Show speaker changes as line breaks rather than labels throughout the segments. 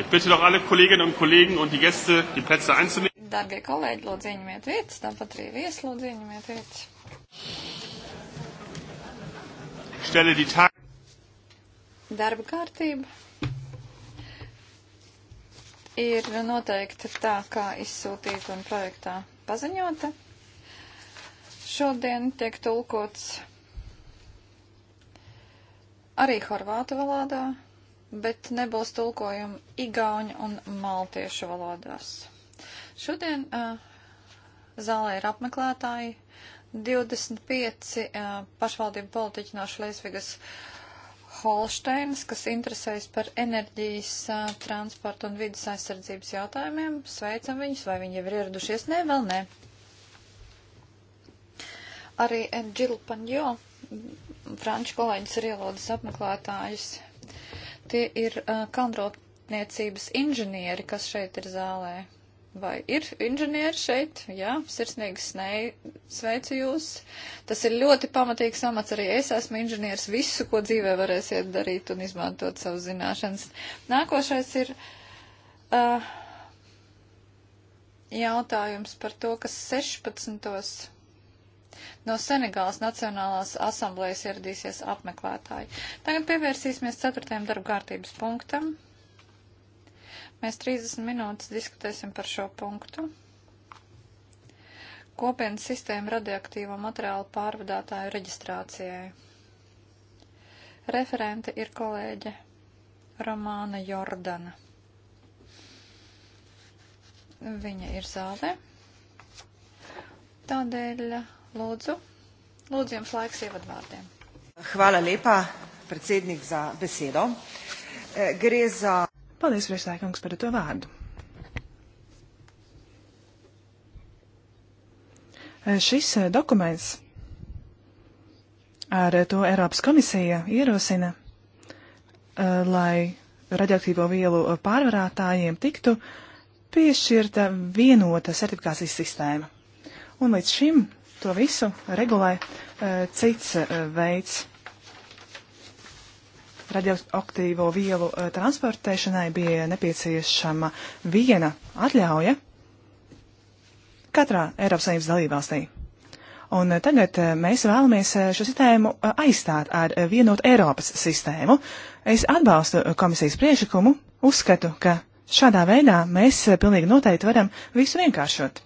Ich bitte doch alle Kolleginnen und Kollegen und die Gäste, die Plätze einzunehmen.
Darbie kolēģi, lūdzu, ieņemiet vietas, tāpat arī viesi, lūdzu, ieņemiet vietas.
Stelle die Tag.
Darba kārtība ir noteikti tā, kā izsūtīta un projektā paziņota. Šodien tiek tulkots arī horvātu valodā bet nebūs tulkojuma igauņu un maltiešu valodās. Šodien uh, zālē ir apmeklētāji 25 uh, eh, pašvaldību politiķi no Šlēsvigas Holšteinas, kas interesējas par enerģijas, uh, transportu un vidas aizsardzības jautājumiem. Sveicam viņus, vai viņi jau ir ieradušies? Nē, vēl nē. Arī Džilpanjo, franču kolēģis ir ielūdis apmeklētājus Tie ir uh, kalnrūpniecības inženieri, kas šeit ir zālē. Vai ir inženieri šeit? Jā, sirsnīgi snei, sveicu jūs. Tas ir ļoti pamatīgs amats. Arī es esmu inženieris. Visu, ko dzīvē varēsiet darīt un izmantot savu zināšanas. Nākošais ir uh, jautājums par to, kas 16. No Senegālas Nacionālās asamblējas ieradīsies apmeklētāji. Tagad pievērsīsimies ceturtajam darba kārtības punktam. Mēs 30 minūtes diskutēsim par šo punktu. Kopienas sistēma radioaktīvo materiālu pārvadātāju reģistrācijai. Referente ir kolēģe Romāna Jordana. Viņa ir zālē. Tādēļ Lūdzu, lūdzu jums laiks ievadvārdiem.
Hvala lepa, predsednik, za besedo. E, gre za. Paldies, priekšsēkungs, par to vārdu. E, šis e, dokuments ar to Eiropas komisija ierosina, lai radioaktīvo vielu pārvarētājiem tiktu piešķirta vienota certifikācijas sistēma. Un līdz šim To visu regulē eh, cits eh, veids. Radioaktīvo vielu eh, transportēšanai bija nepieciešama viena atļauja katrā Eiropas Savienības dalībvalstī. Un tagad mēs vēlamies šo sistēmu aizstāt ar vienotu Eiropas sistēmu. Es atbalstu komisijas priešakumu, uzskatu, ka šādā veidā mēs pilnīgi noteikti varam visu vienkāršot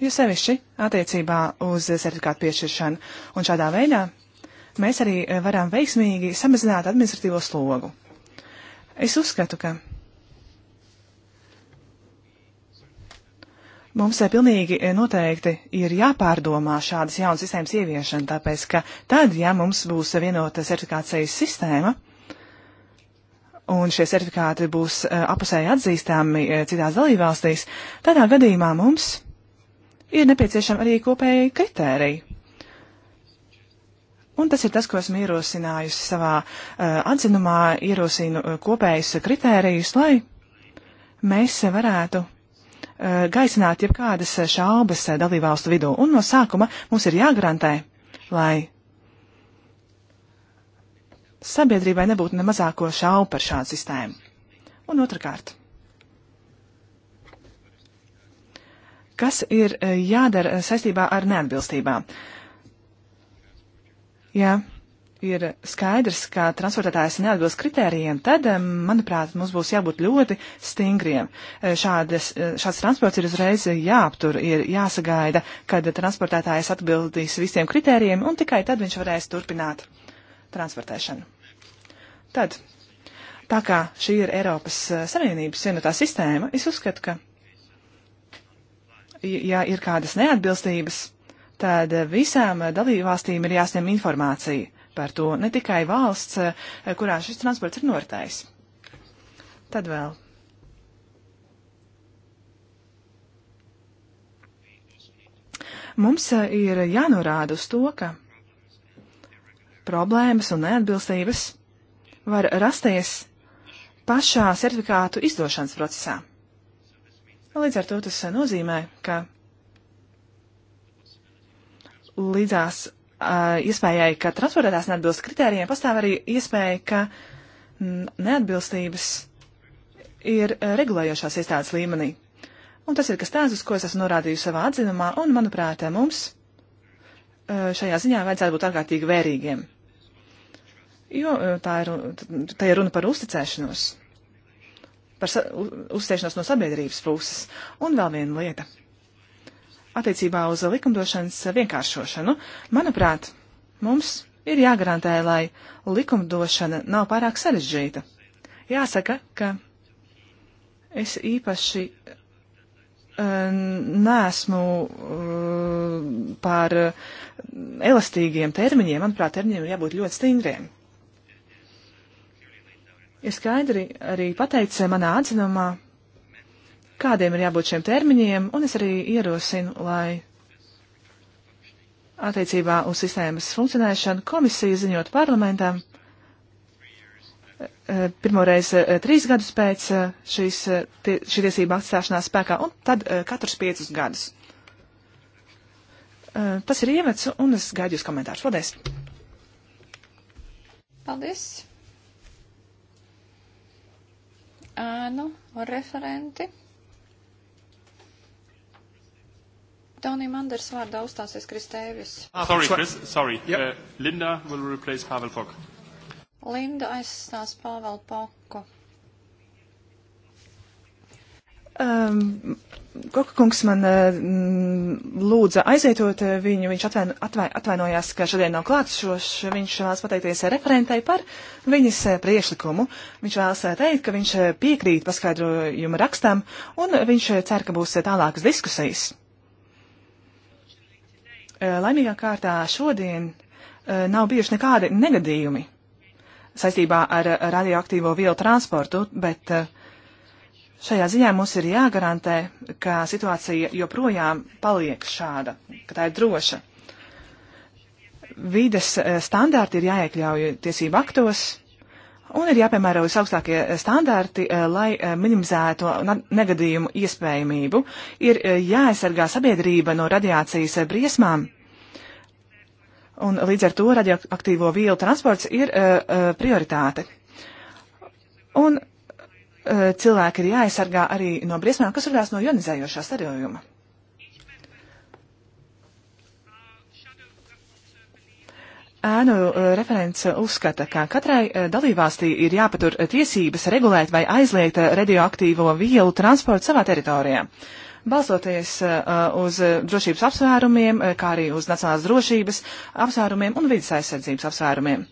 jo sevišķi attiecībā uz certifikātu piešķiršanu. Un šādā veidā mēs arī eh, varam veiksmīgi samazināt administratīvo slogu. Es uzskatu, ka mums eh, pilnīgi eh, noteikti ir jāpārdomā šādas jaunas sistēmas ieviešana, tāpēc ka tad, ja mums būs vienota certifikācijas sistēma, un šie certifikāti būs apusēji atzīstami citās dalībvalstīs, tādā gadījumā mums ir nepieciešama arī kopēji kritēriji. Un tas ir tas, ko esmu ierosinājusi savā uh, atzinumā, ierosinu uh, kopējus kritērijus, lai mēs varētu uh, gaisināt jebkādas šaubas uh, dalībvalstu vidū. Un no sākuma mums ir jāgarantē, lai sabiedrībai nebūtu ne mazāko šaubu par šādu sistēmu. Un otrkārt, Kas ir eh, jādara saistībā ar neatbilstībām? Jā, ir skaidrs, ka transportētājs neatbilst kritērijiem, tad, eh, manuprāt, mums būs jābūt ļoti stingriem. Eh, šādes, šāds transports ir uzreiz jāaptur, ir jāsagaida, kad transportētājs atbildīs visiem kritērijiem, un tikai tad viņš varēs turpināt transportēšanu. Tad, tā kā šī ir Eiropas Savienības vienotā sistēma, es uzskatu, ka ja ir kādas neatbilstības, tad visām dalībvalstīm ir jāsņem informācija par to, ne tikai valsts, kurā šis transports ir noritējis. Tad vēl. Mums ir jānorāda uz to, ka problēmas un neatbilstības var rasties pašā certifikātu izdošanas procesā. Līdz ar to tas uh, nozīmē, ka līdzās uh, iespējai, ka transportētājs neatbilst kritērijiem, pastāv arī iespēja, ka mm, neatbilstības ir uh, regulējošās iestādes līmenī. Un tas ir kas tāds, uz ko es esmu norādījusi savā atzinumā, un, manuprāt, uh, mums šajā ziņā vajadzētu būt ārkārtīgi vērīgiem. Jo tā ir, tā ir runa par uzticēšanos par uzstēšanos no sabiedrības puses. Un vēl viena lieta. Attiecībā uz likumdošanas vienkāršošanu, manuprāt, mums ir jāgarantē, lai likumdošana nav pārāk sarežģīta. Jāsaka, ka es īpaši eh, neesmu uh, eh, par elastīgiem termiņiem. Manuprāt, termiņiem ir jābūt ļoti stingriem ir skaidri arī pateicis manā atzinumā, kādiem ir jābūt šiem termiņiem, un es arī ierosinu, lai attiecībā uz sistēmas funkcionēšanu komisija ziņot parlamentam eh, eh, pirmoreiz eh, trīs gadus pēc šīs, tie, šī tiesība atstāšanās spēkā, un tad katrs piecus gadus. Tas ir iemets, un es gaidu jūs komentārus. Paldies! Paldies!
ēnu referenti. Donim Anders vārdā uzstāsies Kristēvis. Ah, sorry, Chris,
sorry. Yep. Uh, Linda will replace Pavel Pok.
Linda aizstās Pavel Poku.
Um, Kokakungs man eh, lūdza aizietot eh, viņu, viņš atvaino, atvaino, atvainojās, ka šodien nav klātsošs, viņš vēlas pateikties referentai par viņas eh, priešlikumu. Viņš vēlas teikt, ka viņš piekrīt paskaidrojumu rakstam, un viņš cer, ka būs tālākas diskusijas. Laimīgā kārtā šodien nav bijuši nekādi negadījumi saistībā ar radioaktīvo vielu transportu, bet uh, Šajā ziņā mums ir jāgarantē, ka situācija joprojām paliek šāda, ka tā ir droša. Vides eh, standārti ir jāiekļauj tiesību aktos, Un ir jāpiemērojas augstākie standarti, eh, lai eh, minimizētu negadījumu iespējamību. Ir jāaizsargā sabiedrība no radiācijas briesmām. Un līdz ar to radioaktīvo vielu transports ir prioritāte. Un Eh, cilvēki ir jāaizsargā arī no briesmām, kas radās no jonizējošā starojuma. Ēnu eh, referents uzskata, ka katrai eh, dalībvalstī ir jāpatur tiesības regulēt vai aizliegt radioaktīvo vielu transportu savā teritorijā. Balstoties uz drošības apsvērumiem, kā arī uz nacionālās drošības apsvērumiem un vidas aizsardzības apsvērumiem.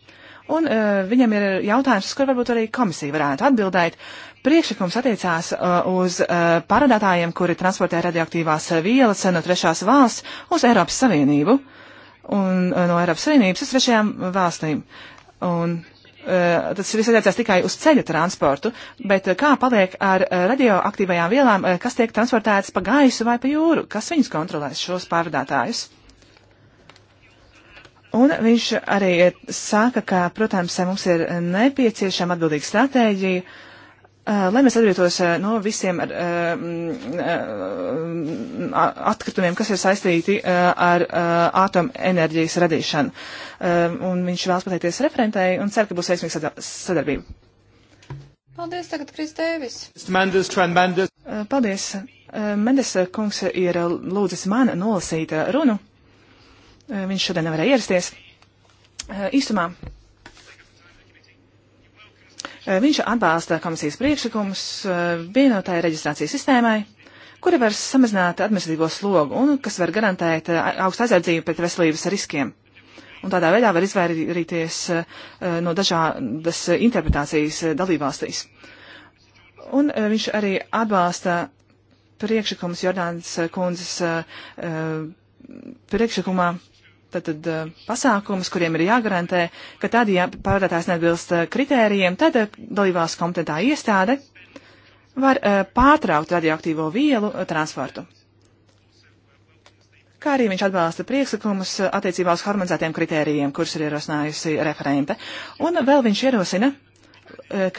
Un viņam ir jautājums, kur varbūt arī komisija varētu atbildēt, Priekšlikums attiecās uh, uz uh, pārādātājiem, kuri transportē radioaktīvās uh, vielas no trešās valsts uz Eiropas Savienību un no Eiropas Savienības uz trešajām valstīm. Un, tas viss attiecās tikai uz ceļu transportu, bet kā paliek ar radioaktīvajām vielām, kas tiek transportētas pa gaisu vai pa jūru, kas viņus kontrolēs šos pārvadātājus? Un viņš arī saka, ka, protams, mums ir nepieciešama atbildīga stratēģija, Eh, lai mēs atbrīvotos eh, no visiem eh, mm, mm, ar, atkritumiem, kas ir saistīti ar atomenerģijas radīšanu. Un viņš vēlas pateikties referentei un cer, ka būs veiksmīga sadarbība.
Paldies, tagad Kris Dēvis.
Mendes, Mendes. Paldies. Mendes kungs ir lūdzis man nolasīt runu. Viņš šodien nevarēja ierasties. Īstumā. Eh, viņš atbalsta komisijas priekšlikumus eh, vienotāja reģistrācijas sistēmai, kura var samazināt administratīvo slogu un kas var garantēt eh, augstu aizsardzību pret veselības riskiem. Un tādā veidā var izvairīties no dažādas interpretācijas dalībvalstīs. Un viņš arī atbalsta priekšlikumus Jordānas kundzes priekšlikumā Tātad eh, pasākumus, kuriem ir jāgarantē, ka tad, ja pārvadātājs neatbilst eh, kritērijiem, tad eh, dalībās kompetentā iestāde var pārtraukt radioaktīvo vielu transportu. Kā arī viņš atbalsta priekšlikumus attiecībā uz harmonizētiem kritērijiem, kurus ir ierosinājusi referente. Un vēl viņš ierosina,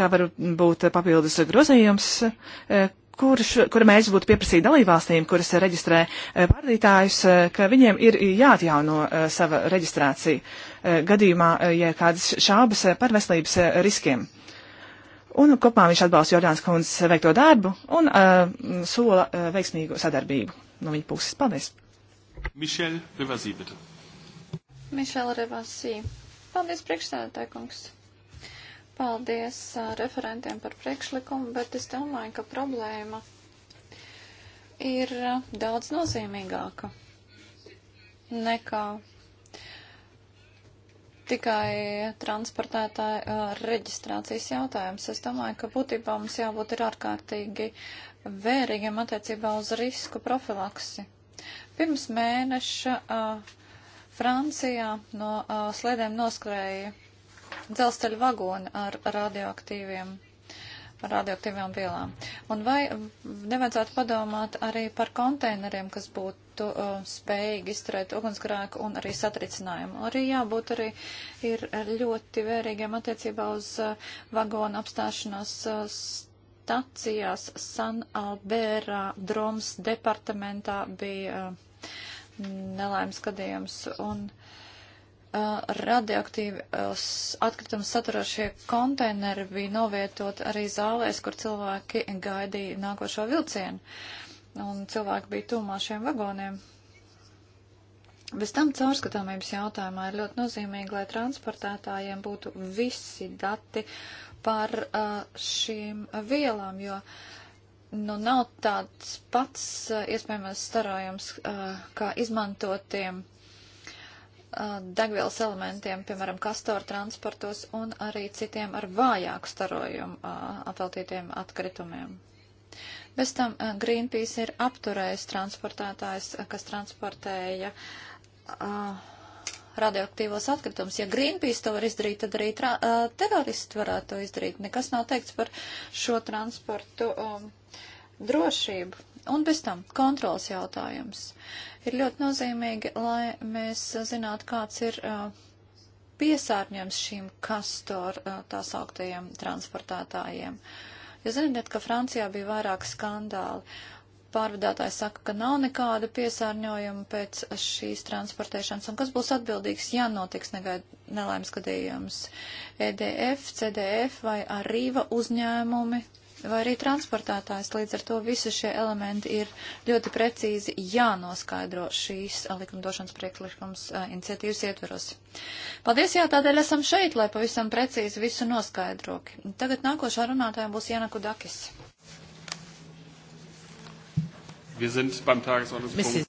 kā var būt papildus grozījums, kurš, kura mēs būtu pieprasīti dalībvalstīm, kuras reģistrē pārdītājus, eh, eh, ka viņiem ir jāatjauno eh, sava reģistrācija gadījumā, ja kādas šābas par veselības riskiem. Un kopā viņš atbalsta Jordānas kundzes veikto darbu un uh, sola uh, veiksmīgu sadarbību no viņa puses. Paldies! Mišela Revasī, bet.
Mišela Revasī. Paldies, priekšstādātāj kungs. Paldies referentiem par priekšlikumu, bet es domāju, ka problēma ir daudz nozīmīgāka nekā tikai transportētāja reģistrācijas jautājums. Es domāju, ka būtībā mums jābūt ir ārkārtīgi vērīgiem attiecībā uz risku profilaksi. Pirms mēneša a, Francijā no a, sliedēm noskrēja dzelzceļa vagoni ar radioaktīviem radioaktīvām vielām. Un vai nevajadzētu padomāt arī par konteineriem, kas būtu uh, spējīgi izturēt ugunsgrēku un arī satricinājumu? Arī jābūt arī ir ļoti vērīgiem attiecībā uz uh, vagonu apstāšanos uh, stacijās San Albērā, Droms departamentā bija uh, nelaimes gadījums. Un, uh, Uh, radioaktīvas uh, atkritumus saturošie konteineri bija novietot arī zālēs, kur cilvēki gaidīja nākošo vilcienu. Un cilvēki bija tūmā šiem vagoniem. Bez tam caurskatāmības jautājumā ir ļoti nozīmīgi, lai transportētājiem būtu visi dati par uh, šīm vielām, jo nu, nav tāds pats iespējamais starojums kā izmantotiem uh, Uh, degvielas elementiem, piemēram, kastoru transportos un arī citiem ar vājāku starojumu uh, apveltītiem atkritumiem. Bez tam uh, Greenpeace ir apturējis transportētājs, kas transportēja uh, radioaktīvos atkritumus. Ja Greenpeace to var izdarīt, tad arī tra, uh, teroristi varētu to izdarīt. Nekas nav teikts par šo transportu um, drošību. Un bez tam kontrols jautājums. Ir ļoti nozīmīgi, lai mēs zinātu, kāds ir uh, piesārņojums šīm kastoru uh, tā sauktajiem transportētājiem. Jūs zināt, ka Francijā bija vairāk skandāli. Pārvadātāji saka, ka nav nekāda piesārņojuma pēc šīs transportēšanas, un kas būs atbildīgs, ja notiks nelaimes gadījums? EDF, CDF vai Arriva uzņēmumi vai arī transportētājs. Līdz ar to visi šie elementi ir ļoti precīzi jānoskaidro šīs likumdošanas priekšlikums iniciatīvas ietveros. Paldies, jā, tādēļ esam šeit, lai pavisam precīzi visu noskaidroki. Tagad nākošā runātājā būs Janaku Dakis.
Wir sind beim Tagesordnungspunkt.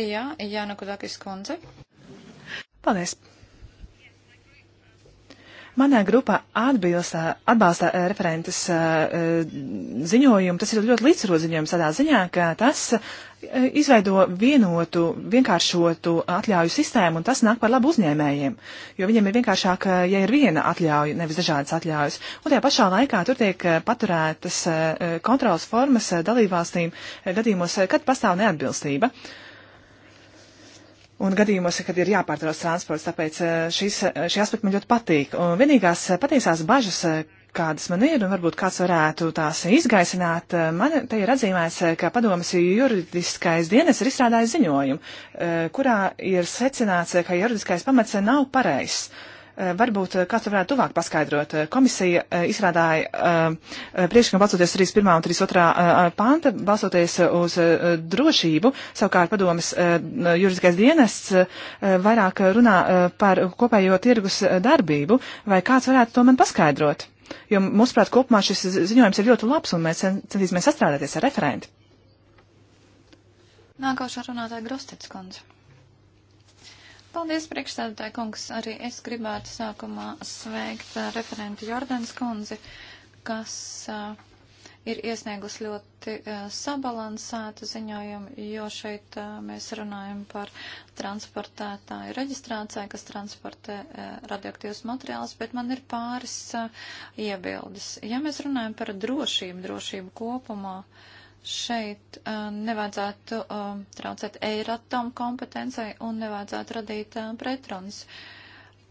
Jā, Jāna Kudakis kundze.
Paldies. Manā grupā atbilstā, atbalsta eh, referentes eh, eh, ziņojumu. Tas ir ļoti līdzsvarots ziņojums tādā ziņā, ka tas izveido vienotu, vienkāršotu atļauju sistēmu, un tas nāk par labu uzņēmējiem, jo viņiem ir vienkāršāk, ja ir viena atļauja, nevis dažādas atļaujas. Un tajā pašā laikā tur tiek paturētas kontrolas formas dalībvalstīm gadījumos, kad pastāv neatbilstība. Uh, un gadījumos, kad ir jāpārtrauc transports, tāpēc eh, šis, eh, šī aspekta man ļoti patīk. Un vienīgās eh, patiesās bažas, kādas man ir, un varbūt kāds varētu tās izgaisināt, man te ir atzīmēts, ka padomas juridiskais dienas ir izstrādājis ziņojumu, kurā ir secināts, ka juridiskais pamats nav pareizs. Eh, varbūt eh, kāds varētu tuvāk paskaidrot. Eh, komisija izrādāja priekšlikumu balsoties 31. un 32. panta, balsoties uz drošību. Savukārt padomas juridiskais dienests vairāk runā par kopējo tirgus darbību. Vai kāds varētu to man paskaidrot? Jo, mūsuprāt, kopumā šis ziņojums ir ļoti labs un mēs centīsimies sastrādāties ar referenti.
Nākošā runātāja Grostets kundze. Paldies, priekšstādātāji kungs. Arī es gribētu sākumā sveikt uh, referentu Jordans kundzi, kas uh, ir iesniegus ļoti uh, sabalansētu ziņojumu, jo šeit mēs runājam par transportētāju reģistrācijā, kas transportē radioaktīvas materiālus, bet man ir pāris iebildes. Ja mēs runājam par drošību, drošību kopumā, uh, šeit uh, nevajadzētu uh, traucēt Eiratom kompetencei un nevajadzētu radīt uh, pretrunas.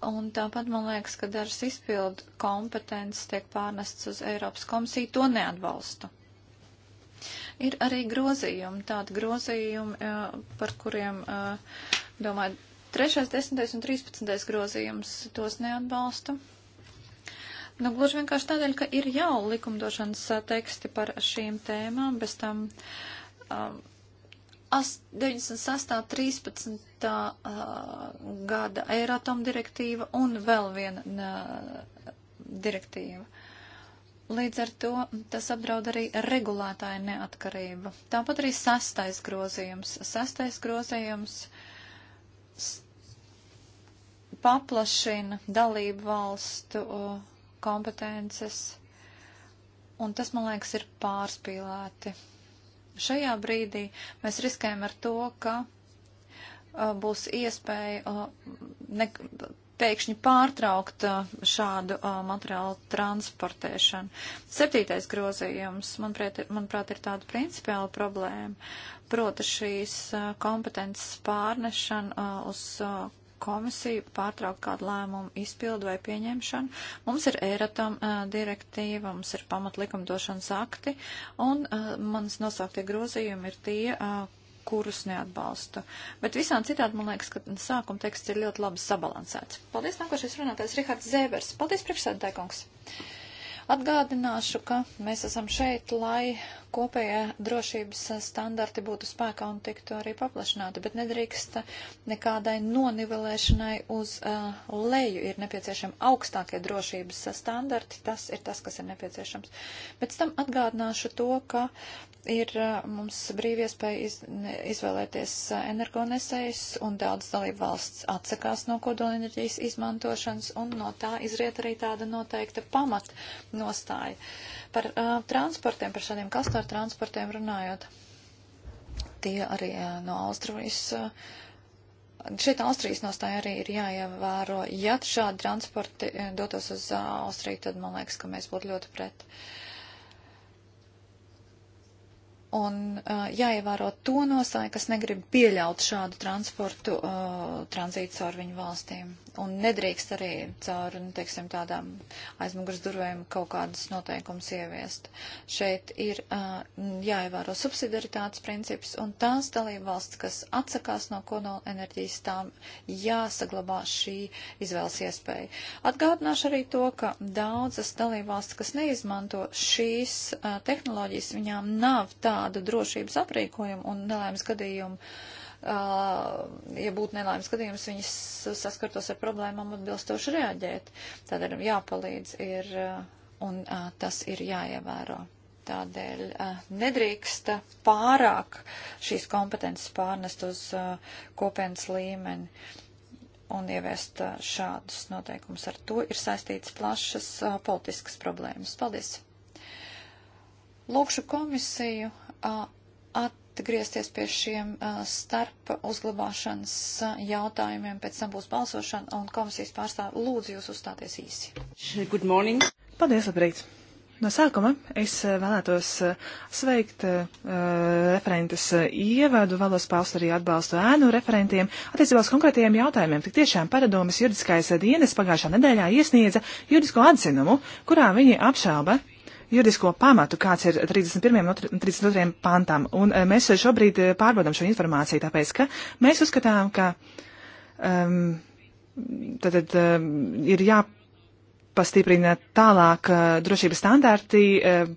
Un tāpat man liekas, ka dažas izpildu kompetences tiek pārnestas uz Eiropas komisiju, to neatbalstu. Ir arī grozījumi, tādi grozījumi, uh, par kuriem, uh, domāju, 3., 10. un 13. grozījums tos neatbalstu. Nu, gluži vienkārši tādēļ, ka ir jau likumdošanas teksti par šīm tēmām, bez tam um, 96. 13. Uh, gada Eiratom direktīva un vēl viena uh, direktīva. Līdz ar to tas apdraud arī regulētāja neatkarību. Tāpat arī sastais grozījums. Sastais grozījums paplašina dalību valstu. Uh, kompetences, un tas, man liekas, ir pārspīlēti. Šajā brīdī mēs riskējam ar to, ka uh, būs iespēja uh, ne, pēkšņi pārtraukt uh, šādu materiālu transportēšanu. Septītais grozījums, manuprāt, manuprāt ir tāda principiāla problēma, proti šīs kompetences pārnešana uz komisiju pārtraukt kādu lēmumu izpildu vai pieņemšanu. Mums ir Eiratom uh, direktīva, mums ir pamatlikumdošanas akti, un uh, manas nosauktie grozījumi ir tie, uh, kurus neatbalstu. Bet visām citādi man liekas, ka sākuma teksts ir ļoti labi sabalansēts. Paldies, nākošais runātājs Rihards Zēbers. Paldies, priekšsēdētāj kungs. Atgādināšu, ka mēs esam šeit, lai kopējā drošības standarti būtu spēkā un tiktu arī paplašināti, bet nedrīkst nekādai nonivelēšanai uz uh, leju. Ir nepieciešami augstākie drošības standarti, tas ir tas, kas ir nepieciešams. Pēc tam atgādināšu to, ka ir uh, mums brīviespēja iz, izvēlēties uh, energonesējus un daudz dalību valsts atsakās no kodolenerģijas izmantošanas un no tā izriet arī tāda noteikta pamat nostāja. Uh, Par uh, transportiem, par šādiem kastoru transportiem runājot, tie arī uh, no Austrijas. Uh, šeit Austrijas nostāja arī ir jāievēro. Ja šādi transporti dotos uz Austriju, tad man liekas, ka mēs būtu ļoti pret. Uh, un uh, jāievēro to nosāju, kas negrib pieļaut šādu transportu uh, tranzītu caur viņu valstīm. Un nedrīkst arī caur, nu, teiksim, tādām aizmugurs durvēm kaut kādas noteikumus ieviest. Šeit ir uh, jāievēro subsidiaritātes princips, un tās dalība valsts, kas atsakās no kodola enerģijas, tām jāsaglabā šī izvēles iespēja. Atgādināšu arī to, ka daudzas dalība valsts, kas neizmanto šīs uh, tehnoloģijas, viņām nav tā šādu drošības aprīkojumu un nelaimes gadījumu, uh, ja būtu nelaimes gadījums, viņas saskartos ar problēmām atbilstoši reaģēt. Tādēļ jāpalīdz ir un uh, tas ir jāievēro. Tādēļ uh, nedrīkst pārāk šīs kompetences pārnest uz kopienas līmeni un ieviest šādus noteikumus. Ar to ir saistīts plašas politiskas problēmas. Paldies! Lūkšu komisiju atgriezties pie šiem starp uzglabāšanas jautājumiem. Pēc tam būs balsošana un komisijas pārstāvi lūdzu jūs uzstāties īsi.
Good morning. Paldies, labrīt. No sākuma es vēlētos sveikt uh, referentes ievadu, vēlos paust arī atbalstu ēnu referentiem attiecībā uz konkrētajiem jautājumiem. Tik tiešām paradomas juridiskais dienas pagājušā nedēļā iesniedza juridisko atzinumu, kurā viņi apšāba juridisko pamatu, kāds ir 31. un 32. pantam. Un eh, mēs šobrīd eh, pārbaudam šo informāciju, tāpēc, ka mēs uzskatām, ka um, tad, tad um, ir jāpastiprina tālāk uh, drošības standarti. Uh,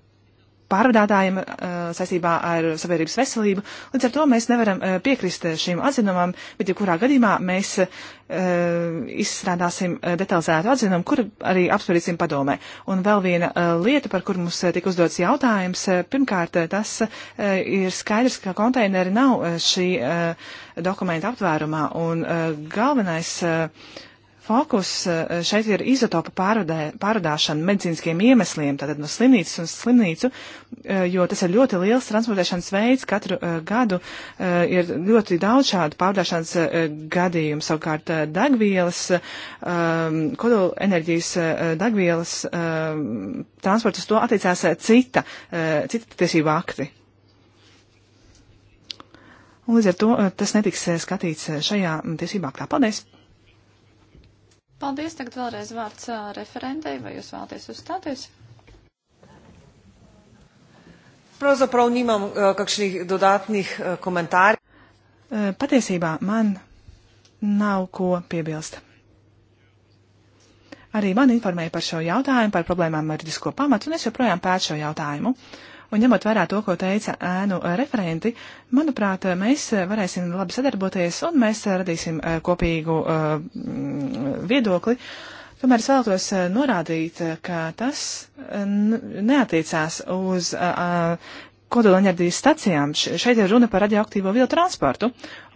pārvadātājiem eh, saistībā ar sabiedrības veselību. Līdz ar to mēs nevaram eh, piekrist eh, šīm atzinumam, bet jebkurā gadījumā mēs izstrādāsim detalizētu atzinumu, kur arī apspriedīsim padomē. Un vēl viena lieta, par kur mums tika uzdots jautājums. Pirmkārt, tas ir skaidrs, ka konteineri nav šī dokumenta aptvērumā. Un galvenais. Uh, Fokus eh, šeit ir izotopa pārudē, pārudāšana medicīniskiem iemesliem, tātad no slimnīcas un slimnīcu, eh, jo tas ir ļoti liels transportēšanas veids. Katru eh, gadu ir ļoti daudz šādu pārudāšanas gadījumu. Savukārt dagvielas, ehm, kodola enerģijas dagvielas ehm, transports uz to attiecās cita, cita tiesība akti. Un līdz ar to tas netiks skatīts šajā mm, tiesībā aktā. Paldies!
Paldies, tagad vēlreiz vārds referentei, vai jūs vēlaties uzstāties?
Pravzaprav nimam kakšnih dodatnih komentāri. Patiesībā man nav ko piebilst. Arī man informēja par šo jautājumu, par problēmām ar juridisko pamatu, un es joprojām pētu šo jautājumu. Uh, Un ņemot vērā to, ko teica ēnu referenti, manuprāt, mēs varēsim labi sadarboties un mēs radīsim eh, kopīgu eh, viedokli. Tomēr es vēlos eh, norādīt, ka tas neatiecās uz kodolaņardīs stacijām. Šeit ir runa par radioaktīvo vielu transportu.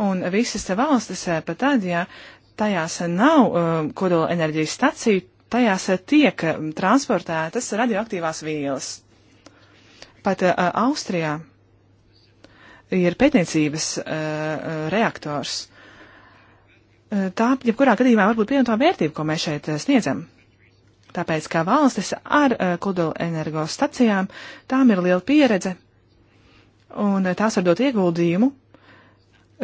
Un visas valstis pat tad, ja tajās nav kodola enerģijas staciju, tajās tiek transportētas radioaktīvās vielas. Pat Austrijā ir pētniecības reaktors. Tā, jebkurā gadījumā, varbūt pievienotā vērtība, ko mēs šeit sniedzam. Tāpēc, kā valstis ar kodolu energos stacijām, tām ir liela pieredze, un tās var dot ieguldījumu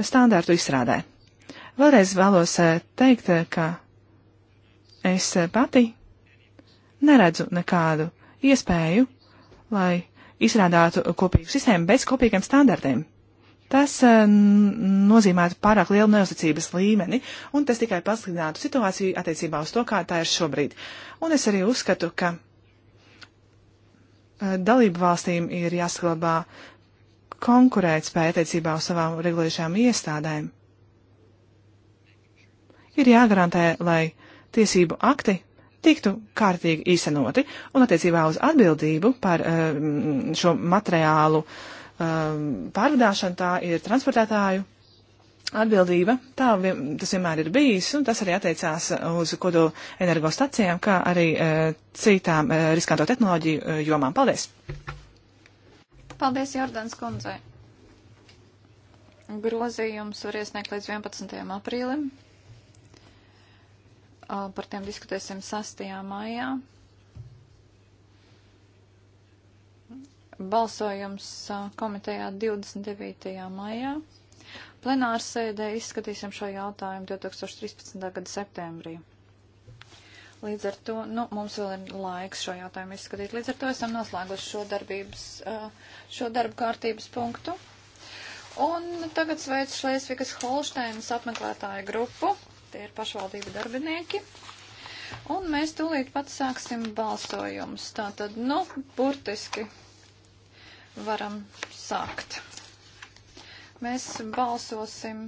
standārtu izstrādē. Vēlreiz vēlos teikt, ka es pati neredzu nekādu iespēju, lai izstrādātu kopīgu sistēmu bez kopīgiem standartiem. Tas eh, nozīmētu pārāk lielu neuzticības līmeni, un tas tikai pasliktinātu situāciju attiecībā uz to, kā tā ir šobrīd. Un es arī uzskatu, ka eh, dalību valstīm ir jāsaglabā konkurētspēja attiecībā uz savām regulējušām iestādēm. Ir jāgarantē, lai tiesību akti tiktu kārtīgi īstenoti, un attiecībā uz atbildību par eh, šo materiālu eh, pārvadāšanu tā ir transportētāju atbildība. Tā vien, tas vienmēr ir bijis, un tas arī attiecās uz kodola energostacijām, kā arī e, citām e, riskanto tehnoloģiju e, jomām. Paldies!
Paldies, Jordans kundzei! Grozījums var iesniegt līdz 11. aprīlim. Par tiem diskutēsim 6. maijā. Balsojums komitejā 29. maijā. Plenāra sēdē izskatīsim šo jautājumu 2013. gada septembrī. Līdz ar to nu, mums vēl ir laiks šo jautājumu izskatīt. Līdz ar to esam noslēguši šo, darbības, šo darbu kārtības punktu. Un tagad sveicu Šlēsvikas Holšteinas apmeklētāju grupu tie ir pašvaldību darbinieki. Un mēs tūlīt pat sāksim balsojumus. Tātad, nu, burtiski varam sākt. Mēs balsosim.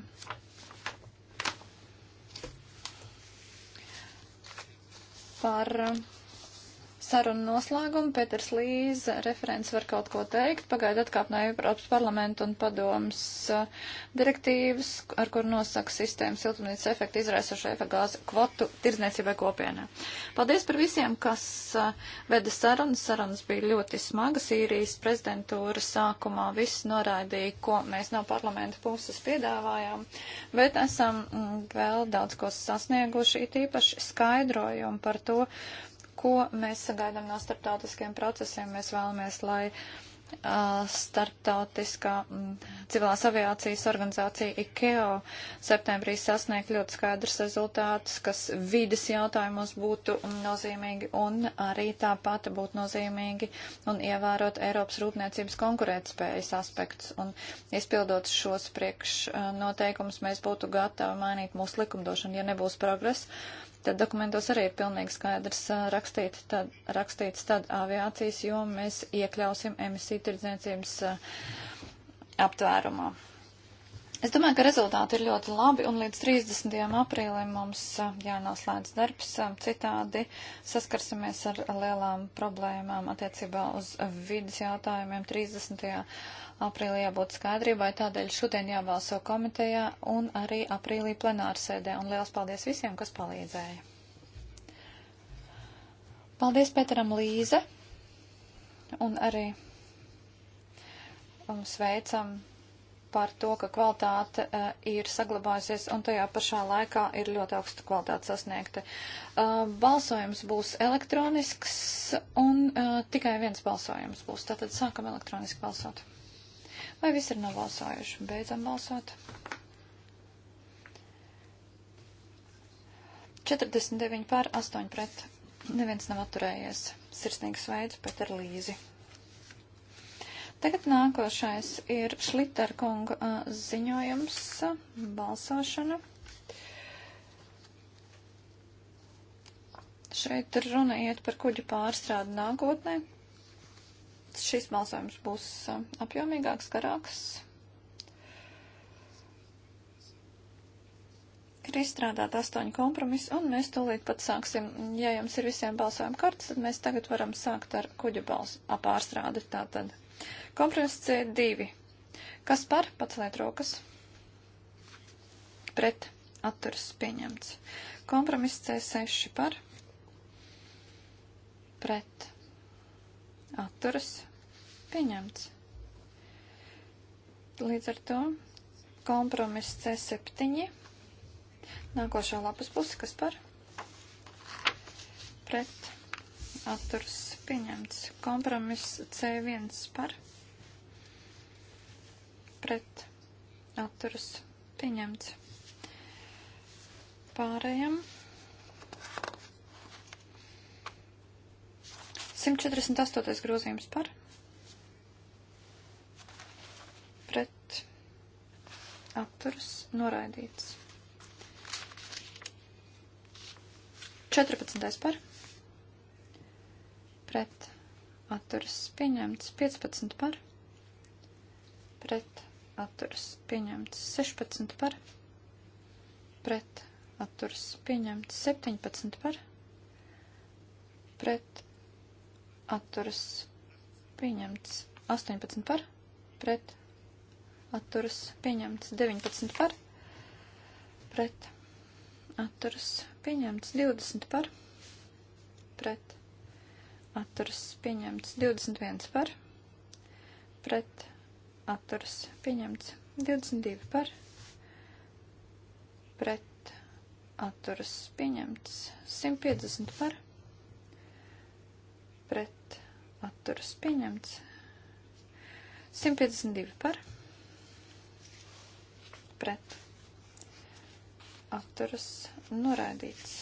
par sarunu noslēgumu. Pēters Līze, referents, var kaut ko teikt. Pagaidu atkāp no Eiropas parlamenta un padomas uh, direktīvas, ar kur nosaka sistēmas siltumnīcas efektu izraisošo efektu gāzu kvotu tirdzniecībai kopienā. Paldies par visiem, kas uh, veda sarunas. Sarunas bija ļoti smagas. Īrijas prezidentūra sākumā viss noraidīja, ko mēs no parlamenta puses piedāvājām, bet esam mm, vēl daudz ko sasnieguši, it īpaši skaidrojumu par to, ko mēs sagaidām no starptautiskiem procesiem. Mēs vēlamies, lai uh, starptautiskā civilās aviācijas organizācija ICAO septembrī sasniegt ļoti skaidrs rezultātus, kas vides jautājumos būtu nozīmīgi un arī tāpat būtu nozīmīgi un ievērot Eiropas rūpniecības konkurētspējas aspektus. Un izpildot šos priekšnoteikumus, mēs būtu gatavi mainīt mūsu likumdošanu, ja nebūs progresa Tad dokumentos arī ir pilnīgi skaidrs rakstīt, tad, rakstīts tad aviācijas, jo mēs iekļausim emisiju tirdzniecības aptvērumā. Es domāju, ka rezultāti ir ļoti labi, un līdz 30. aprīlim mums jānoslēdz darbs. Citādi saskarsimies ar lielām problēmām attiecībā uz vidas jautājumiem 30. aprīlim aprīlī jābūt skaidrībai, tādēļ šodien jābalso komitejā un arī aprīlī plenārsēdē. Un liels paldies visiem, kas palīdzēja. Paldies Pēteram Līze un arī un um, sveicam par to, ka kvalitāte uh, ir saglabājusies un tajā pašā laikā ir ļoti augsta kvalitāte sasniegta. Uh, balsojums būs elektronisks un uh, tikai viens balsojums būs. Tātad sākam elektroniski balsot. Vai viss ir nobalsojuši? Beidzam balsot. 49 pār 8 pret. Neviens nav atturējies. Sirsnīgs veids pret ar līzi. Tagad nākošais ir Šliterkunga ziņojums, balsošana. Šeit runa iet par kuģu pārstrādu nākotnē, šis balsojums būs um, apjomīgāks, garāks. ir izstrādāti astoņi kompromisi, un mēs tūlīt pat sāksim, ja jums ir visiem balsojuma kartas, tad mēs tagad varam sākt ar kuģu balsu pārstrādi. Tātad kompromiss C2. Kas par? Pats liet rokas. Pret. Atturas pieņemts. Kompromiss C6 par. Pret atturas pieņemts. Līdz ar to kompromiss C7. Nākošā lapas puse, kas par pret atturas pieņemts. Kompromiss C1 par pret atturas pieņemts. Pārējiem 148. grozījums par pret atturs noraidīts. 14. par pret atturs pieņemts. 15. par pret atturs pieņemts. 16. par pret atturs pieņemts. 17. par pret atturas pieņemts 18 par, pret atturas pieņemts 19 par, pret atturas pieņemts 20 par, pret atturas pieņemts 21 par, pret atturas pieņemts 22 par, pret atturas pieņemts 150 par, pret atturas pieņemts. 152 par pret atturas noraidīts.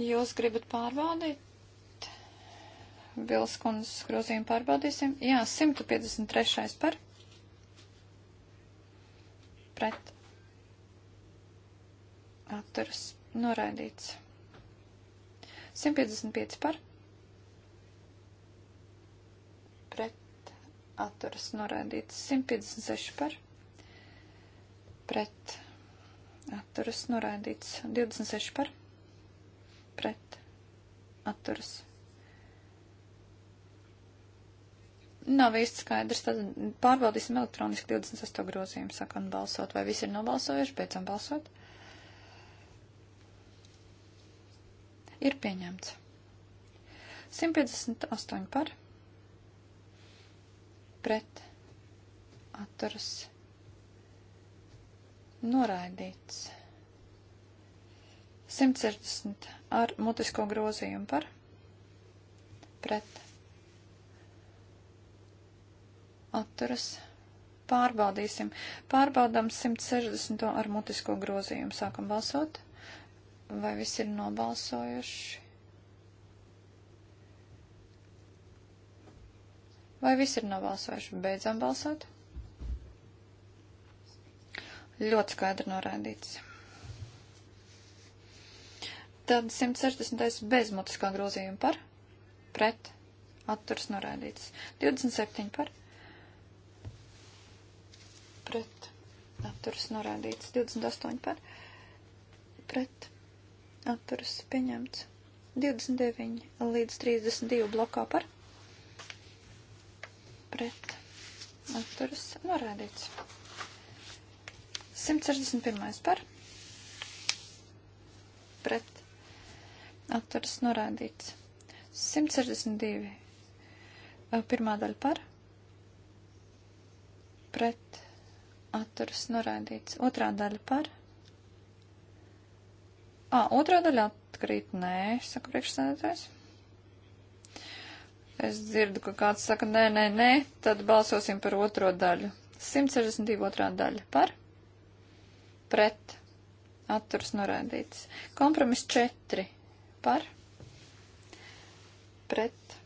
Jūs gribat pārbaudīt? Bilskundas grozījumu pārbaudīsim. Jā, 153 par pret atturas Noraidīts. 155 par. Pret atturas noraidīts. 156 par. Pret atturas noraidīts. 26 par. Pret atturas. Nav īsti skaidrs, tad pārbaudīsim elektroniski 28 grozījumu, sakam balsot, vai visi ir nobalsojuši, beidzam balsot. ir pieņemts. 158 par pret atturas noraidīts. 160 ar mutisko grozījumu par pret atturas pārbaudīsim. Pārbaudām 160 ar mutisko grozījumu. Sākam balsot. 160. Vai visi ir nobalsojuši? Vai visi ir nobalsojuši? Beidzam balsot. Ļoti skaidri norādīts. Tad 160. bezmutiskā grozījuma par, pret, atturs norādīts. 27 par, pret, atturs norādīts. 28 par, pret, atturas pieņemts. 29 līdz 32 blokā par pret atturas norādīts. 161 par pret atturas norādīts. 162 eh, pirmā daļa par pret atturas norādīts. Otrā daļa par pret Ā, otrā daļa atkrīt. Nē, saka priekšsēdētājs. Es dzirdu, ka kāds saka, nē, nē, nē, tad balsosim par otro daļu. 162. otrā daļa par, pret, atturs norādīts. Kompromis 4 par, pret,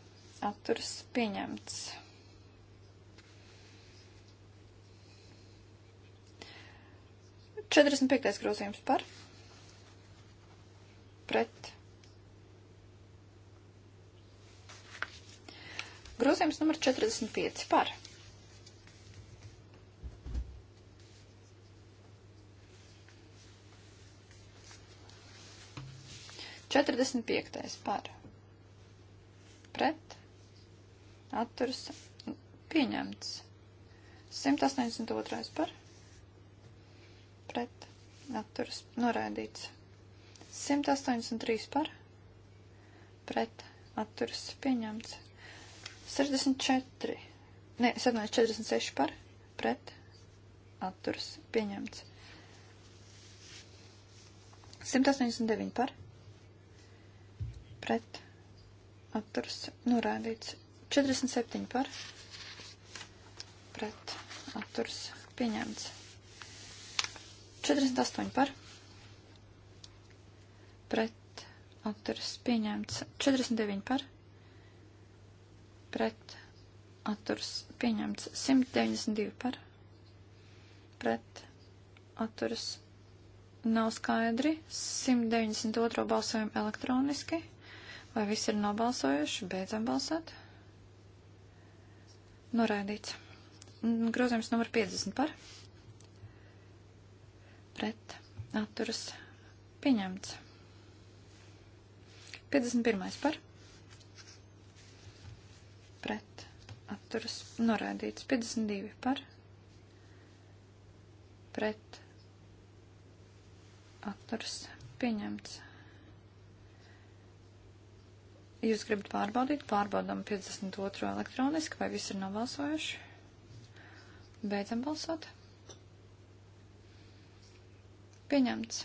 atturs pieņemts. Četrdesmit piektais grozījums par pret. Grozījums numur 45 par. Četrdesmit piektais par. Pret. Atturs. Pieņemts. 182 par. Pret. Atturs. Noraidīts. 183 par pret atturas pieņemts. 64, ne, 746 par pret atturas pieņemts. 189 par pret atturas norādīts. 47 par pret atturas pieņemts. 48 par pret pret atturas pieņemts 49 par, pret atturas pieņemts 192 par, pret atturas nav skaidri, 192 balsojam elektroniski, vai visi ir nobalsojuši, beidzam balsot. Noraidīts. Grozījums numur 50 par. Pret atturas pieņemts. 51. par pret atturas norādīts. 52. par pret atturas pieņemts. Jūs gribat pārbaudīt, pārbaudam 52. elektroniski, vai visi ir nobalsojuši? Beidzam balsot. Pieņemts.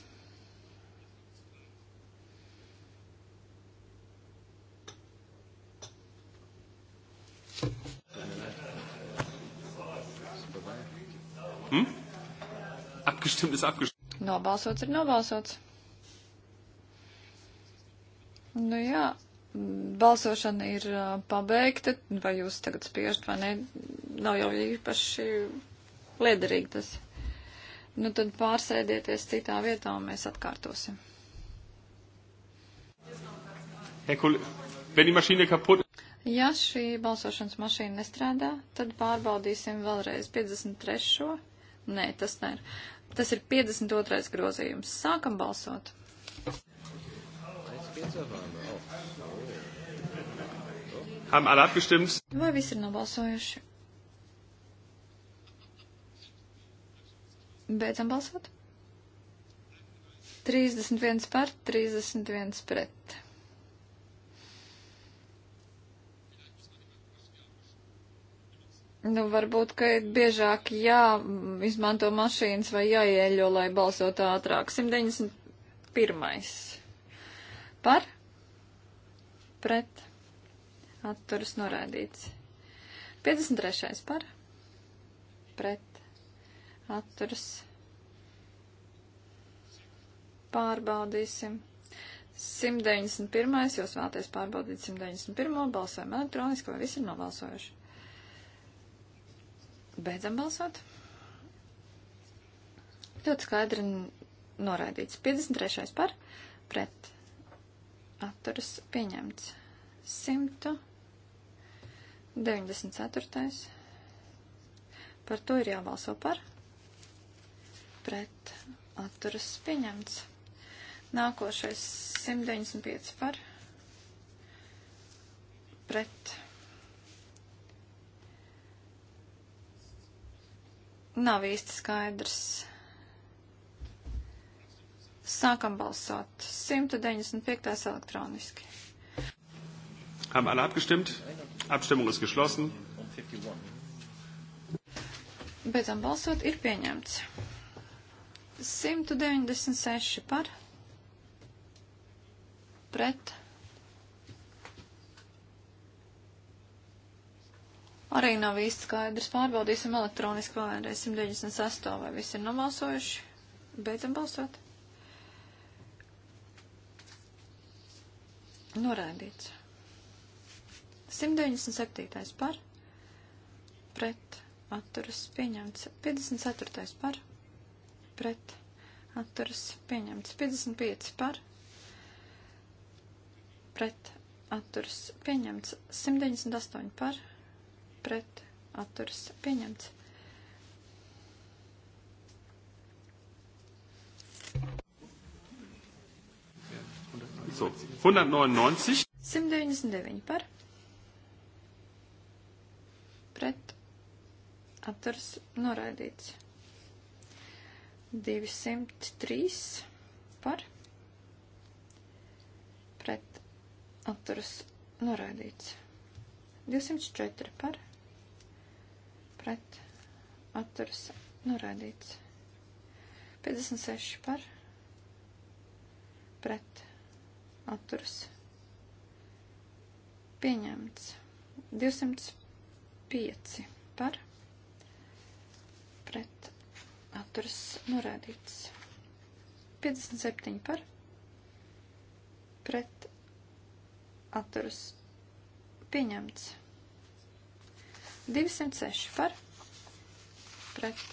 Hm? Abgestimmt ist abgestimmt.
Nobalsots ir nobalsots. Nu jā, balsošana ir pabeigta, vai jūs tagad spiežat vai ne, nav jau īpaši liederīgi tas. Nu tad pārsēdieties citā vietā un mēs atkārtosim. Ja šī balsošanas mašīna nestrādā, tad pārbaudīsim vēlreiz 53. Nē, tas nē. Tas ir 52. grozījums. Sākam balsot. Vai visi ir nobalsojuši? Beidzam balsot. 31 par, 31 pret. Nu, varbūt, ka ir biežāk jāizmanto mašīnas vai jāieļo, lai balsot ātrāk. 191. Par? Pret? Atturas norādīts. 53. Par? Pret? Atturas. Pārbaudīsim. 191. Jūs vēlaties pārbaudīt 191. Balsojam elektroniski, vai visi ir nobalsojuši? Beidzam balsot. Ļoti skaidri noraidīts. 53. par pret atturas pieņemts. 194. Par to ir jābalso par. Pret atturas pieņemts. Nākošais 195 par. Pret nav īsti skaidrs. Sākam balsot. 195. elektroniski.
Haben alle abgestimmt? Abstimmung ist geschlossen.
Beidzam balsot, ir pieņemts. 196 par, pret, Arī nav īsti skaidrs. Pārbaudīsim elektroniski vēlreiz 198, vai visi ir nobalsojuši. Beidzam balsot. Norādīts. 197. par. Pret. Atturas pieņemts. 54. par. Pret. Atturas pieņemts. 55. par. Pret. Atturas pieņemts. 198 par pret atturas pieņemts.
So, 199.
199 par. Pret. Atturs noraidīts. 203 par. Pret. Atturs noraidīts. 204 par pret atturas norādīts. 56 par pret atturas pieņemts. 205 par pret atturas norādīts. 57 par pret atturas pieņemts. 206 par pret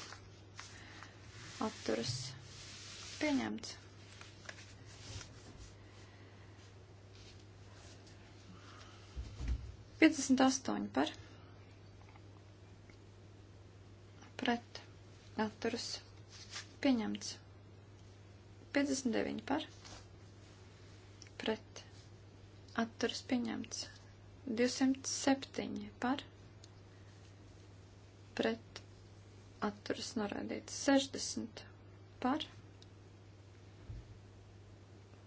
apturas pieņemts. Piecdesmit astoņi par pret atturas pieņemts. Piecdesmit deviņi par pret atturas pieņemts. 207 par pret pret atturas norādīts 60 par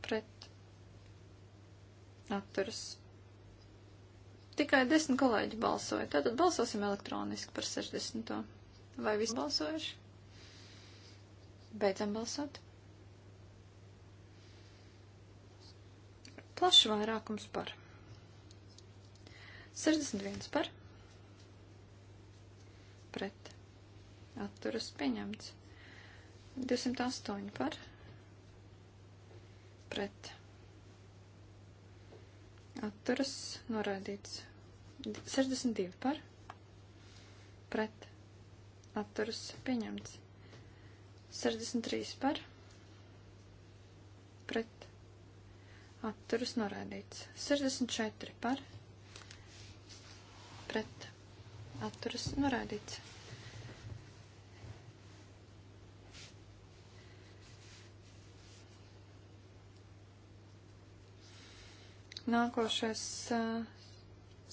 pret atturas. Tikai 10 kolēģi balsoja. Tātad balsosim elektroniski par 60. Vai visi balsojuši? Beidzam balsot. Plašs vairākums par. 61 par pret atturas pieņemts. 208 par pret atturas noraidīts. 62 par pret atturas pieņemts. 63 par pret atturas noraidīts. 64 par pret atturas norādīts. Nākošais uh,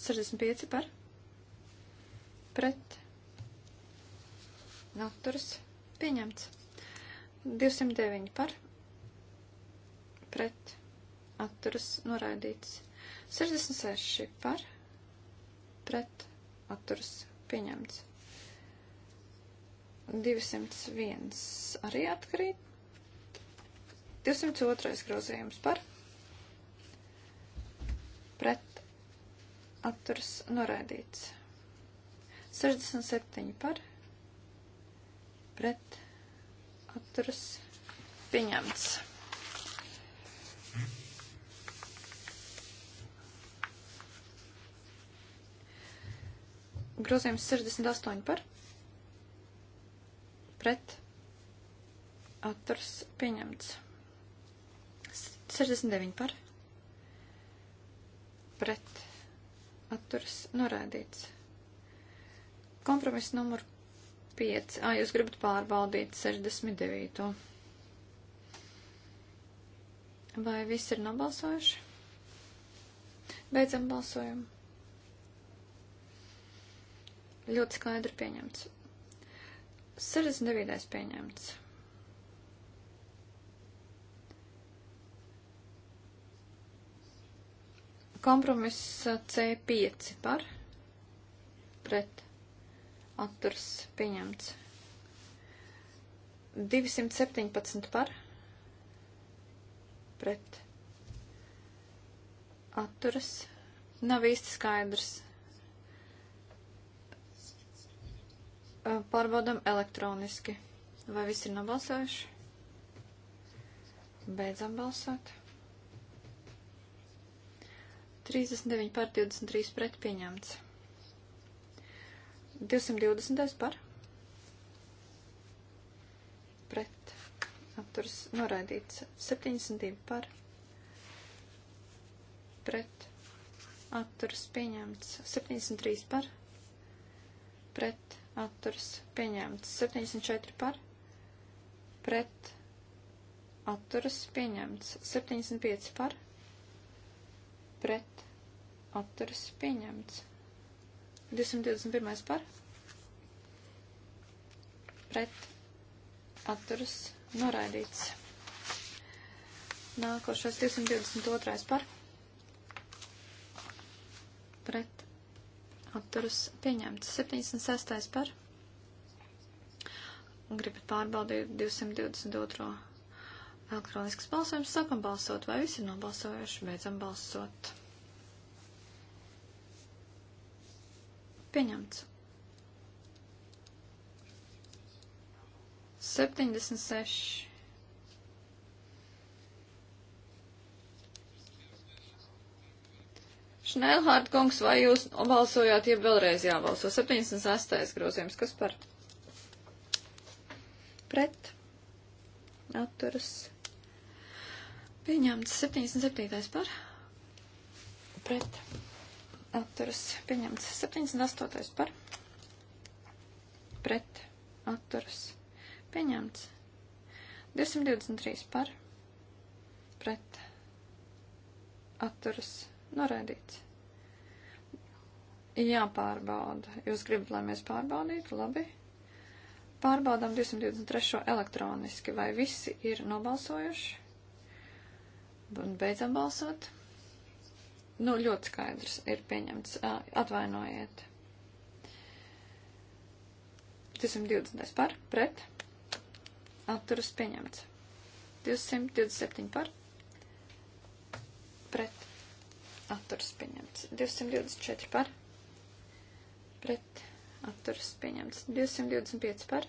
65 par pret atturas pieņemts. 209 par pret atturas noraidīts. 66 par pret atturas pieņemts. 201 arī atkrīt. 202 grozījums par pret atturas noraidīts. 67 par pret atturas pieņemts. Grozījums 68 par pret atturs pieņemts. 69 par pret atturs norādīts. Kompromiss numur 5. Ā, jūs gribat pārbaudīt 69. Vai viss ir nobalsojuši? Beidzam balsojumu. Ļoti skaidri pieņemts. 69. pieņemts. Kompromiss C5 par pret atturs pieņemts. 217 par pret atturas nav īsti skaidrs. Eh, pārbaudam elektroniski. Vai visi ir nobalsojuši? Beidzam balsot. 39 pār 23 pret pieņemts. 220 par. Pret. Apturs noraidīts. 72 par. Pret. Apturs pieņemts. 73 par. Pret atturas pieņemts. 74 par pret atturas pieņemts. 75 par pret atturas pieņemts. 221 par pret atturas noraidīts. Nākošais 222 par pret atturas pieņemts. 76. par. Gribat pārbaudīt 222. Elektronisks balsojums. Sākam balsot, vai visi ir nobalsojuši. Beidzam balsot. Pieņemts. 76. Šnelhārd kungs, vai jūs balsojāt, ja vēlreiz jābalso? 76. grozījums, kas par? Pret. Atturas. Pieņemts 77. par. Pret. Atturas. Pieņemts 78. par. Pret. Atturas. Pieņemts 223 par. Pret. Atturas. Noraidīts. Jāpārbauda. Jūs gribat, lai mēs pārbaudītu? Labi. Pārbaudām 223. elektroniski. Vai visi ir nobalsojuši? Un beidzam balsot. Nu, ļoti skaidrs ir pieņemts. Atvainojiet. 220 par, pret, atturas pieņemts. 227 par, pret, atturas pieņemts. 224 par, pret, atturas pieņemts. 225 par,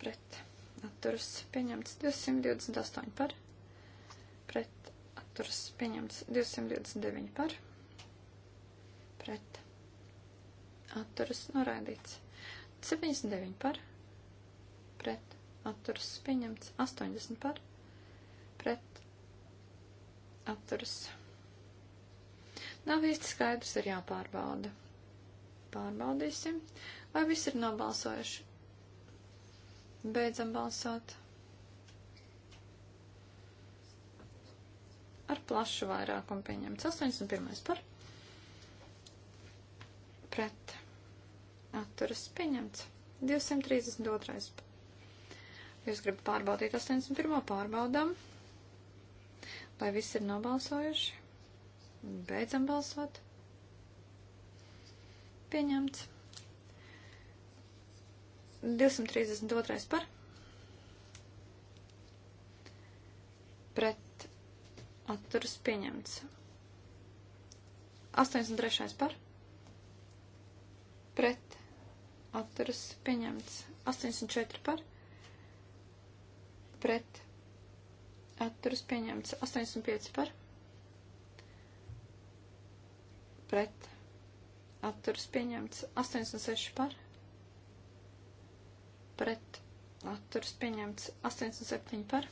pret, atturas pieņemts. 228 par, pret, atturas pieņemts. 229 par, pret, atturas noraidīts. 79 par, pret, atturas pieņemts. 80 par, pret, atturas pieņemts Nav īsti skaidrs, ir jāpārbauda. Pārbaudīsim, vai viss ir nobalsojuši. Beidzam balsot. Ar plašu vairākumu pieņemts 81. par. Pret. Atturas pieņemts 232. Jūs gribat pārbaudīt 81. pārbaudām. Vai viss ir nobalsojuši? Beidzam balsot. Pieņemts. 232 par. Pret atturas pieņemts. 83 par. Pret atturas pieņemts. 84 par. Pret atturas pieņemts. 85 par pret atturas pieņemts 86 par pret atturas pieņemts 87 par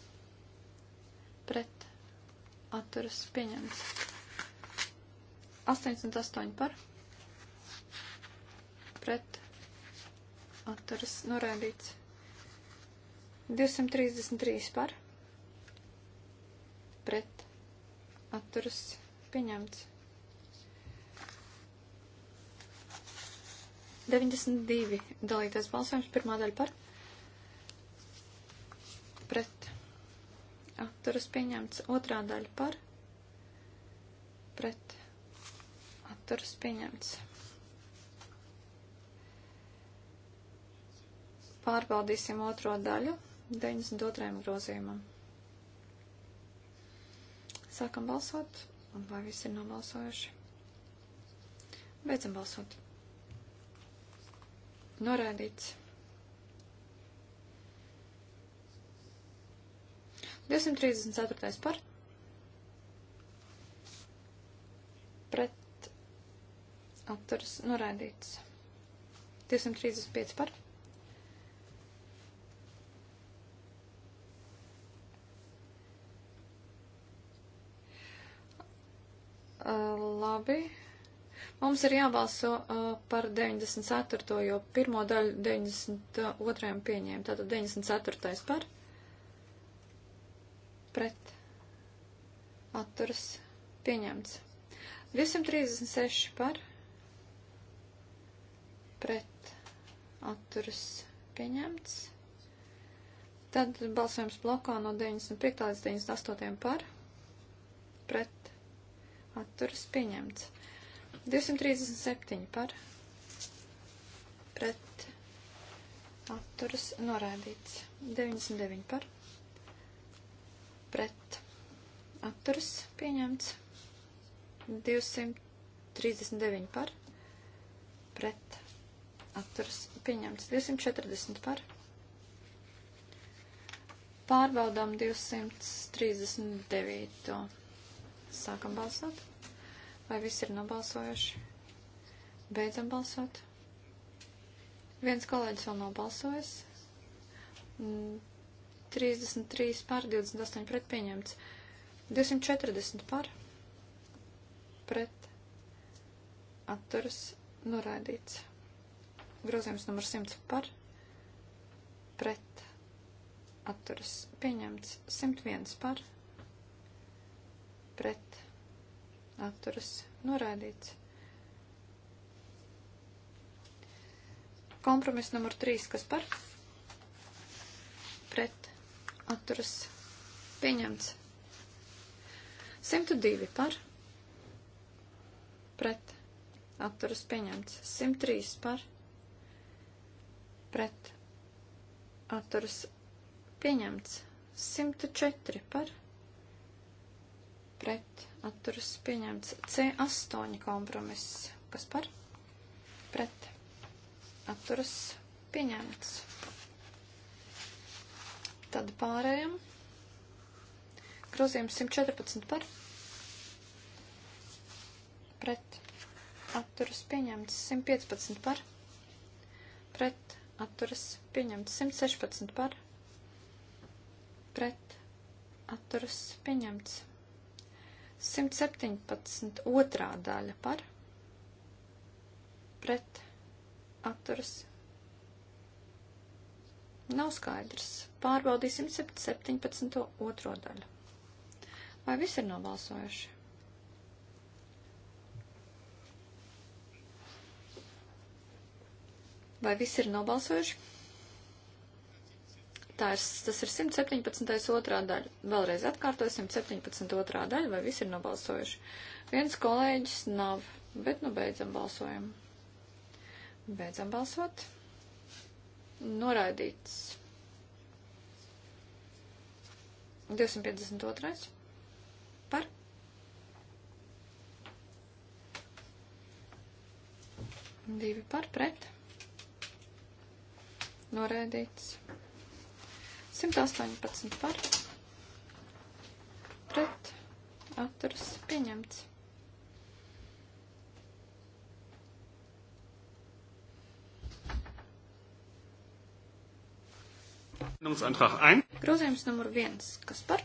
pret atturas pieņemts 88 par pret atturas norādīts 233 par pret atturas pieņemts 92 dalītais balsojums, pirmā daļa par, pret, atturas pieņemts, otrā daļa par, pret, atturas pieņemts. Pārbaudīsim otro daļu 92. grozījumam. Sākam balsot, un vai visi ir nobalsojuši? Beidzam balsot. Noraidīts. 234. par. Pret atturas noraidīts. 235 par. Uh, labi. Mums ir jābalso uh, par 94. jo pirmo daļu 92. pieņēma. Tātad 94. par pret atturas pieņemts. 236 par pret atturas pieņemts. Tad balsojums blokā no 95. līdz 98. par pret atturas pieņemts. 237 par pret atturas noraidīts. 99 par pret atturas pieņemts. 239 par pret atturas pieņemts. 240 par pārbaudām 239. Sākam balsot. Vai visi ir nobalsojuši? Beidzam balsot. Viens kolēģis vēl nobalsojas. 33 mm, pār, 28 pret pieņemts. 240 pār, pret atturas noraidīts. Grozījums numur 100 par, pret atturas pieņemts. 101 par, pret atturas atturas noraidīts. Kompromiss numur 3, kas par pret atturas pieņemts. 102 par pret atturas pieņemts. 103 par pret atturas pieņemts. 104 par pret pret atturas pieņemts. C8 kompromiss. Kas par? Pret atturas pieņemts. Tad pārējām. Grozījums 114 par. Pret atturas pieņemts 115 par, pret atturas pieņemts 116 par, pret atturas pieņemts 117. otrā daļa par pret atturas. Nav skaidrs. Pārbaudīsim 117. otro daļu. Vai visi ir nobalsojuši? Vai visi ir nobalsojuši? Tā ir, tas ir 117. otrā daļa. Vēlreiz atkārtoju, 117. otrā daļa, vai visi ir nobalsojuši. Viens kolēģis nav, bet nu beidzam balsojumu. Beidzam balsot. Noraidīts. 252. Par. Divi par pret. Noraidīts. 118 par pret atturas pieņemts. Grozījums numur viens. Kas par?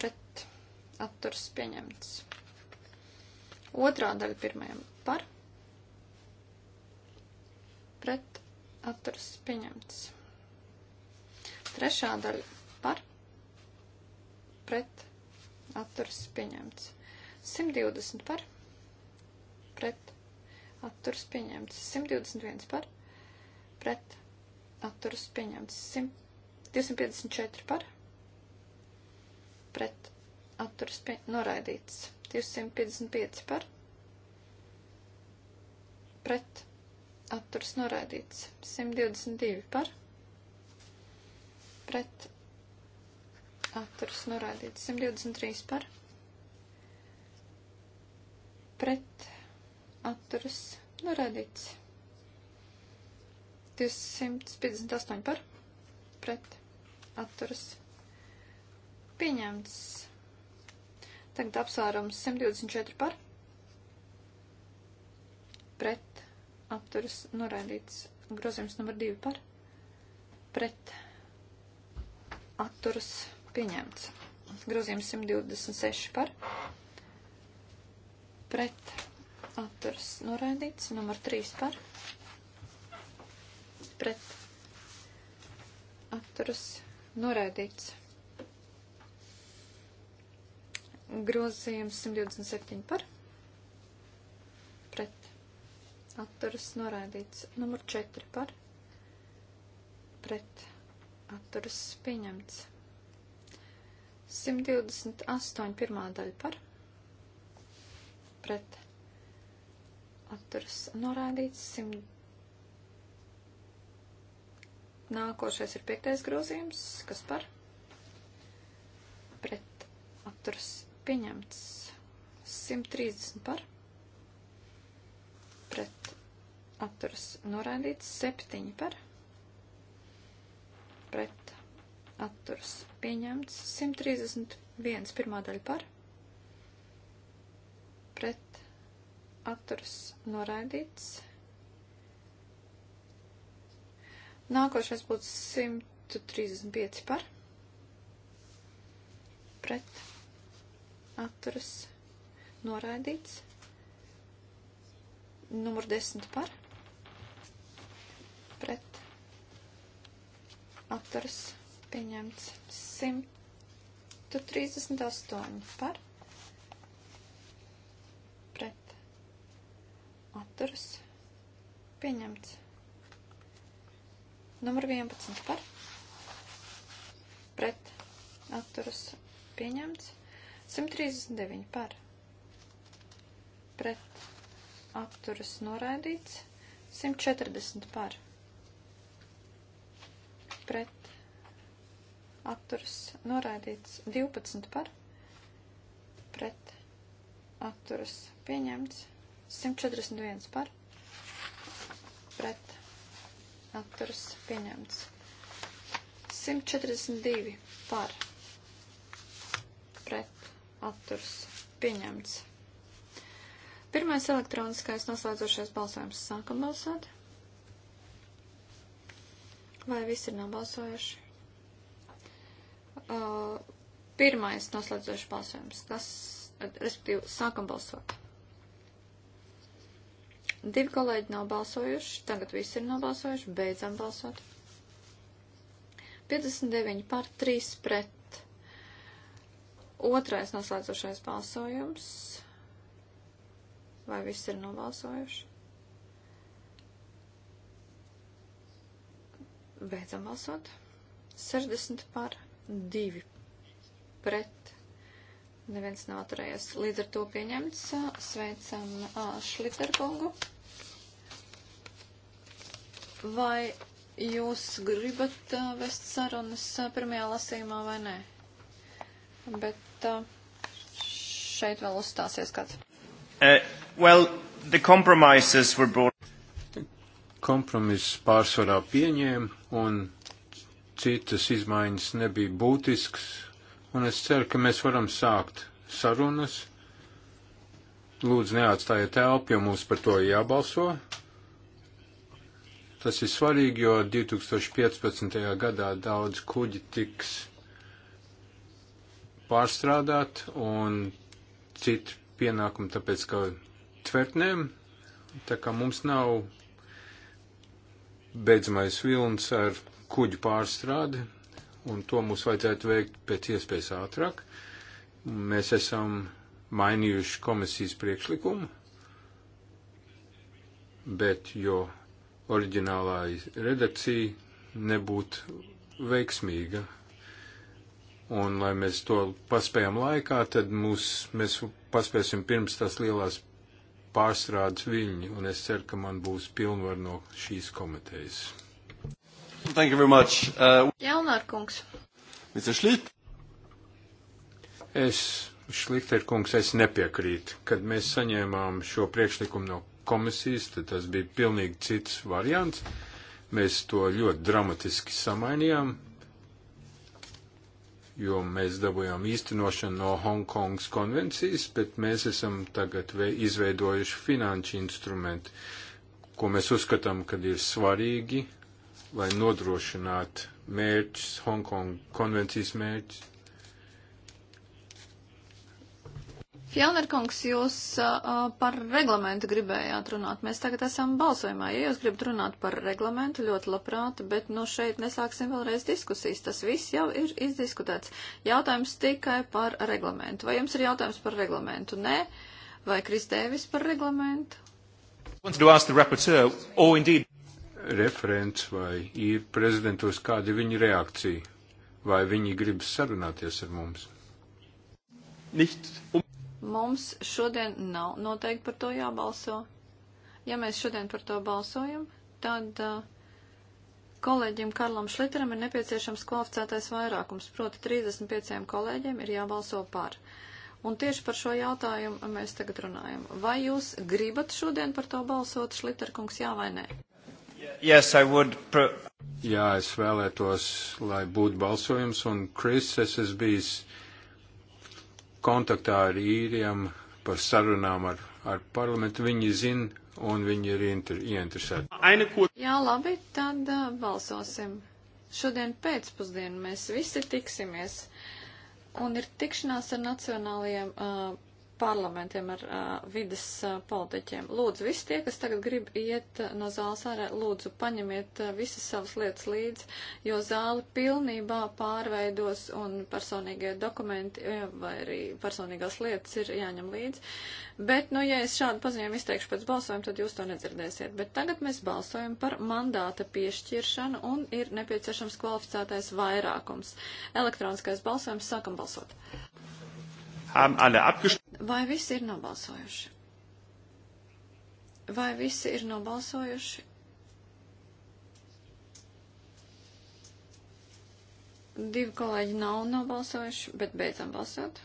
Pret atturas pieņemts. Otrā daļa pirmajam par. Pret atturas pieņemts. Trešā daļa par pret atturas pieņemts. 120 par pret atturas pieņemts. 121 par pret atturas pieņemts. 254 par pret atturas pie, noraidīts. 255 par pret atturas noraidīts. 122 par pret pret atturas norādīts 123 par pret atturas norādīts 258 par pret atturas pieņemts. Tagad apsvērums 124 par pret atturas norādīts grozījums numur 2 par pret atturas pieņemts. Grozījums 126 par pret atturas noraidīts. Numur 3 par pret atturas noraidīts. Grozījums 127 par pret atturas noraidīts. Numur 4 par pret atturas atturas pieņemts. 128. pirmā daļa par pret atturas norādīts. 100. Nākošais ir piektais grozījums, kas par pret atturas pieņemts. 130 par pret atturas norādīts. 7 par pret atturas pieņemts. 131 pirmā daļa par pret atturas noraidīts. Nākošais būtu 135 par pret atturas noraidīts. Numur 10 par pret atturas pieņemts 138 par pret atturas pieņemts numur 11 par pret atturas pieņemts 139 par pret atturas noraidīts 140 par pret atturas noraidīts 12 par pret atturas pieņemts 141 par pret atturas pieņemts 142 par pret atturas pieņemts. Pirmais elektroniskais noslēdzošais balsojums. Sākam balsot. Vai visi ir nobalsojuši? Uh, pirmais noslēdzošs balsojums. Kas, respektīvi, sākam balsot. Divi kolēģi nav balsojuši, tagad visi ir nobalsojuši, beidzam balsot. 59 par 3 pret. Otrais noslēdzošais balsojums. Vai visi ir nobalsojuši? Beidzam balsot. 60 par 2 pret. Neviens nav atturējies. Līdz ar to pieņemts. Sveicam Šliterkongu. Vai jūs gribat vest sarunas pirmajā lasījumā vai nē? Bet šeit vēl uzstāsies kāds.
Uh, well, the compromises were brought. Kompromiss pārsvarā pieņēma un citas izmaiņas nebija būtisks, un es ceru, ka mēs varam sākt sarunas. Lūdzu, neatstājiet telpu, jo mums par to jābalso. Tas ir svarīgi, jo 2015. gadā daudz kuģi tiks pārstrādāt un citu pienākumu, tāpēc ka tvertnēm, tā kā mums nav beidzamais vilns ar kuģu pārstrādi, un to mums vajadzētu veikt pēc iespējas ātrāk. Mēs esam mainījuši komisijas priekšlikumu, bet jo oriģinālā redakcija nebūtu veiksmīga, un lai mēs to paspējam laikā, tad mūs, mēs paspēsim pirms tās lielās pārstrādes viļņi, un es ceru, ka man būs pilnvar no šīs komitejas. Thank you very much. Uh,
Jaunārkungs.
Mr. Šlit. Es, Šlikterkungs, es nepiekrītu. Kad mēs saņēmām šo priekšlikumu no komisijas, tad tas bija pilnīgi cits variants. Mēs to ļoti dramatiski samainījām, jo mēs dabūjām īstenošanu no Hongkongas konvencijas, bet mēs esam tagad izveidojuši finanšu instrumentu, ko mēs uzskatām, kad ir svarīgi, lai nodrošinātu mērķus, Hongkongas konvencijas mērķus,
Fjellnerkungs, jūs uh, uh, par reglamentu gribējāt runāt. Mēs tagad esam balsojumā. Ja jūs gribat runāt par reglamentu, ļoti labprāt, bet nu šeit nesāksim vēlreiz diskusijas. Tas viss jau ir izdiskutēts. Jautājums tikai par reglamentu. Vai jums ir jautājums par reglamentu? Nē. Vai Kristēvis par reglamentu?
Referents vai ir prezidentos kāda viņa reakcija? Vai viņi grib sarunāties ar mums? Nicht. Um
Mums šodien nav noteikti par to jābalso. Ja mēs šodien par to balsojam, tad uh, kolēģim Karlam Šliteram ir nepieciešams kvalificētais vairākums, proti 35 kolēģiem ir jābalso par. Un tieši par šo jautājumu mēs tagad runājam. Vai jūs gribat šodien par to balsot, Šliterkungs, jā vai nē?
Yes, I would. Jā, es vēlētos, lai būtu balsojums, un Kris, es esmu bijis kontaktā ar īriem par sarunām ar, ar parlamentu. Viņi zina un viņi ir inter, ieinteresēti.
Jā, labi, tad uh, balsosim. Šodien pēcpusdienu mēs visi tiksimies. Un ir tikšanās ar nacionālajiem uh, parlamentiem, ar uh, vidas uh, politiķiem. Lūdzu, visi tie, kas tagad grib iet uh, no zāles ārā, lūdzu, paņemiet uh, visas savas lietas līdzi, jo zāli pilnībā pārveidos un personīgie dokumenti uh, vai arī personīgās lietas ir jāņem līdzi. Bet, nu, ja es šādu paziņojumu izteikšu pēc balsojuma, tad jūs to nedzirdēsiet. Bet tagad mēs balsojam par mandāta piešķiršanu un ir nepieciešams kvalificētais vairākums. Elektroniskais balsojums, sākam balsot.
Haben alle abgestimmt?
Vai visi ir nobalsojuši? Vai visi ir nobalsojuši? Divi kolēģi nav nobalsojuši, bet beidzam balsot.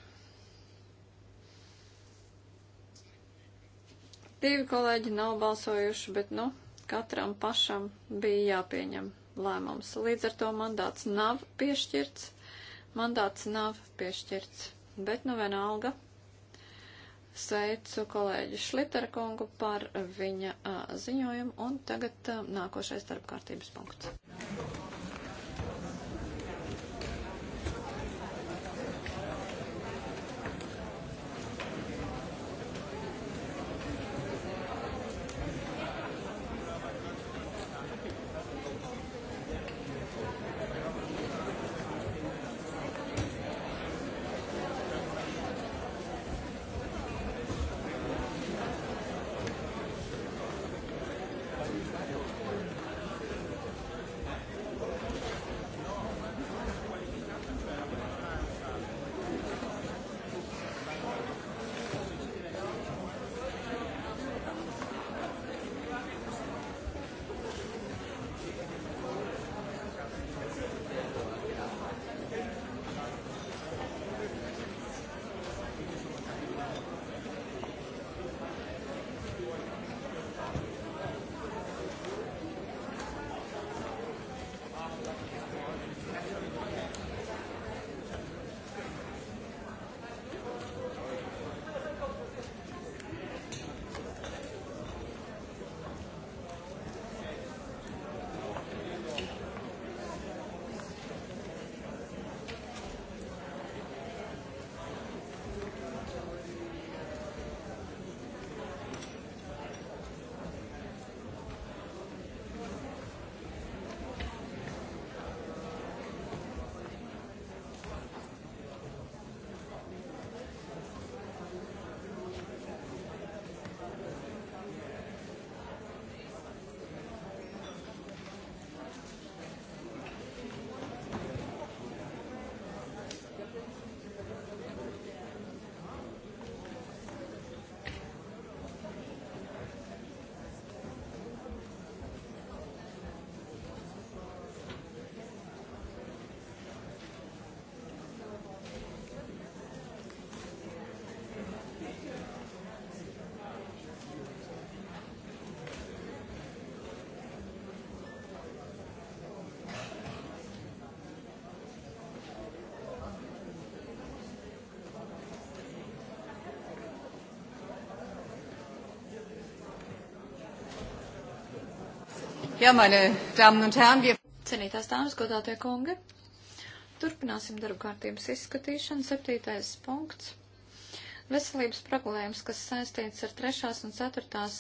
Divi kolēģi nav balsojuši, bet nu, katram pašam bija jāpieņem lēmums. Līdz ar to mandāts nav piešķirts. Mandāts nav piešķirts bet nu vienalga sveicu kolēģi Šliterkongu par viņa a, ziņojumu un tagad a, nākošais darbkārtības punkts. Jā, mani dāmas un tēni, bija cenītās dāmas, godātie kungi. Turpināsim darbu kārtības izskatīšanu. Septītais punkts. Veselības problēmas, kas saistīts ar trešās un ceturtās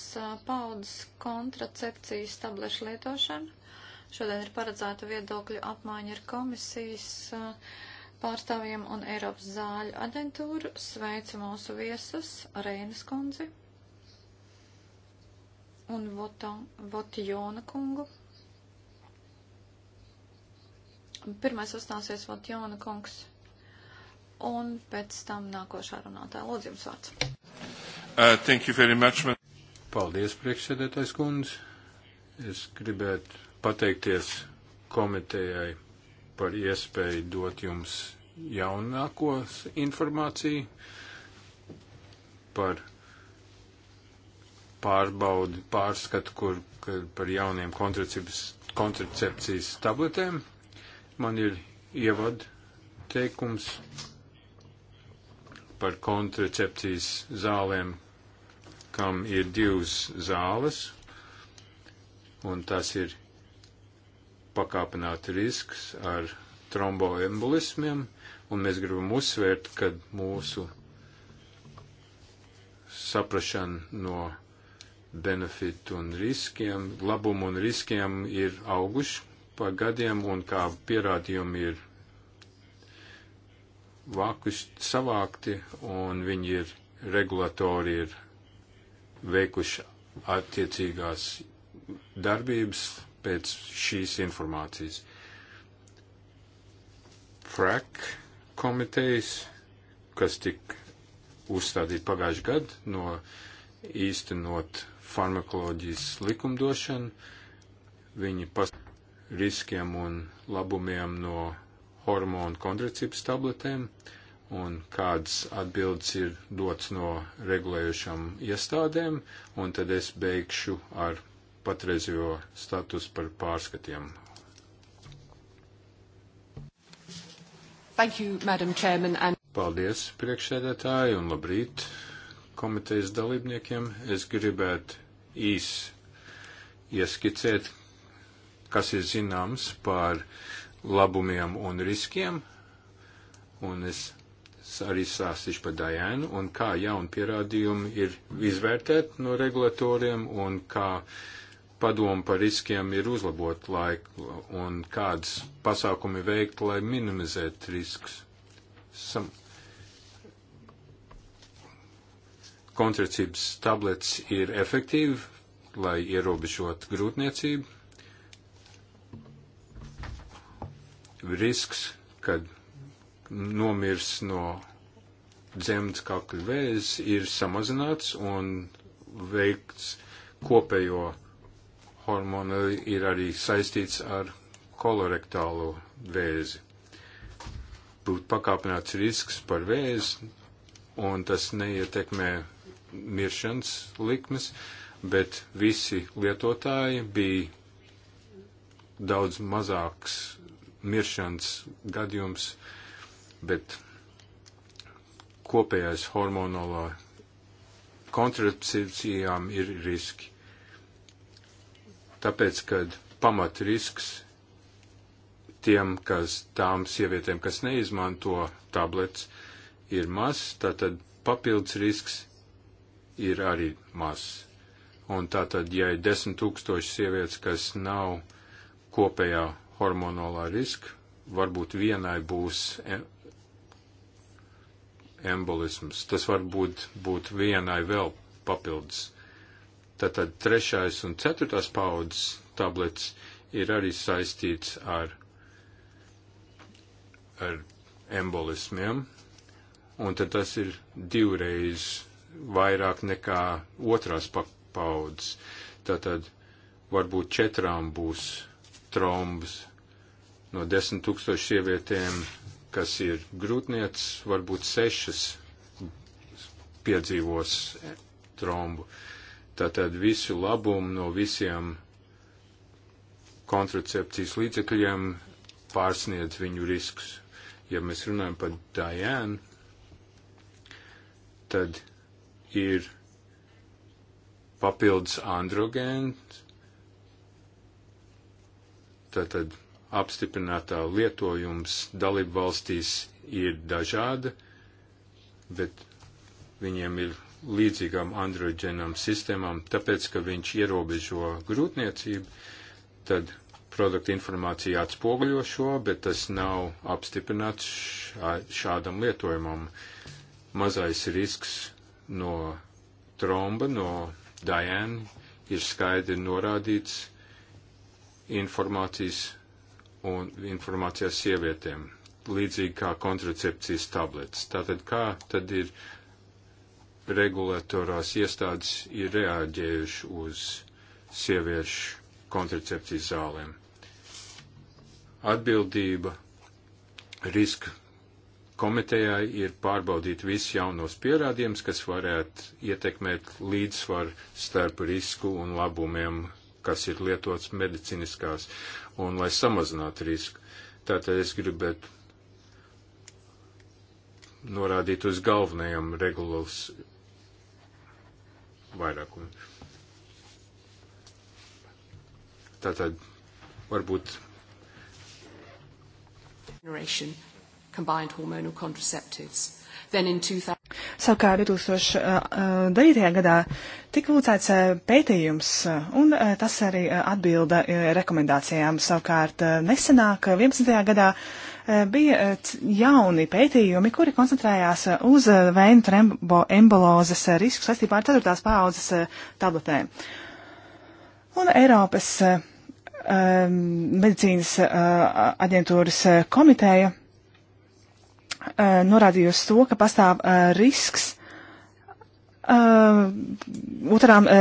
paudzes kontracepcijas tablešu lietošanu. Šodien ir paredzēta viedokļu apmaiņa ar komisijas pārstāvjiem un Eiropas zāļu aģentūru. Sveicu mūsu viesus, Reinas kundzi un Votijona kungu. Pirmais uzstāsies Votijona kungs, un pēc tam nākošā runātāja. Lūdzu, jums vārds.
Uh, thank you very much. Man. Paldies, priekšsēdētājs kundze. Es gribētu pateikties komitejai par iespēju dot jums jaunākos informāciju par pārbaudi, pārskatu, kur, kur par jauniem kontracepcijas tabletēm. Man ir ievad teikums par kontracepcijas zālēm, kam ir divas zāles, un tas ir pakāpināti risks ar tromboembolismiem, un mēs gribam uzsvērt, ka mūsu saprašana no benefitu un riskiem, labumu un riskiem ir auguši pa gadiem, un kā pierādījumi ir vākuši savākti, un viņi ir regulatori ir veikuši attiecīgās darbības pēc šīs informācijas. FRAC e komitejas, kas tika uzstādīta pagājuši gadu no īstenot farmakoloģijas likumdošanu, viņi pas riskiem un labumiem no hormonu kontracepcijas tabletēm un kādas atbildes ir dots no regulējušām iestādēm, un tad es beigšu ar patreizējo status par pārskatiem. Thank you, Madam Chairman. And... Paldies, priekšsēdētāji, un labrīt! komitejas dalībniekiem. Es gribētu īs ieskicēt, kas ir zināms par labumiem un riskiem, un es arī sāstīšu par Dajēnu, un kā jauni pierādījumi ir izvērtēt no regulatoriem, un kā padomu par riskiem ir uzlabot laiku, un kādas pasākumi veikt, lai minimizētu risks. Sam kontracības tablets ir efektīvi, lai ierobežot grūtniecību. Risks, kad nomirs no dzemdas kakla vēzis, ir samazināts un veikts kopējo hormonu ir arī saistīts ar kolorektālo vēzi. Būtu pakāpināts risks par vēzi, un tas neietekmē miršanas likmes, bet visi lietotāji bija daudz mazāks miršanas gadījums, bet kopējais hormonālā kontracepcijām ir riski. Tāpēc, kad pamat risks tiem, kas tām sievietēm, kas neizmanto tablets, ir maz, tātad papildus risks ir arī maz. Un tātad, ja ir desmit tūkstoši sievietes, kas nav kopējā hormonālā riska, varbūt vienai būs e, embolisms. Tas var būt, būt vienai vēl papildus. Tātad trešais un ceturtās paudzes tablets ir arī saistīts ar, ar embolismiem, un tad tas ir divreiz vairāk nekā otrās paudzes. Tātad varbūt četrām būs trombas no desmit tūkstošu sievietēm, kas ir grūtniec, varbūt sešas piedzīvos trombu. Tātad visu labumu no visiem kontracepcijas līdzekļiem pārsniedz viņu riskus. Ja mēs runājam par Dajānu, tad ir papildus androgēns, tātad apstiprinātā lietojums dalību valstīs ir dažāda, bet viņiem ir līdzīgām androģenām sistēmām, tāpēc, ka viņš ierobežo grūtniecību, tad produkta informācija atspoguļo šo, bet tas nav apstiprināts šādam lietojumam. Mazais risks no Tromba, no Diana ir skaidri norādīts informācijas un informācijās sievietēm, līdzīgi kā kontracepcijas tabletes. Tātad kā tad ir regulatorās iestādes ir reaģējuši uz sieviešu kontracepcijas zālēm? Atbildība riska komitejai ir pārbaudīt visus jaunos pierādījumus, kas varētu ietekmēt līdzsvaru starp risku un labumiem, kas ir lietots medicīniskās, un lai samazinātu risku. Tātad es gribētu norādīt uz galvenajiem regulas vairākumiem. Tātad varbūt.
Generation combined hormonal contraceptives. Then in 2000... Savukārt 2009. Uh, uh, gadā tika lūdzēts uh, pētījums, un tas arī atbilda rekomendācijām. Savukārt nesenāk 11. gadā bija jauni pētījumi, kuri koncentrējās uz vēnu trembo embolozes risku saistībā ar 4. paaudzes tabletēm. Un Eiropas um, medicīnas aģentūras komiteja Eh, norādījusi to, ka pastāv eh, risks otrām eh,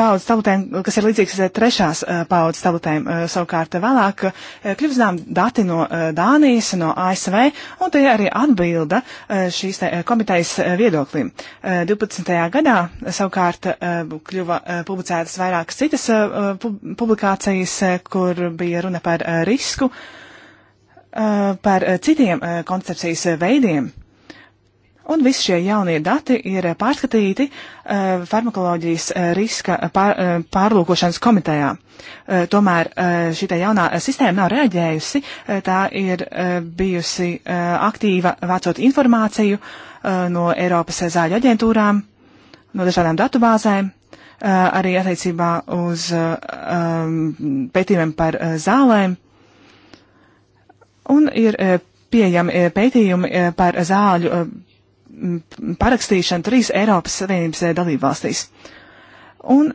paudzes tabletēm, kas ir līdzīgas trešās paudzes tabletēm, savukārt vēlāk kļūst zinām dati no Dānijas, no ASV, un tie arī atbilda šīs te, komitejas viedoklim. 12. gadā savukārt kļuva publicētas vairākas citas publikācijas, kur bija runa par risku. Uh, Eh, par eh, citiem eh, koncepcijas veidiem. Un visi šie jaunie dati ir pārskatīti uh, farmakoloģijas uh, riska pār, uh, pārlūkošanas komitejā. Uh, tomēr uh, šī jaunā sistēma nav reaģējusi, uh, tā ir uh, bijusi uh, aktīva vācot informāciju uh, no Eiropas zāļu aģentūrām, no dažādām datubāzēm, uh, arī attiecībā uz uh, um, pētījumiem par uh, zālēm. Un ir e, pieejami e, pētījumi e, par zāļu parakstīšanu trīs Eiropas Savienības dalībvalstīs. Un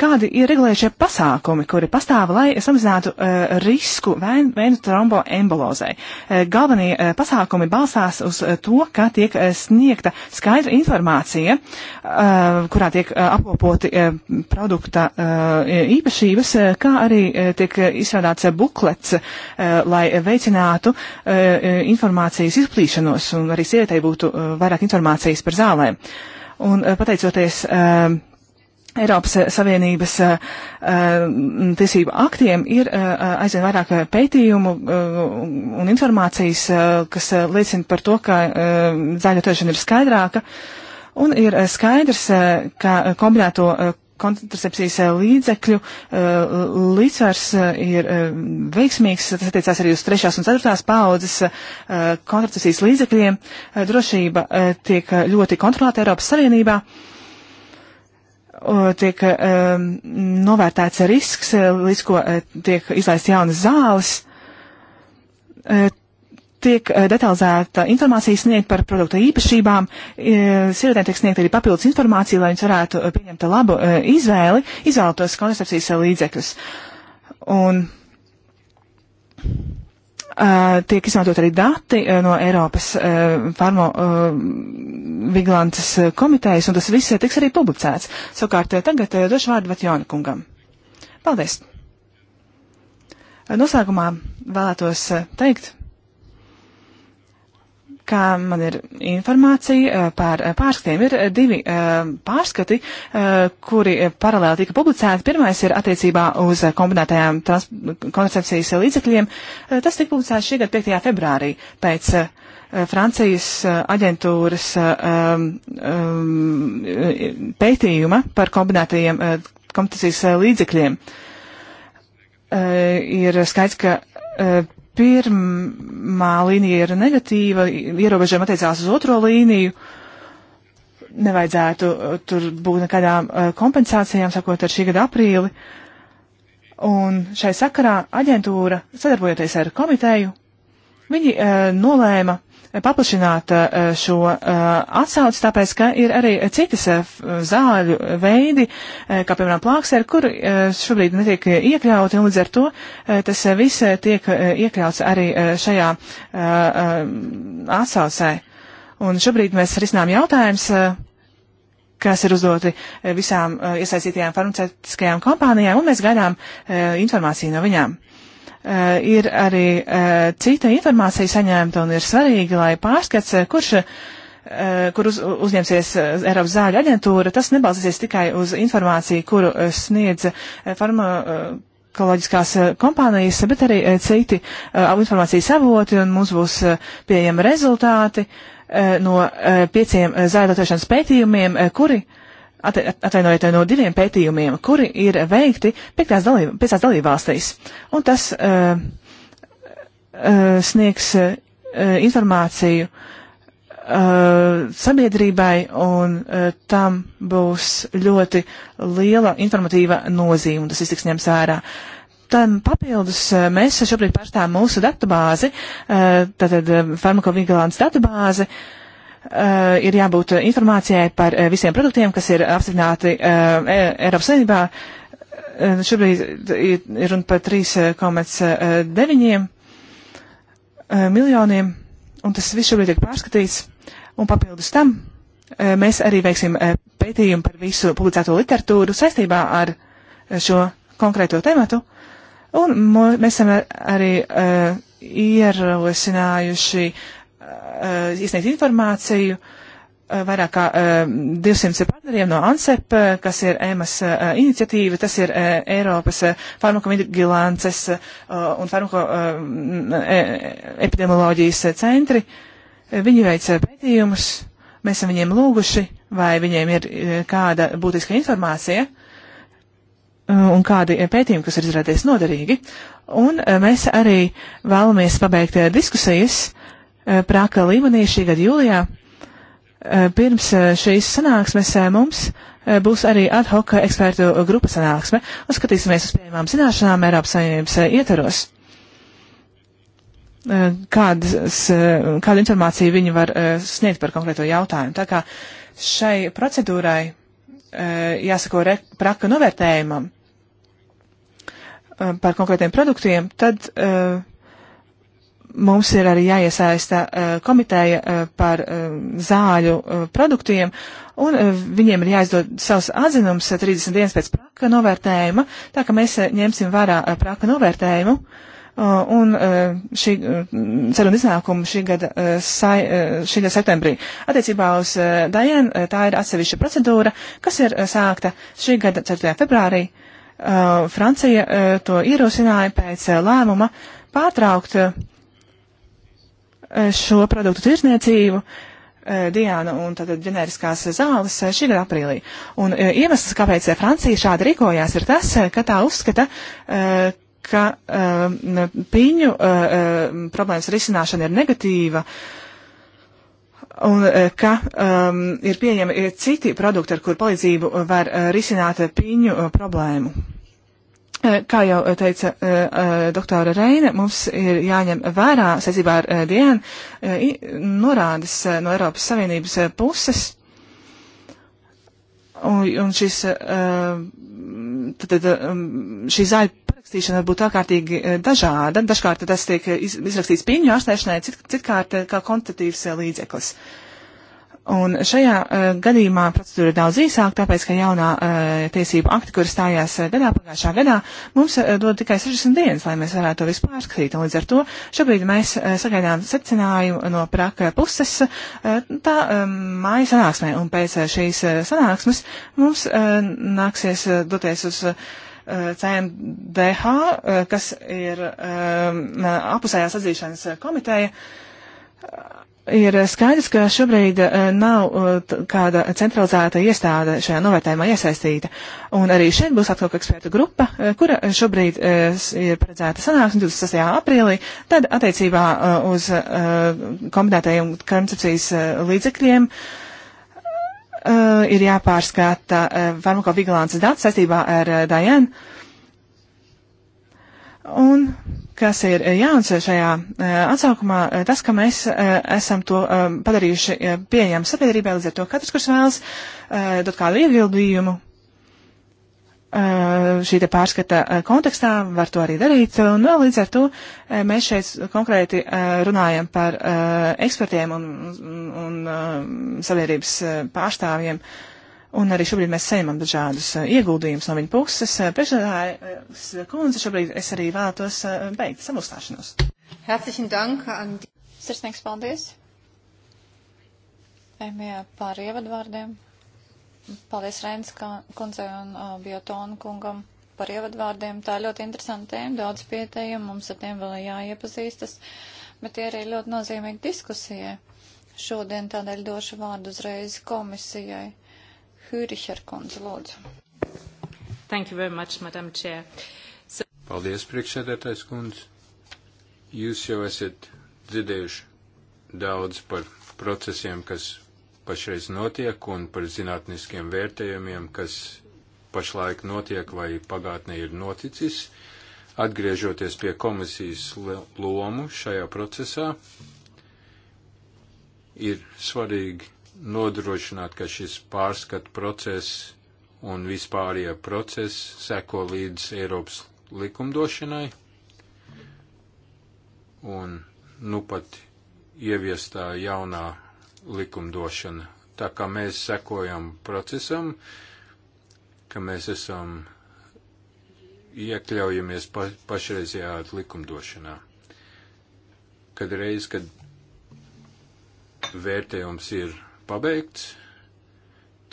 kādi ir regulējušie pasākumi, kuri pastāv, lai samazinātu uh, risku vēnu vēn tromboembolozai. Uh, eh, galvenie uh, pasākumi balstās uz uh, to, ka tiek uh, sniegta skaidra informācija, uh, kurā tiek uh, apkopoti uh, produkta uh, īpašības, uh, kā arī uh, tiek izstrādāts uh, buklets, uh, lai veicinātu uh, informācijas izplīšanos un arī sievietei būtu uh, vairāk informācijas par zālēm. Un uh, pateicoties uh, Eiropas eh, Savienības eh, eh, tiesību aktiem ir aizvien vairāk pētījumu un informācijas, kas liecina par to, ka zaļa turēšana ir skaidrāka un ir skaidrs, ka kombinēto kontracepcijas līdzekļu līdzsvars ir veiksmīgs, tas attiecās arī uz trešās un ceturtās paaudzes kontracepcijas līdzekļiem. Drošība tiek ļoti kontrolēta Eiropas Savienībā tiek um, novērtēts risks, eh, līdz ko eh, tiek izlaists jaunas zāles, e, tiek eh, detalizēta informācija sniegt par produkta īpašībām, e, sievietēm tiek sniegt arī papildus informācija, lai viņas varētu pieņemt labu izvēli, izvēlētos koncepcijas līdzekļus. Un Uh, tiek izmantot arī dati uh, no Eiropas uh, farmo vigilantes komitejas, un tas viss tiks arī publicēts. Savukārt tagad došu vārdu Vatjona kungam. Paldies! Noslēgumā vēlētos teikt, kā man ir informācija eh, par pārskatiem. Ir eh, divi eh, pārskati, kuri paralēli tika publicēti. Pirmais ir attiecībā uz kombinētajām koncepcijas līdzekļiem. Tas tika publicēts šī gada 5. februārī pēc Francijas aģentūras um, um, pētījuma par kombinētajiem kompetencijas līdzekļiem. Uh, ir skaidrs, ka uh, pirmā līnija ir negatīva, ierobežojumi attiecās uz otro līniju. Nevajadzētu uh, tur būt nekādām uh, kompensācijām, sakot ar šī gada aprīli. Un šai sakarā aģentūra, sadarbojoties ar komiteju, viņi uh, nolēma paplašināt eh, šo eh, atsauci, tāpēc, ka ir arī citas eh, zāļu veidi, kā piemēram plāksēri, kur šobrīd netiek iekļauti, un līdz ar to tas viss tiek iekļauts arī šajā atsaucē. Un šobrīd mēs risinām jautājums, kas ir uzdoti visām iesaistītajām farmaceitiskajām kompānijām, un mēs gaidām informāciju no viņām. Eh, ir arī eh, cita informācija saņemta un ir svarīgi, lai pārskats, eh, kurš kur uz, uzņemsies Eiropas zāļu aģentūra, tas nebalstīsies tikai uz informāciju, kuru sniedz farmakoloģiskās kompānijas, bet arī citi informācijas avoti, un mums būs pieejami rezultāti no pieciem zāļu datēšanas pētījumiem, kuri uh, atvainojiet, no diviem pētījumiem, kuri ir veikti piektās dalība, dalībvalstīs. Un tas uh, uh, sniegs uh, informāciju uh, sabiedrībai, un uh, tam būs ļoti liela informatīva nozīme, un tas viss tiks ņemts vērā. Tam papildus uh, mēs šobrīd pārstāvam mūsu datubāzi, uh, tātad farmakovigilants datubāzi, uh, Uh, ir jābūt informācijai par uh, visiem produktiem, kas ir apstiprināti uh, Eiropas Savienībā. Uh, šobrīd ir runa par 3,9 uh, miljoniem, un tas viss šobrīd tiek pārskatīts. Un papildus tam uh, mēs arī veiksim uh, pētījumu par visu publicēto literatūru saistībā ar šo konkrēto tematu. Un mēs esam arī uh, ierosinājuši uh, Eh, izsniegt informāciju eh, vairāk kā 200 eh, partneriem no ANSEP, kas ir EMAS iniciatīva, tas ir Eiropas farmakovigilances un farmakoepidemioloģijas centri. Viņi veic pētījumus, mēs esam viņiem lūguši, vai viņiem ir kāda būtiska informācija un kādi pētījumi, kas ir izrādījies noderīgi. Un mēs arī vēlamies pabeigt diskusijas Eh, prāka līmenī šī gada jūlijā. Eh, Pirms eh, šīs sanāksmes mums būs arī ad hoc ekspertu grupa sanāksme un skatīsimies uz pieejamām zināšanām Eiropas Savienības ietvaros. Kādas, kādu informāciju viņi var sniegt par konkrēto jautājumu. Tā kā šai procedūrai jāsako re, praka novērtējumam par konkrētiem produktiem, tad uh, mums ir arī jāiesaista uh, komiteja uh, par uh, zāļu uh, produktiem, un uh, viņiem ir jāizdod savs atzinums uh, 30 dienas pēc praka novērtējuma, tā ka mēs uh, ņemsim vērā uh, praka novērtējumu. Uh, un uh, šī uh, saruna iznākuma šī gada, uh, sai, uh, šī gada septembrī. Attiecībā uz uh, Dajenu uh, tā ir atsevišķa procedūra, kas ir uh, sākta šī gada 4. februārī. Uh, Francija uh, to ierosināja pēc uh, lēmuma pārtraukt uh, Eh, šo produktu tirzniecību. Eh, Diana un tātad ģeneriskās zāles eh, šī gada aprīlī. Un iemesls, kāpēc Francija šādi rīkojās, ir tas, ka tā uzskata, ka piņu problēmas risināšana ir negatīva un ka um, ir pieejami citi produkti, ar kur palīdzību var risināt piņu problēmu. Eh, kā jau eh, teica eh, doktora Reina, mums ir jāņem vērā, saistībā ar dienu, norādes no Eiropas Savienības puses. Un, un šis, tad, tad, šī zaļa parakstīšana var būt ārkārtīgi dažāda. Dažkārt tas tiek izrakstīts piņu ārstēšanai, cit, citkārt kā kontatīvs līdzeklis. Uh, Un šajā uh, gadījumā procedūra ir daudz īsāka, tāpēc, ka jaunā uh, eh, tiesība akta, kur stājās uh, gadā pagājušā gadā, mums uh, dod tikai 60 dienas, lai mēs varētu to visu pārskatīt. Un līdz ar to šobrīd mēs uh, sagaidām secinājumu no praka puses uh, tā um, māja sanāksmē. Un pēc uh, šīs uh, sanāksmes mums uh, nāksies uh, doties uz. Uh, CMDH, uh, kas ir um, apusējās atzīšanas komiteja, uh, Ir skaidrs, ka šobrīd eh, nav eh, kāda centralizēta iestāde šajā novērtējumā iesaistīta. Un arī šeit būs atkal ekspertu grupa, eh, kura šobrīd ir paredzēta sanāksme 26. aprīlī. Tad attiecībā uz kombinētajiem koncepcijas līdzekļiem ir jāpārskata farmakovigilances dati saistībā ar Dajanu Un kas ir eh, jauns eh, šajā eh, atsaukumā, tas, ka mēs esam to padarījuši pieejam sabiedrībai, līdz ar to katrs, kurš vēlas dot kādu ieguldījumu šī te pārskata kontekstā, var to arī darīt. Un līdz ar to mēs šeit konkrēti runājam par ekspertiem un, un, un sabiedrības pārstāvjiem. Uh, Un arī šobrīd mēs saņemam dažādus eh, ieguldījumus no viņa puses. Eh, Priekšsēdētājas eh, kundze, šobrīd es arī vēlētos beigt savu uzstāšanos. Herzlichen Dank! Sirsnīgs
paldies! Emijā par ievadvārdiem. Paldies Rēns kundzei un uh, Biotonu kungam par ievadvārdiem. Tā ir ļoti interesanta tēma, daudz pieteikumu, mums ar tiem vēl jāiepazīstas, bet tie arī ļoti nozīmīgi diskusijai. Šodien tādēļ došu vārdu uzreiz komisijai Hūrišer kundze, lūdzu. Thank you very much, Madam Chair. So...
Paldies, priekšsēdētājs kundze. Jūs jau esat dzirdējuši daudz par procesiem, kas pašreiz notiek un par zinātniskiem vērtējumiem, kas pašlaik notiek vai pagātnē ir noticis. Atgriežoties pie komisijas lomu šajā procesā, ir svarīgi nodrošināt, ka šis pārskatu process un vispārējie procesi seko līdz Eiropas likumdošanai un nu pat ieviestā jaunā likumdošana. Tā kā mēs sekojam procesam, ka mēs esam iekļaujamies pa, pašreizajā likumdošanā. Kad reiz, kad vērtējums ir pabeigts,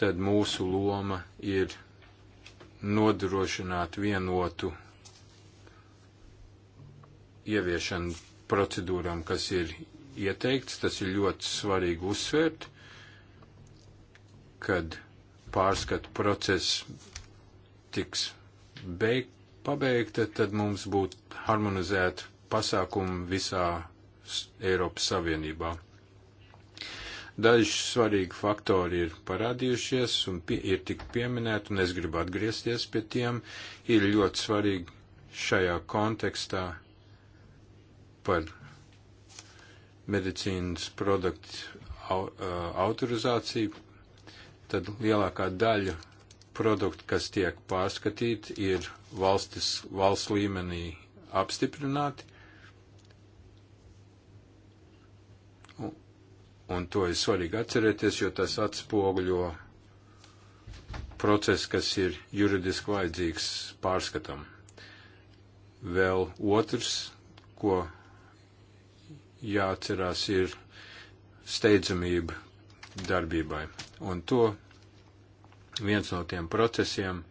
tad mūsu loma ir nodrošināt vienotu ieviešanu procedūram, kas ir ieteikts. Tas ir ļoti svarīgi uzsvērt, kad pārskatu process tiks beigt, pabeigta, tad mums būtu harmonizēta pasākumi visā Eiropas Savienībā. Daži svarīgi faktori ir parādījušies un pie, ir tik pieminēti, un es gribu atgriezties pie tiem. Ir ļoti svarīgi šajā kontekstā par medicīnas produktu au, autorizāciju, tad lielākā daļa produktu, kas tiek pārskatīti, ir valstis, valsts līmenī apstiprināti, Un to ir svarīgi atcerēties, jo tas atspoguļo procesu, kas ir juridiski vajadzīgs pārskatam. Vēl otrs, ko jāatcerās, ir steidzamība darbībai. Un to viens no tiem procesiem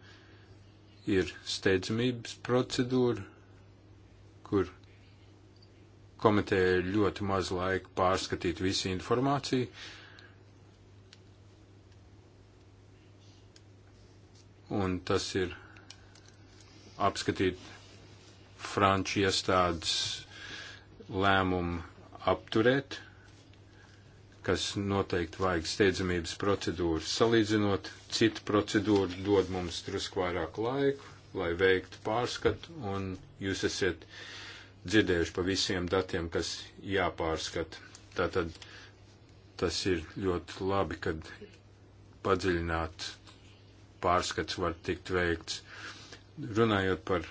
ir steidzamības procedūra, kur komiteja ļoti maz laika pārskatīt visu informāciju. Un tas ir apskatīt franču iestādes lēmumu apturēt, kas noteikti vajag steidzamības procedūru salīdzinot. Cita procedūra dod mums drusku vairāk laiku, lai veiktu pārskatu, un jūs esat uh, dzirdējuši pa visiem datiem, kas jāpārskat. Tātad tas ir ļoti labi, kad padziļināt pārskats var tikt veikts. Runājot par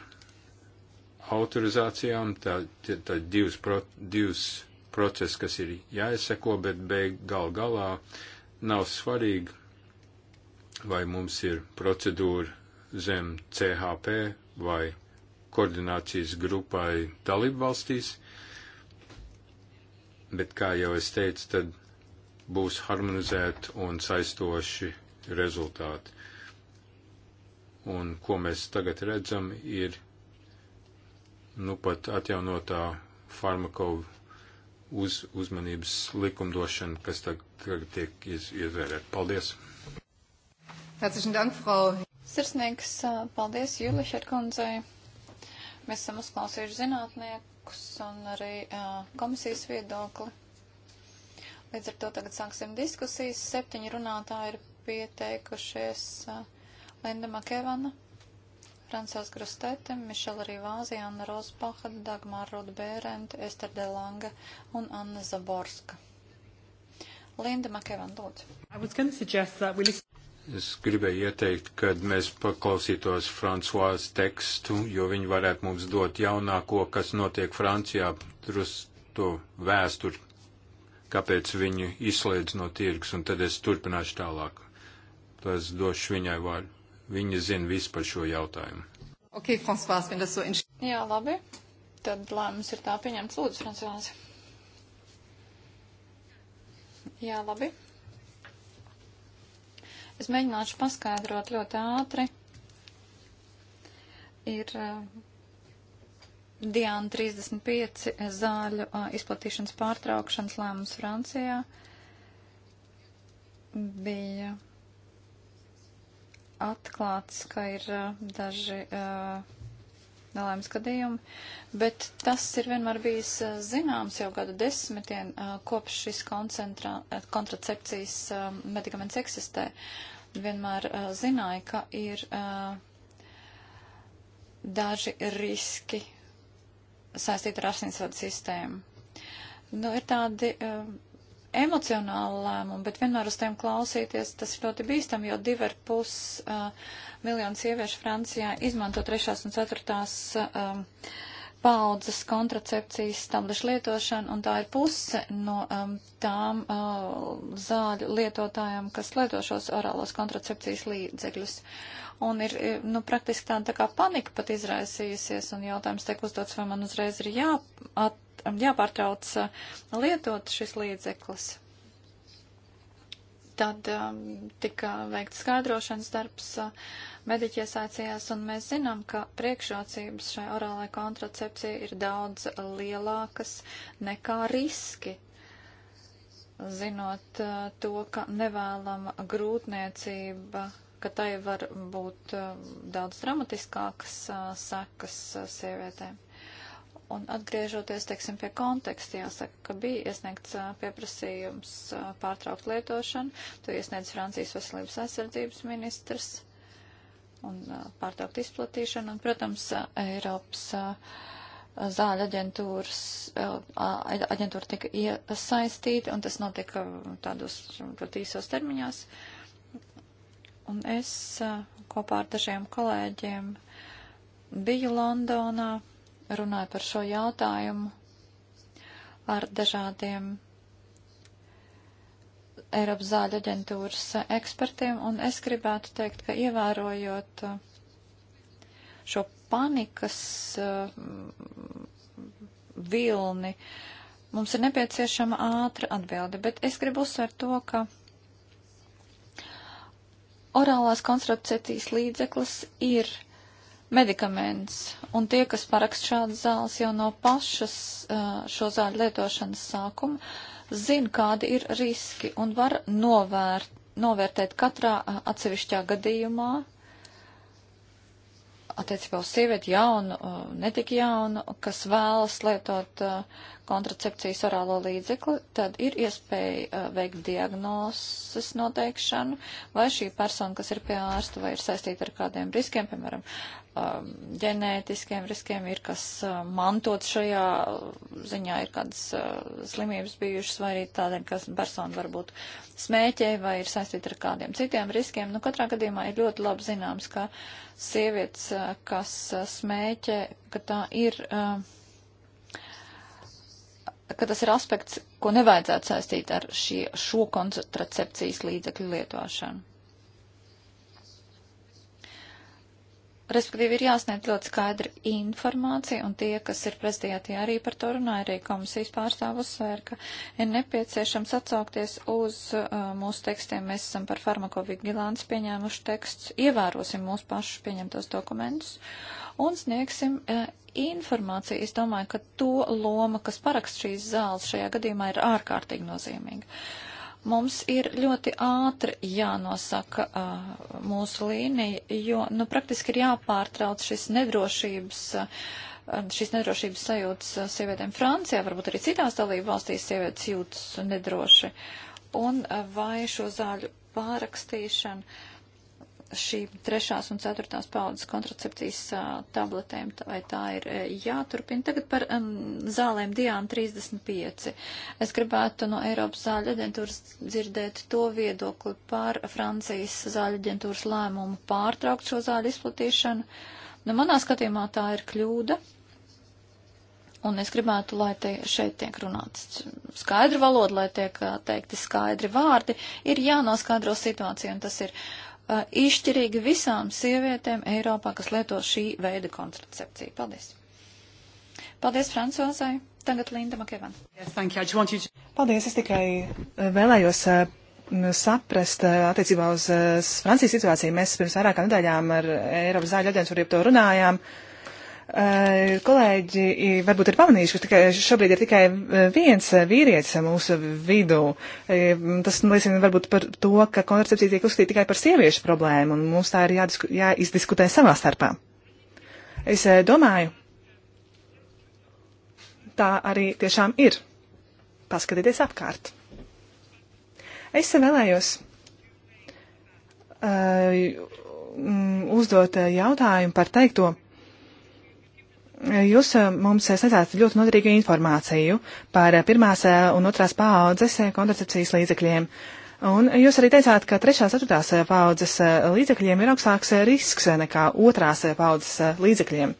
autorizācijām, tā, tā divas, pro, divas procesi, kas ir jāizseko, bet beig gal galā nav svarīgi, vai mums ir procedūra zem CHP vai koordinācijas grupai dalību valstīs, bet, kā jau es teicu, tad būs harmonizēti un saistoši rezultāti. Un ko mēs tagad redzam, ir nu pat atjaunotā farmakovu uz, uzmanības likumdošana, kas tagad, tagad tiek iz, izvērēta. Paldies!
Herzlichen Dank, Frau Sirsnieks. Paldies, Julišķer kundzei. Mēs esam uzklausījuši zinātniekus un arī uh, komisijas viedokli. Līdz ar to tagad sāksim diskusijas. Septiņi runātāji ir pieteikušies uh, Linda Makevana, Francijas Grustete, Mišela Rivāzi, Anna Rozbaha, Dagmāra Rudbērenta, Ester Delanga un Anna Zaborska. Linda Makevana,
lūdzu. Es gribēju ieteikt, kad mēs paklausītos Francoāzes tekstu, jo viņi varētu mums dot jaunāko, kas notiek Francijā, trus to vēsturi, kāpēc viņu izslēdz no tirgus, un tad es turpināšu tālāk. Tas došu viņai vārdu. Viņa zina visu par šo jautājumu.
Ok, Francoāze, viņa tas so inš... Jā,
labi. Tad lēmums ir tā pieņemts. Lūdzu, Francoāze. Jā, labi. Es mēģināšu paskaidrot ļoti ātri. Ir eh, Diana 35 eh, zāļu eh, izplatīšanas pārtraukšanas lēmums Francijā bija atklāts, ka ir daži uh, nelaimes gadījumi, bet tas ir vienmēr bijis zināms jau gadu desmitiem, kopš šis kontracepcijas medikaments eksistē. Vienmēr zināja, ka ir daži riski saistīti ar asinsvadu sistēmu. Nu, ir tādi uh, emocionāli lēmumi, bet vienmēr uz tiem klausīties, tas ir ļoti bīstam, jo divi ar pus uh, miljonu sieviešu Francijā izmanto trešās un ceturtās um, paudzes kontracepcijas tablešu lietošanu, un tā ir puse no um, tām uh, zāļu lietotājām, kas lieto šos orālos kontracepcijas līdzekļus. Un ir, nu, praktiski tāda tā kā panika pat izraisījusies, un jautājums tiek uzdots, vai man uzreiz ir jāat Um, jāpārtrauc uh, lietot šis līdzeklis. Tad um, tika veikts skaidrošanas darbs, uh, mediķi iesaicījās, un mēs zinām, ka priekšrocības šai orālai kontracepcijai ir daudz lielākas nekā riski zinot uh, to, ka nevēlama grūtniecība, ka tai var būt daudz dramatiskākas sekas sievietēm. Un atgriežoties, teiksim, pie konteksta, jāsaka, ka bija iesniegts pieprasījums pārtraukt lietošanu. To iesniedz Francijas veselības aizsardzības ministrs un pārtraukt izplatīšanu. Un, protams, Eiropas zāļu aģentūras, aģentūra tika iesaistīta, un tas notika tādos ļoti īsos termiņos. Un es kopā ar dažiem kolēģiem biju Londonā, runāju par šo jautājumu ar dažādiem Eiropas zāļu aģentūras ekspertiem, un es gribētu teikt, ka ievērojot uh, šo panikas uh, vilni, mums ir nepieciešama ātra atbilde, bet es gribu uzsvērt to, ka orālās kontracepcijas līdzeklis ir medikaments. Un tie, kas parakst šādas zāles jau no pašas šo zāļu lietošanas sākuma, zina, kādi ir riski un var novērt, novērtēt katrā atsevišķā gadījumā attiecībā uz sievieti jaunu, netik jaunu, kas vēlas lietot uh, kontracepcijas orālo līdzekli, tad ir iespēja uh, veikt diagnozes noteikšanu, vai šī persona, kas ir pie ārsta, vai ir saistīta ar kādiem riskiem, piemēram, um, ģenētiskiem riskiem, ir kas uh, mantot šajā uh, ziņā, ir kādas slimības bijušas, vai arī tādēļ, ka persona varbūt smēķē, vai ir saistīta ar kādiem citiem riskiem. Nu, katrā gadījumā ir ļoti labi zināms, ka sievietes, kas smēķē, ka tā ir. Uh, ka tas ir aspekts, ko nevajadzētu saistīt ar šie, šo kontracepcijas līdzekļu lietošanu. respektīvi ir jāsniedz ļoti skaidra informācija, un tie, kas ir prezidijāti, arī par to runāja, arī komisijas pārstāv uzsvēra, ka ir nepieciešams atsaukties uz uh, mūsu tekstiem. Mēs esam par farmakovigilāns pieņēmuši teksts, ievērosim mūsu pašu pieņemtos dokumentus un sniegsim uh, informāciju. Es domāju, ka to loma, kas parakst šīs zāles šajā gadījumā, ir ārkārtīgi nozīmīga. Uh, Mums ir ļoti ātri jānosaka uh, mūsu līnija, jo nu, praktiski ir jāpārtrauc šis nedrošības. Uh, šīs nedrošības sajūtas sievietēm Francijā, varbūt arī citās dalību valstīs sievietes jūtas nedroši. Un uh, vai šo zāļu pārakstīšana uh, šī trešās un ceturtās paudzes kontracepcijas uh, tabletēm, vai tā ir jāturpina. Tagad par um, zālēm Diāna 35. Es gribētu no Eiropas zāļu aģentūras dzirdēt to viedokli par Francijas zāļu aģentūras lēmumu pārtraukt šo zāļu izplatīšanu. Nu, manā skatījumā tā ir kļūda. Un es gribētu, lai te, šeit tiek runāts skaidra valoda, lai tiek teikti skaidri vārdi. Ir jānoskaidro situācija, un tas ir uh, Uh, izšķirīgi visām sievietēm Eiropā, kas lieto šī veida kontracepciju. Paldies! Paldies, Francozai! Tagad Linda Makevan.
Yes, to... Paldies, es tikai uh, vēlējos uh, saprast attiecībā uz Francijas situāciju. Mēs pirms vairākām nedēļām ar Eiropas zāļu aģentūru jau to runājām. Uh, Eh, kolēģi eh, varbūt ir pamanījuši, ka šobrīd ir tikai eh, viens vīrietis mūsu vidū. Tas liecina varbūt par to, ka kontracepcija tiek uzskatīta tikai par sieviešu problēmu, un mums tā ir jādisku, jāizdiskutē savā starpā. Es domāju, tā arī tiešām ir. Paskatieties apkārt. Es vēlējos uh, uzdot jautājumu par teikto Jūs eh, mums sniedzāt ļoti noderīgu informāciju par eh, pirmās eh, un otrās paaudzes kontracepcijas līdzekļiem. Un jūs arī teicāt, ka trešās, ceturtās paaudzes līdzekļiem ir augstāks risks nekā otrās paaudzes līdzekļiem.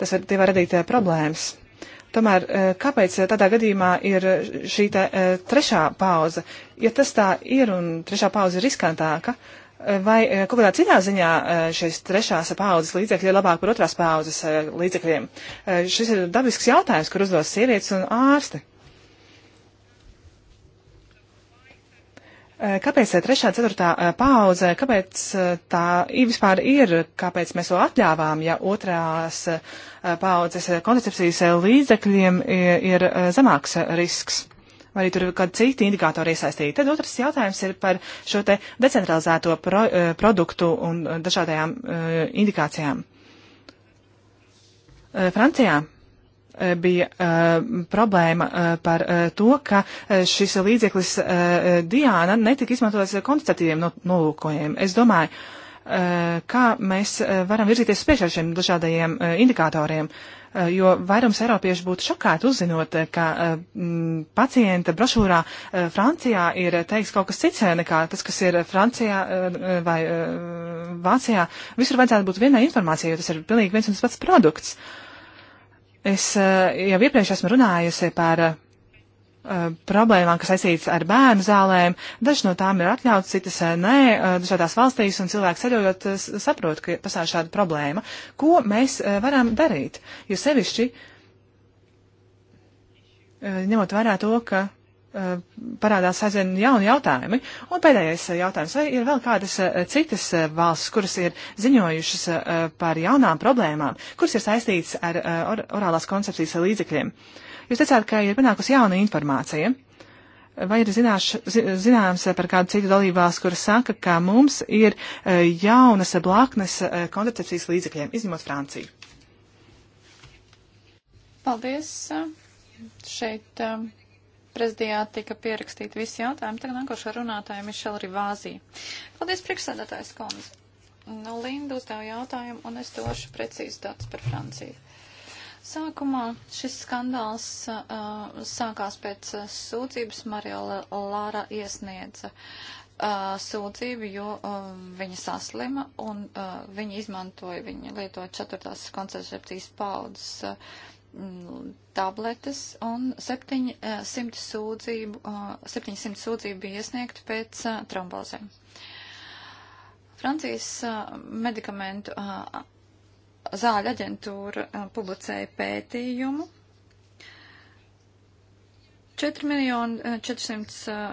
Tas var, var radīt problēmas. Tomēr kāpēc tādā gadījumā ir šī te, trešā pauze? Ja tas tā ir un trešā pauze ir riskantāka, Vai eh, kaut kādā citā ziņā eh, šīs trešās paaudzes līdzekļi ir labāk par otrās paaudzes eh, līdzekļiem? Šis ir dabisks jautājums, kur uzdos sievietes un ārsti. Kāpēc trešā, ceturtā paudze, kāpēc tā vispār ir, kāpēc mēs to atļāvām, ja otrās paudzes koncepcijas līdzekļiem ir, ir zemāks risks? vai arī tur ir kādi citi indikātori iesaistīti. Tad otrs jautājums ir par šo te decentralizēto pro, eh, produktu un eh, dažādajām eh, indikācijām. Francijā bija uh, problēma uh, par uh, to, ka šis līdzeklis Diāna netika izmantots konstatīviem nolūkojiem. Es domāju, Eh, kā mēs eh, varam virzīties priekšā šiem dažādajiem eh, indikatoriem, jo vairums eiropiešu būtu šokēti uzzinot, ka pacienta brošūrā Francijā ir teiks kaut kas cits nekā tas, kas ir Francijā vai Vācijā. Visur vajadzētu būt vienai informācijai, jo tas ir pilnīgi viens un tas pats produkts. Es jau iepriekš esmu runājusi par Eh, problēmām, kas saistītas ar bērnu zālēm. Dažas no tām ir atļautas, citas eh, nē, eh, dažādās valstīs, un cilvēks ceļojot saprot, ka pasā šāda problēma. Ko mēs varam darīt? Jo sevišķi, ņemot vērā to, ka parādās aizvien jauni jautājumi. Un pēdējais jautājums, vai ir vēl kādas citas valsts, kuras ir ziņojušas par jaunām problēmām, kuras ir saistītas ar orālās koncepcijas līdzekļiem? Uh, Jūs teicāt, ka ir panākusi jauna informācija. Vai ir zināš, zināms par kādu citu dalībās, kur saka, ka mums ir e, jaunas blaknes e, koncepcijas līdzekļiem, izņemot Franciju?
Paldies. Šeit e, prezidijā tika pierakstīti visi jautājumi. Tagad nākošā runātāja Mišela Rivāzī. Paldies, priekšsēdētājs Komis. Nu, Linda uzdeva jautājumu, un es došu precīzi datus par Franciju. Sākumā šis skandāls uh, sākās pēc uh, sūdzības Marija Lāra iesniedza uh, sūdzību, jo uh, viņa saslima un uh, viņa izmantoja, viņa lietoja ceturtās koncepcijas paudzes uh, tabletes un 700 uh, sūdzību, uh, 700 sūdzību bija iesniegta pēc uh, trombozēm. Francijas uh, medikamentu uh, Zāļa aģentūra uh, publicēja pētījumu. 4 miljoni 400 uh, uh,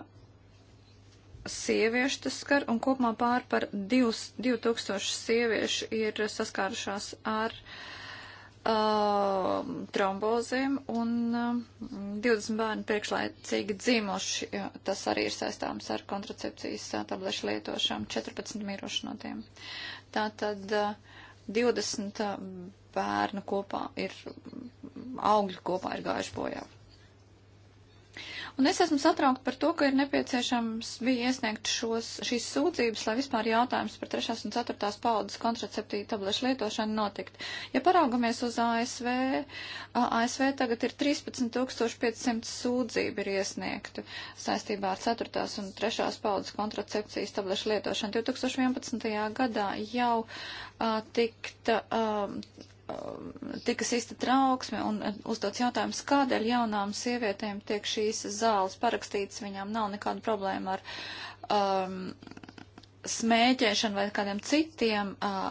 sieviešu tas skar, un kopumā pār par 2000 sieviešu ir saskārušās ar uh, trombozēm, un uh, um, 20 bērni priekšlaicīgi dzimuši. Ja, tas arī ir saistāms ar kontracepcijas uh, tablešu lietošanu, 14 miruši no tiem. Tātad uh, 20 eh, bērnu kopā ir, augļu kopā ir gājuši bojā. Un es esmu satraukta par to, ka ir nepieciešams bija iesniegt šos, šīs sūdzības, lai vispār jautājums par trešās un ceturtās paudzes kontraceptīvu tablešu lietošanu notikt. Ja paraugamies uz ASV, ASV tagad ir 13500 sūdzību ir iesniegtu saistībā ar ceturtās un trešās paudzes kontracepcijas tablešu lietošanu. 2011. gadā jau uh, tikta. Uh, Um, tika sista trauksme un uh, uzdots jautājums, kādēļ jaunām sievietēm tiek šīs zāles parakstītas, viņām nav nekāda problēma ar um, smēķēšanu vai kādiem citiem uh,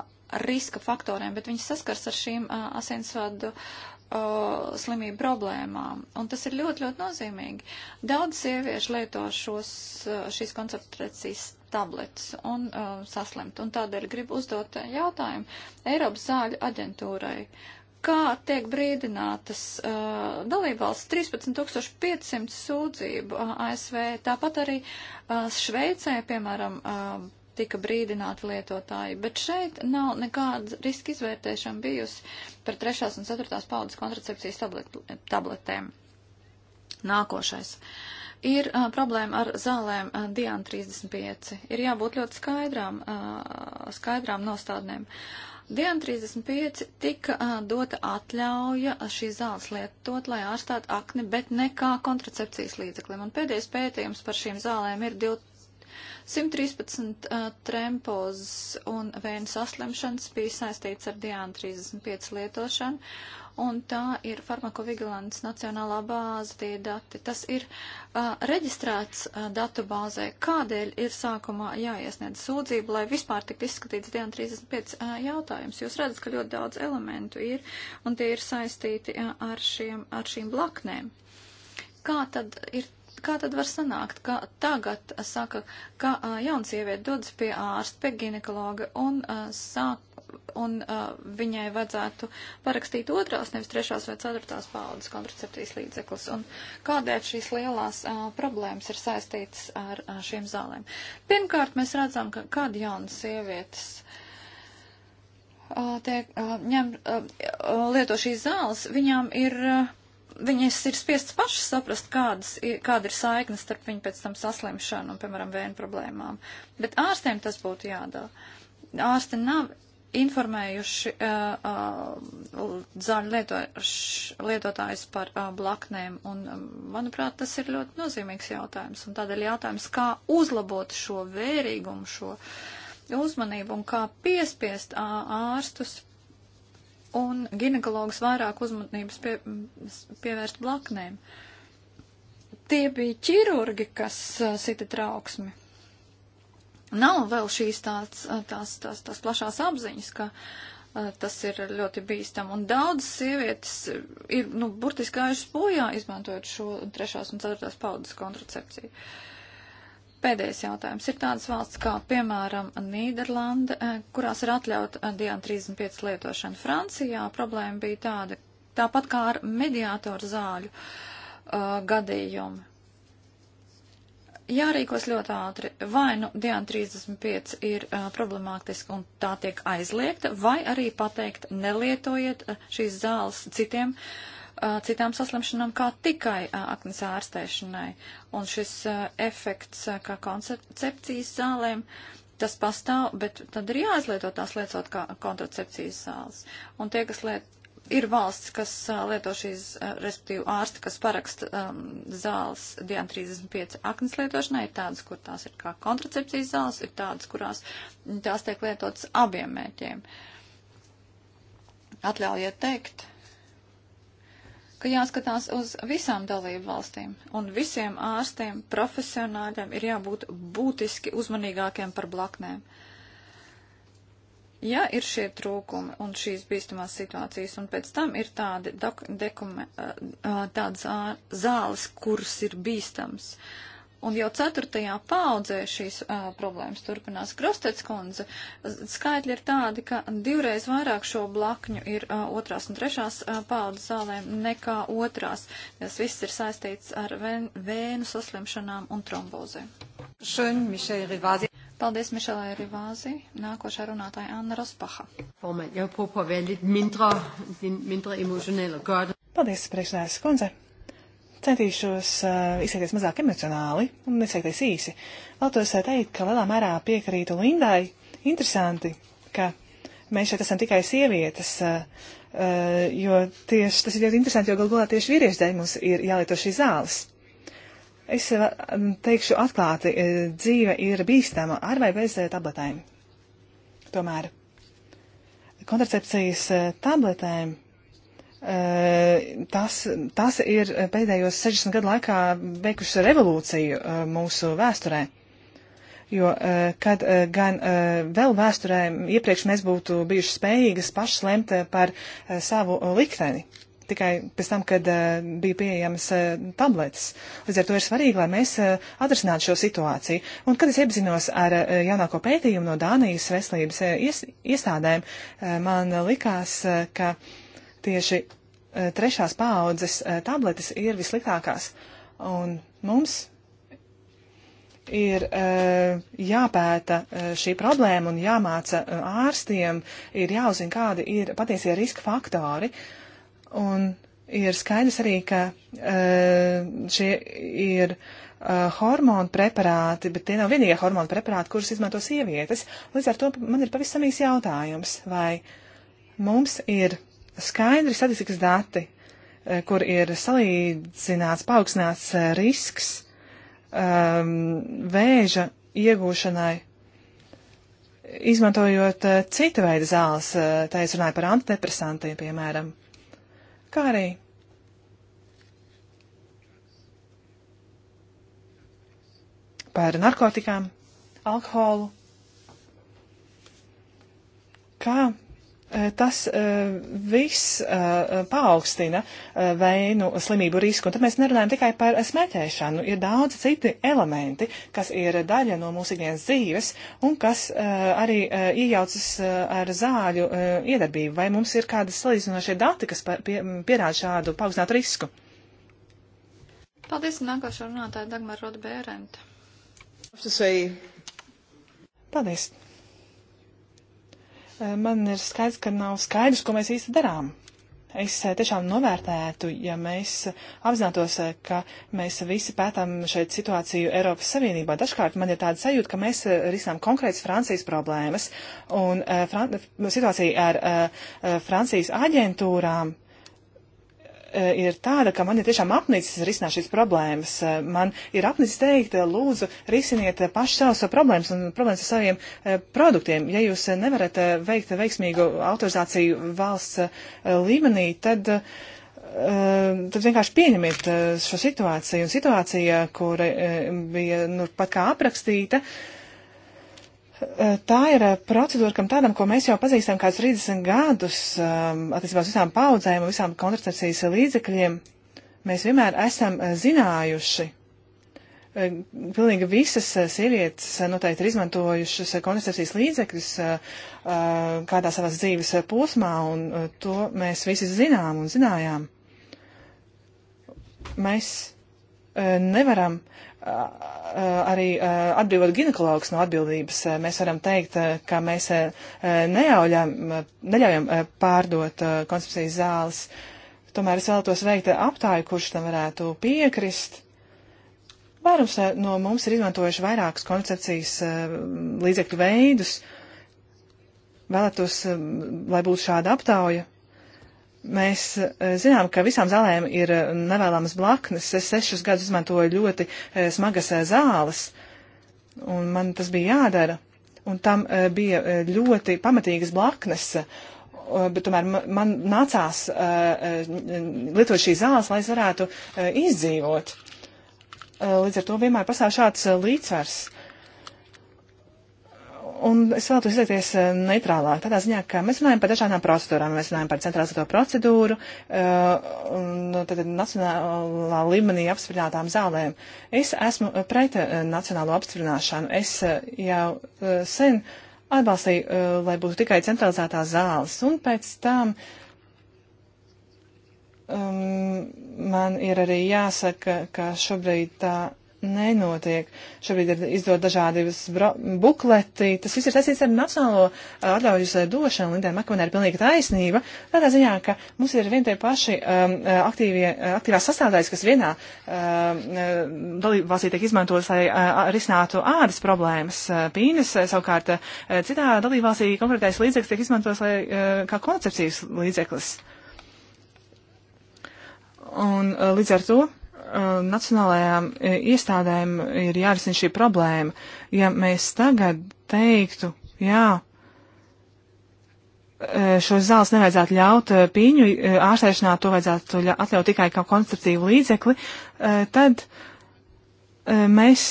riska faktoriem, bet viņas saskars ar šīm uh, asinsvadu uh, slimību problēmām. Un tas ir ļoti, ļoti nozīmīgi. Daudz sieviešu lieto šos, uh, šīs koncentrācijas tabletes un uh, saslimt. Un tādēļ gribu uzdot uh, jautājumu Eiropas zāļu aģentūrai. Kā tiek brīdinātas uh, dalībvalsts 13500 sūdzību uh, ASV, tāpat arī uh, Šveicē, piemēram, uh, tika brīdināti lietotāji, bet šeit nav nekāda riska izvērtēšana bijusi par trešās un ceturtās paudzes kontracepcijas tablet tabletēm. Nākošais. Uh, Ir uh, problēma ar zālēm uh, Diana 35. Ir jābūt ļoti skaidrām, uh, skaidrām nostādnēm. Diana 35 tika uh, dota atļauja šīs zāles lietot, lai ārstātu akni, bet ne kā kontracepcijas līdzeklim. Un pēdējais pētījums par šīm zālēm ir 113 uh, trempozes un vēnu saslimšanas bija saistīts ar Diana 35 lietošanu un tā ir farmakovigilants nacionālā bāze, tie dati. Tas ir uh, reģistrēts uh, datu bāzē. Kādēļ ir sākumā jāiesniedz sūdzība, lai vispār tiktu izskatīts dienu 35 uh, jautājums? Jūs redzat, ka ļoti daudz elementu ir, un tie ir saistīti uh, ar, šiem, ar šīm blaknēm. Kā tad ir kā tad var sanākt, ka tagad saka, ka jauns sievieti dodas pie ārsta, pie ginekologa un a, sāk un uh, viņai vajadzētu parakstīt otrās, nevis trešās vai ceturtās paudzes kontracepcijas līdzeklis. Un kādēļ šīs lielās uh, problēmas ir saistītas ar uh, šīm zālēm? Pirmkārt, mēs redzam, ka kad jaunas sievietes uh, tiek uh, ņem, uh, lieto šīs zāles, viņām ir. Uh, Viņas ir spiestas pašas saprast, kādas, kāda ir saikne starp viņu pēc tam saslimšanu un, piemēram, vēnu problēmām. Bet ārstiem tas būtu jādara. Ārste nav informējuši uh, uh, zāļu lietoš, lietotājus par uh, blaknēm. Un, um, manuprāt, tas ir ļoti nozīmīgs jautājums. Un tādēļ jautājums, kā uzlabot šo vērīgumu, šo uzmanību un kā piespiest uh, ārstus un ginekologus vairāk uzmanības pie, pievērst blaknēm. Tie bija ķirurgi, kas uh, sita trauksmi Nav vēl šīs tāds, eh, tās, tās, tās plašās apziņas, ka uh, tas ir ļoti bīstam. Un daudzas sievietes eh, ir, nu, burtiski gājušas bojā, izmantojot šo trešās un ceturtās paudzes kontracepciju. Pēdējais jautājums. Ir tādas valsts kā, piemēram, Nīderlanda, kurās ir atļauta Diana 35 lietošana. Francijā problēma bija tāda, tāpat kā ar mediātoru zāļu uh, gadījumu jārīkos ļoti ātri. Vai nu Diana 35 ir uh, problemātiska un tā tiek aizliegta, vai arī pateikt, nelietojiet uh, šīs zāles citiem, uh, citām saslimšanām kā tikai uh, aknes ārstēšanai. Un šis uh, efekts uh, kā koncepcijas zālēm. Tas pastāv, bet tad ir jāizlieto tās liecot kā kontracepcijas zāles. Un tie, kas liet, ir valsts, kas lieto šīs, respektīvi ārsti, kas paraksta um, zāles dienu 35 aknas lietošanai, ir tādas, kur tās ir kā kontracepcijas zāles, ir tādas, kurās tās tiek lietotas abiem mēķiem. Atļaujiet teikt, ka jāskatās uz visām dalību valstīm, un visiem ārstiem, profesionāļiem ir jābūt būtiski uzmanīgākiem par blaknēm. Uh, Ja ir šie trūkumi un šīs bīstamās situācijas, un pēc tam ir tādi dekume, eh, eh, tādas zāles, kuras ir bīstams, un jau ceturtajā paudzē šīs uh, problēmas turpinās. Krostets kundze, skaitļi ir tādi, ka divreiz vairāk šo blakņu ir uh, otrās un trešās uh, paudzes zālēm nekā otrās. Tas viss ir saistīts ar vēnu saslimšanām un trombozēm. Šön, Mišēri, Vāzi. Paldies, Mišelai Rivāzi. Nākošā
runātāja Anna Rospaha. Paldies, priekšnēs kundze. Centīšos uh, izteikties mazāk emocionāli un izteikties īsi. Vēlētos eh, teikt, ka lielā mērā piekrītu Lindai. Interesanti, ka mēs šeit esam tikai sievietes. Uh, Uh, jo tieši tas ir ļoti interesanti, jo galvā tieši vīriešu dēļ mums ir jālieto šīs zāles. Es eh, teikšu atklāti, eh, dzīve ir bīstama ar vai bez eh, tabletēm. Tomēr kontracepcijas tabletēm tas, tas ir pēdējos 60 gadu laikā veikuši revolūciju mūsu vēsturē. Jo kad gan vēl vēsturē iepriekš mēs būtu bijuši spējīgas pašas lemt par savu likteni tikai pēc tam, kad eh, bija pieejamas eh, tabletes. Līdz ar to ir svarīgi, lai mēs eh, atrisinātu šo situāciju. Un, kad es iepazinos ar jaunāko pētījumu no Dānijas veselības ies, iestādēm, man likās, ka tieši trešās paaudzes tabletes ir vissliktākās. Un mums ir uh, jāpēta uh, šī problēma un jāmāca uh, ārstiem, ir jāuzzina, kādi ir patiesie riska faktori. Uh, Un ir skaidrs arī, ka eh, šie ir eh, hormonu preparāti, bet tie nav vienīgie hormonu preparāti, kurus izmanto sievietes. Līdz ar to man ir pavisam īsi jautājums, vai mums ir skaidri statistikas dati, eh, kur ir salīdzināts, paaugstināts risks um, vēža iegūšanai, izmantojot uh, citu veidu zāles, uh, tā es runāju par antidepresantiem, piemēram kā arī par narkotikām, alkoholu, kā E, tas e, viss e, paaugstina vēnu slimību risku. Un tad mēs nerunājam tikai par smēķēšanu. Ir daudz citi elementi, kas ir daļa no mūsu ikdienas dzīves un kas arī iejaucas ar zāļu iedarbību. Vai mums ir kādas salīdzinošie dati, kas pie, pierāda šādu paaugstinātu risku?
Paldies, nākošo runātāju Dagmar
Rodbērenta. Paldies man ir skaidrs, ka nav skaidrs, ko mēs īsti darām. Es eh, tiešām novērtētu, ja mēs apzinātos, eh, ka mēs visi pētām šeit situāciju Eiropas Savienībā. Dažkārt man ir tāda sajūta, ka mēs eh, risinām konkrētas Francijas problēmas, un uh, Fran situācija ar uh, Francijas aģentūrām E, ir tāda, ka man ir tiešām apnicis risināt šīs problēmas. E, man ir apnicis teikt, e, lūdzu, risiniet paši savas problēmas un problēmas ar saviem produktiem. Ja jūs nevarat veikt veiksmīgu autorizāciju valsts līmenī, tad. Tad vienkārši pieņemiet šo situāciju. Un situācija, kura bija nu, pat kā aprakstīta, uh, Eh, tā ir eh, procedūra, kam tādam, ko mēs jau pazīstam kāds 30 gadus, ehm, attiecībā uz visām paudzēm un visām kontracepcijas līdzekļiem, mēs vienmēr esam eh, zinājuši. Pilnīgi visas sievietes noteikti ir izmantojušas kontracepcijas līdzekļus kādā savas dzīves posmā, un to mēs visi zinām un zinājām. Mēs nevaram Uh, arī uh, atbrīvot ginekologus no atbildības, uh, mēs varam teikt, ka mēs neļaujam, neļaujam pārdot koncepcijas zāles. Tomēr es vēlētos veikt aptāju, kurš tam varētu piekrist. Vairums no mums ir izmantojuši vairākus koncepcijas līdzekļu veidus. Vēlētos, um, lai būtu šāda aptauja, Mēs eh, zinām, ka visām zālēm ir eh, nevēlamas blaknes. Es sešus gadus izmantoju ļoti eh, smagas zāles, un man tas bija jādara. Un tam bija ļoti pamatīgas blaknes, bet tomēr man nācās lietot šīs zāles, lai es varētu izdzīvot. Līdz ar to vienmēr pasāv šāds līdzsvars. Uh, Un es vēlētos izteikties eh, neitrālāk, tādā ziņā, ka mēs runājam par dažādām procedūrām. Mēs runājam par centralizēto procedūru, eh, un nu, tad nacionālā līmenī apstiprinātām zālēm. Es esmu eh, pret nacionālo apstiprināšanu. Es jau sen atbalstīju, lai būtu tikai centralizētās zāles, un pēc tam um, man ir arī jāsaka, ka šobrīd tā. Uh, nenotiek. Šobrīd ir izdot dažādi bukleti. Tas viss ir saistīts ar nacionālo atļaujas došanu. Lindēm Makvenē ir pilnīga taisnība. Tādā ziņā, ka mums ir vien tie paši um, aktīvie, aktīvās sastāvdaļas, kas vienā um, dalībvalstī tiek izmantotas, lai uh, risinātu ādas problēmas. Pīnes savukārt uh, citā dalībvalstī konkrētais līdzeklis tiek izmantots, lai uh, kā koncepcijas līdzeklis. Un līdz ar to Uh, nacionālajām uh, iestādēm ir jārisina šī problēma. Ja mēs tagad teiktu, jā, uh, šo zāles nevajadzētu ļaut pīņu ārstēšanā, to vajadzētu atļaut tikai kā konstruktīvu līdzekli, tad mēs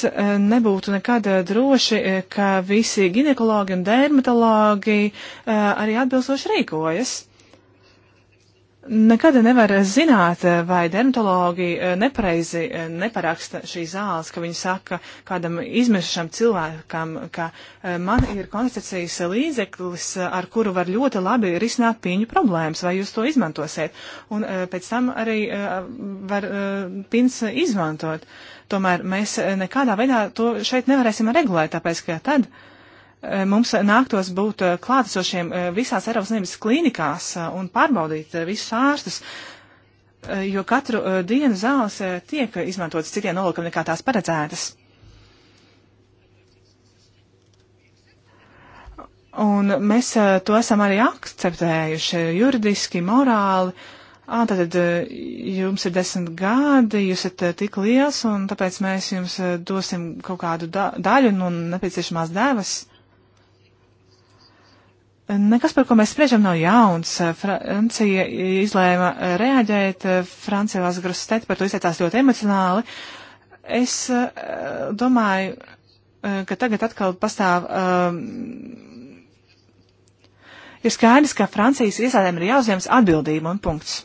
nebūtu nekad droši, ka visi ginekologi un dermatologi arī atbilstoši rīkojas. Nekad nevar zināt, vai dermatologi eh, nepareizi eh, neparaksta šīs zāles, ka viņi saka kādam izmešam cilvēkam, ka eh, man ir koncepcijas līdzeklis, ar kuru var ļoti labi risināt pīņu problēmas, vai jūs to izmantosiet. Un pēc tam arī var pins izmantot. Tomēr mēs nekādā veidā to šeit nevarēsim regulēt, tāpēc ka tad Eh, mums nāktos būt eh, klātesošiem eh, visās Eiropas Savienības klīnikās un pārbaudīt visus ārstus, jo katru dienu zāles tiek izmantotas citiem nolūkam nekā tās paredzētas. Un mēs to esam arī akceptējuši juridiski, morāli. Ā, tad jums ir desmit gadi, jūs esat tik liels, un tāpēc mēs jums dosim kaut kādu da daļu no nepieciešamās devas. Nekas, par ko mēs spriežam, nav jauns. Eh, Francija izlēma eh, reaģēt, eh, Francija Lazgras Stete par to izteicās ļoti emocionāli. Es domāju, ka tagad atkal pastāv. Um, ir skaidrs, ka Francijas iestādēm ir jāuzņemas atbildība un punkts.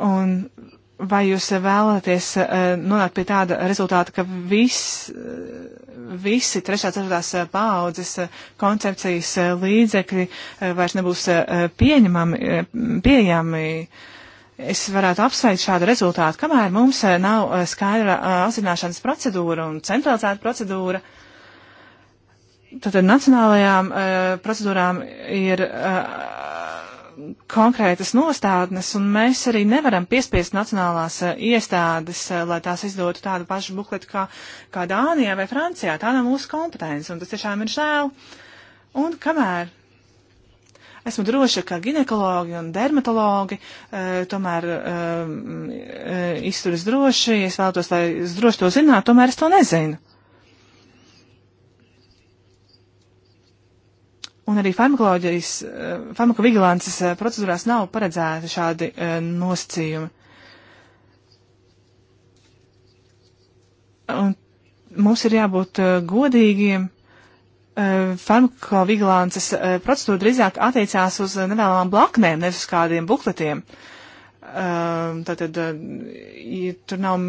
Un vai jūs vēlaties eh, nonākt pie tāda rezultāta, ka vis, eh, visi trešās, ceturtās eh, paaudzes koncepcijas līdzekļi vairs nebūs pieņemami, pieejami? Es varētu apsveikt šādu rezultātu, kamēr mums nav skaidra apzināšanas procedūra un centralizēta procedūra. Tātad nacionālajām procedūrām ir konkrētas nostādnes, un mēs arī nevaram piespiest nacionālās uh, iestādes, uh, lai tās izdotu tādu pašu bukletu kā, kā Dānijā vai Francijā. Tā nav mūsu kompetence, un tas tiešām ir žēl. Un kamēr esmu droša, ka ginekologi un dermatologi uh, tomēr uh, izturas droši, es vēlos, lai es droši to zinātu, tomēr es to nezinu. un arī farmakoloģijas, eh, farmakovigilances eh, procedūrās nav paredzēti šādi eh, nosacījumi. Un mums ir jābūt godīgiem. Farmakovigilances procedūra drīzāk attiecās uz nevēlamām blaknēm, nevis uz kādiem bukletiem. Tātad, ja tur nav,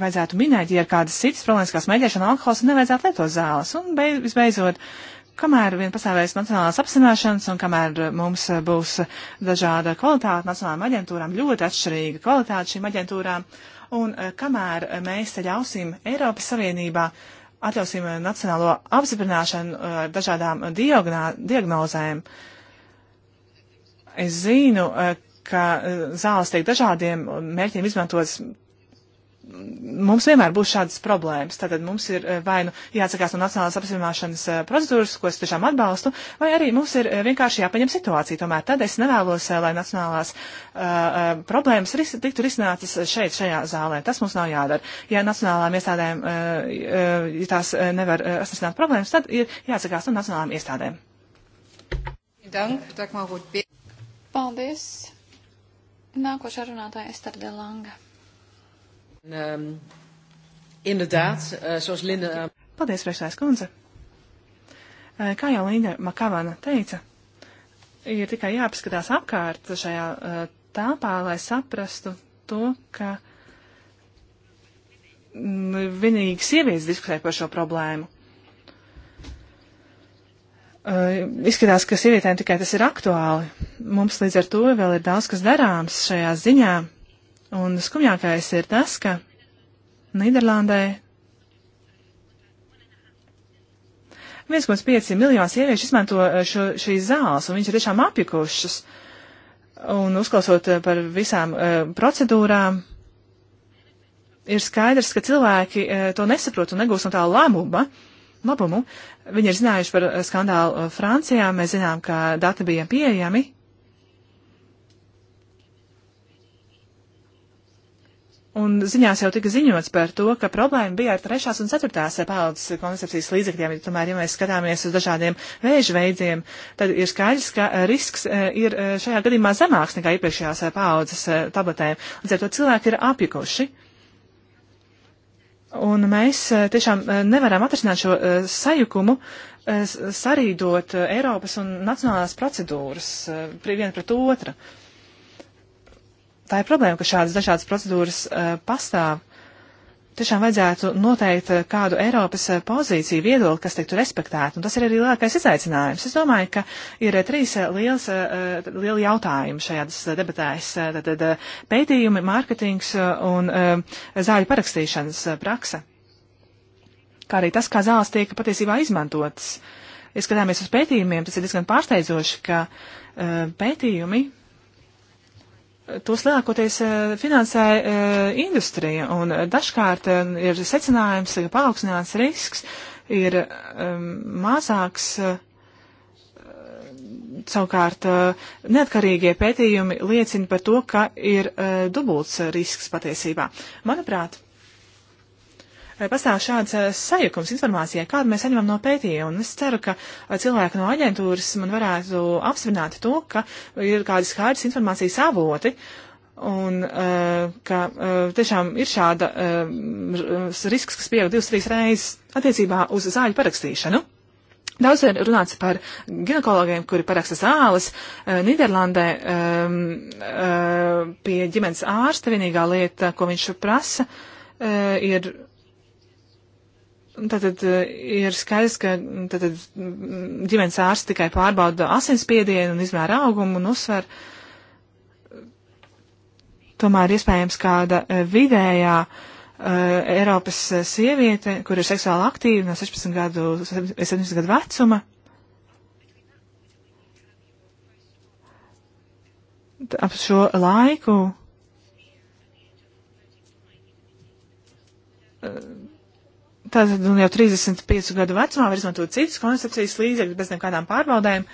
vajadzētu minēt, ja ir kādas citas problēmas, kā smēķēšana, alkohols, nevajadzētu lietot zāles. Un beidz, visbeidzot, uh, Kamēr vien pastāvēs nacionālās apzināšanas un kamēr eh, mums eh, būs eh, dažāda kvalitāte nacionālām aģentūrām, ļoti atšķirīga kvalitāte šīm aģentūrām, un kamēr mēs ļausim Eiropas Savienībā atļausim nacionālo apstiprināšanu ar dažādām diagnozēm. Es zinu, ka zāles tiek dažādiem mērķiem izmantotas mums vienmēr būs šādas problēmas. Tātad mums ir eh, vai nu jāatsakās no nacionālās apzināšanas eh, procedūras, ko es tiešām atbalstu, vai arī mums ir eh, vienkārši jāpaņem situācija. Tomēr tad es nevēlos, lai nacionālās uh, problēmas ris tiktu risinātas šeit, šajā zālē. Tas mums nav jādara. Ja nacionālām iestādēm uh, uh, tās nevar atrisināt problēmas, tad ir jāatsakās no nacionālām iestādēm.
Paldies! Nākošā runātāja Ester Delanga.
Um, inderdaad, uh, zoals Linda. Uh... Paldies, priekšsēdētājas kundze. Eh, kā jau Linda Makavana teica, ir tikai jāapskatās apkārt šajā tāpā, lai saprastu to, ka mm, vienīgi sievietes diskutē par šo problēmu. Uh, izskatās, ka sievietēm tikai tas ir aktuāli. Mums līdz ar to vēl ir daudz kas darāms šajā ziņā. Un skumjākais ir tas, ka Nīderlandē 1,5 miljonu sieviešu izmanto eh, šo, šīs zāles, un viņas ir tiešām apjukušas. Un uzklausot eh, par visām uh, procedūrām, ir skaidrs, ka cilvēki uh, to nesaprot un negūst no tā labuma. labumu. Viņi ir zinājuši par skandālu Francijā, mēs zinām, ka dati bija pieejami, Un ziņās jau tika ziņots par to, ka problēma bija ar trešās un ceturtās paudzes koncepcijas līdzekļiem. Ja tomēr, ja mēs skatāmies uz dažādiem vēža veidiem, tad ir skaidrs, ka eh, risks eh, ir eh, šajā gadījumā zemāks nekā iepriekšējās paudzes tabletēm. Līdz ar to cilvēki ir apjukuši. Un mēs tiešām nevaram atrisināt šo sajukumu, sarīdot Eiropas un nacionālās procedūras viena pret otru tā ir problēma, ka šādas dažādas procedūras e, pastāv. Tiešām vajadzētu noteikt e, kādu Eiropas e, pozīciju, viedokli, kas tiktu respektēta, un tas ir arī lielākais izaicinājums. Es domāju, ka ir trīs liels, lieli jautājumi šajās debatēs. Tad pētījumi, mārketings un zāļu parakstīšanas praksa kā arī tas, kā zāles tiek patiesībā izmantotas. Ja skatāmies uz pētījumiem, tas ir diezgan pārsteidzoši, ka uh, pētījumi tos lielākoties eh, finansē eh, industrija, un eh, dažkārt ir secinājums, ka paaugstināts risks ir ehm, mazāks. Savukārt, neatkarīgie pētījumi liecina par to, ka ir dubults risks patiesībā. Manuprāt, pastāv šāds eh, sajukums informācijai, kādu mēs saņemam no pētījuma. Un es ceru, ka eh, cilvēki no aģentūras man varētu apsvināt to, ka ir kādi skaidrs informācijas avoti. Un uh, ka uh, tiešām ir šāda uh, risks, kas pieaug divas, trīs reizes attiecībā uz zāļu parakstīšanu. Daudz ir runāts par ginekologiem, kuri paraksta zāles. Nīderlandē um, uh, pie ģimenes ārsta vienīgā lieta, ko viņš prasa, uh, ir Tātad eh, ir skaidrs, ka mm, tātad, mm, ģimenes ārsts tikai pārbauda asinsspiedienu un izmēra augumu un uzsver. Tomēr iespējams kāda eh, vidējā uh, Eiropas sieviete, kur ir seksuāli aktīva no 16 gadu, 17 gadu vecuma. Ap šo laiku. Uh, tātad un nu, jau 35 gadu vecumā var izmantot citas koncepcijas līdzekļus bez nekādām pārbaudēm.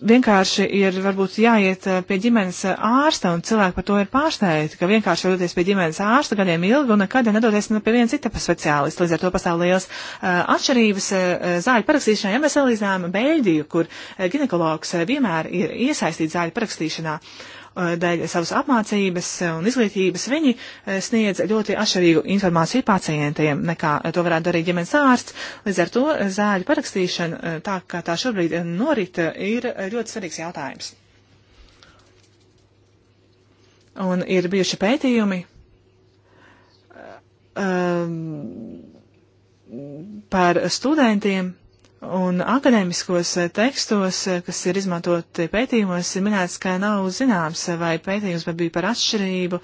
Vienkārši ir varbūt jāiet eh, pie ģimenes eh, ārsta, un cilvēki par to ir pārsteigti, ka vienkārši var doties pie ģimenes ārsta gadiem ilgi un nekad nedoties ne pie viena cita speciālista. Līdz ar to pastāv liels uh, atšķirības uh, zāļu parakstīšanā. Ja mēs salīdzinām Beļģiju, kur ginekologs vienmēr ir iesaistīts zāļu parakstīšanā, uh, Eh, dēļ savas apmācības un izglītības viņi eh, sniedz ļoti atšķirīgu informāciju pacientiem, nekā eh, to varētu darīt ģimenes ārsts. Līdz ar to zāļu parakstīšana, tā kā tā šobrīd norita, ir ļoti svarīgs jautājums. Un ir bijuši pētījumi. Um, par studentiem, Un akadēmiskos eh, tekstos, eh, kas ir izmantoti pētījumos, ir minēts, ka nav zināms, eh, vai pētījums bija par atšķirību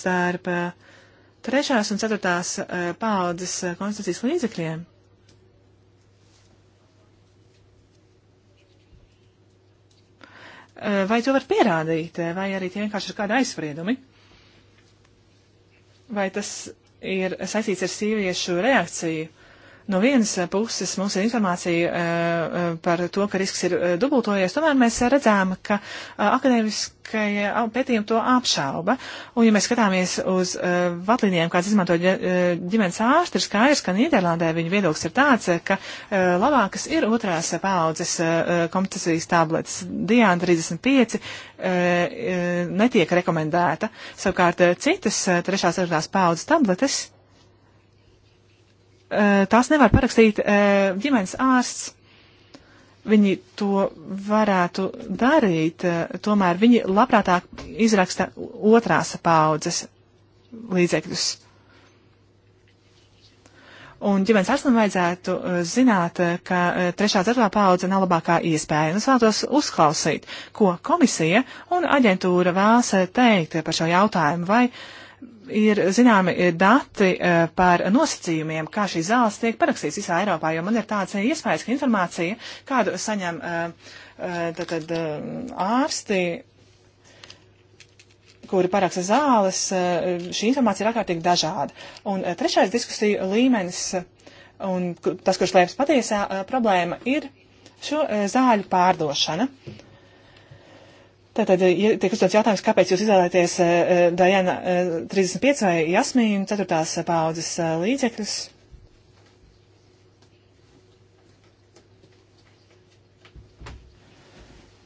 starp trešās un ceturtās paaudzes konstitūcijas līdzekļiem. Vai to var pierādīt, vai arī tie vienkārši ir kādi aizspriedumi? Vai tas ir saistīts ar sīviešu reakciju? No vienas eh, puses mums ir informācija eh, eh, par to, ka risks ir dubultojies, tomēr mēs redzām, ka akadēmiskie pētījumi to apšauba. Un, ja mēs skatāmies uz vadlīnijām, kādas izmanto ģimenes ārsti, ir skaidrs, ka Nīderlandē viņa viedoklis ir tāds, ka labākas ir otrās paaudzes kompresijas tabletes. Diāna 35 netiek rekomendēta. Savukārt citas trešās, ceturtās paaudzes tabletes Eh, tās nevar parakstīt eh, ģimenes ārsts. Viņi to varētu darīt, eh, tomēr viņi labprātāk izraksta otrās paudzes līdzekļus. Un ģimenes ārstam vajadzētu zināt, ka trešā, ceturtā paudze nav labākā iespēja. Un es vēlos uzklausīt, ko komisija un aģentūra vēlas teikt par šo jautājumu, vai ir zināmi dati eh, par nosacījumiem, kā šīs zāles tiek parakstītas visā Eiropā, jo man ir tāds eh, iespējas, ka informācija, kādu saņem tātad, eh, ārsti, kuri paraksta zāles, šī informācija ir ārkārtīgi dažāda. Un trešais diskusiju līmenis, un tas, kurš lēps patiesā problēma, ir šo zāļu pārdošana. Uh, Tātad, ja tiek uzdots jautājums, kāpēc jūs izvēlēties uh, Dajana uh, 35 vai Jasmīnu 4. Eh, paudzes uh, līdzekļus?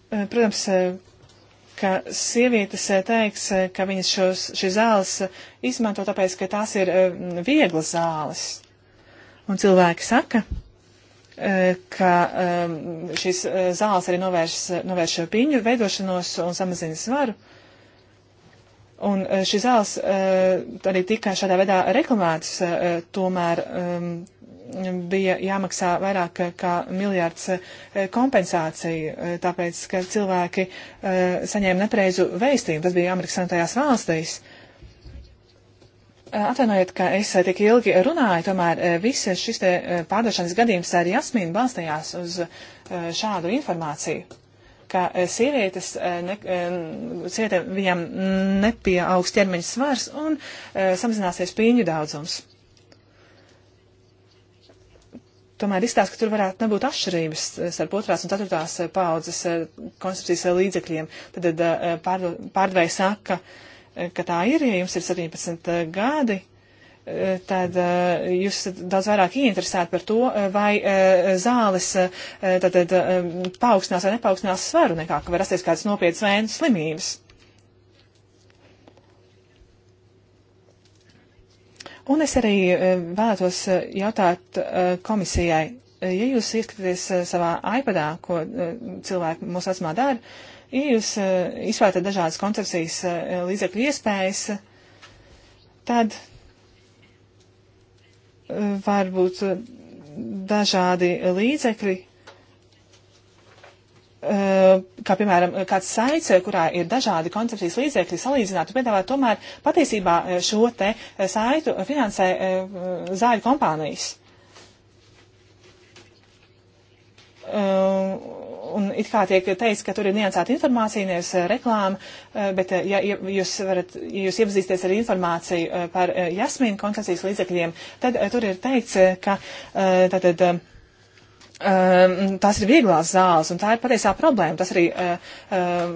Uh, protams, uh, ka sievietes uh, teiks, uh, ka viņas šos, šīs zāles uh, izmanto tāpēc, ka tās ir uh, vieglas zāles. Un cilvēki saka, uh, ka um, šis uh, zāles arī novērš, novērš piņu veidošanos un samazina svaru. Un uh, šis zāles uh, arī tika šādā veidā reklamēts, tomēr um, bija jāmaksā vairāk kā miljārds kompensāciju, tāpēc, ka cilvēki saņēma nepreizu veistību. Tas bija Amerikas Savienotajās valstīs. Uh, Eh, atvainojiet, ka es eh, tik ilgi runāju, tomēr eh, viss šis te pārdošanas gadījums ar Jasmīnu balstījās uz šādu informāciju, ka sievietes, ne, sievietēm viņam nepieaugs ķermeņa svars un samazināsies pīņu daudzums. Tomēr izstāsta, ka tur varētu nebūt atšķirības starp otrās un ceturtās paudzes koncepcijas līdzekļiem. Tad pārdevēja saka, ka ka tā ir, ja jums ir 17 gadi, eh, tad eh, jūs esat daudz vairāk ieinteresēti par to, eh, vai zāles tātad, paaugstinās vai nepaaugstinās svaru, nekā ka var rasties kādas nopietnas vēnu slimības. Un es arī vēlētos jautāt komisijai, ja jūs ieskatāties savā iPadā, ko cilvēki mūsu acmā dara, jūs eh, izvērtat dažādas koncepcijas eh, līdzekļu iespējas, tad eh, varbūt dažādi līdzekļi, kā piemēram kāds saits, kurā ir dažādi koncepcijas līdzekļi salīdzināti, piedāvā tomēr patiesībā šo te saitu finansē zāļu kompānijas. Uh, un it kā tiek teiks, ka tur ir niansēta informācija, nevis eh, reklāma, eh, bet eh, ja jūs, varat, ja jūs iepazīsties ar informāciju par jasmīnu koncesijas līdzekļiem, tad tur ir teikts, ka tātad. Tās ir vieglās zāles, un tā ir patiesā problēma. Tas arī uh, uh,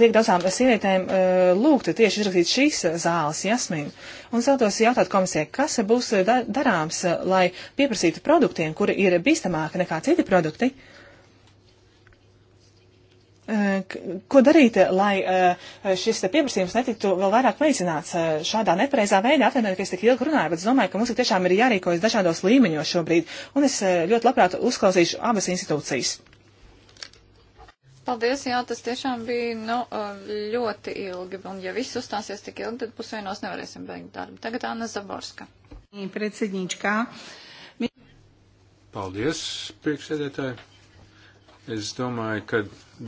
liek daudzām sievietēm uh, lūgt tieši izrakstīt šīs zāles, jasmīnu. Un celtos jautāt komisijai, kas būs darāms, lai pieprasītu produktiem, kuri ir bīstamāki nekā citi produkti, uh, Ko darīt, lai eh, šis pieprasījums netiktu vēl vairāk veicināts eh, šādā nepareizā veidā? Atvainojiet, ka es tik ilgi runāju, bet es domāju, ka mums ir tiešām ir jārīkojas dažādos līmeņos šobrīd, un es eh, ļoti labprāt uzklausīšu abas institūcijas.
Paldies, jā, tas tiešām bija nu, ļoti ilgi, un ja viss uzstāsies tik ilgi, tad pusvienos nevarēsim beigt darbu. Tagad Anna Zaborska.
Paldies, priekšsēdētāji. Es domāju, ka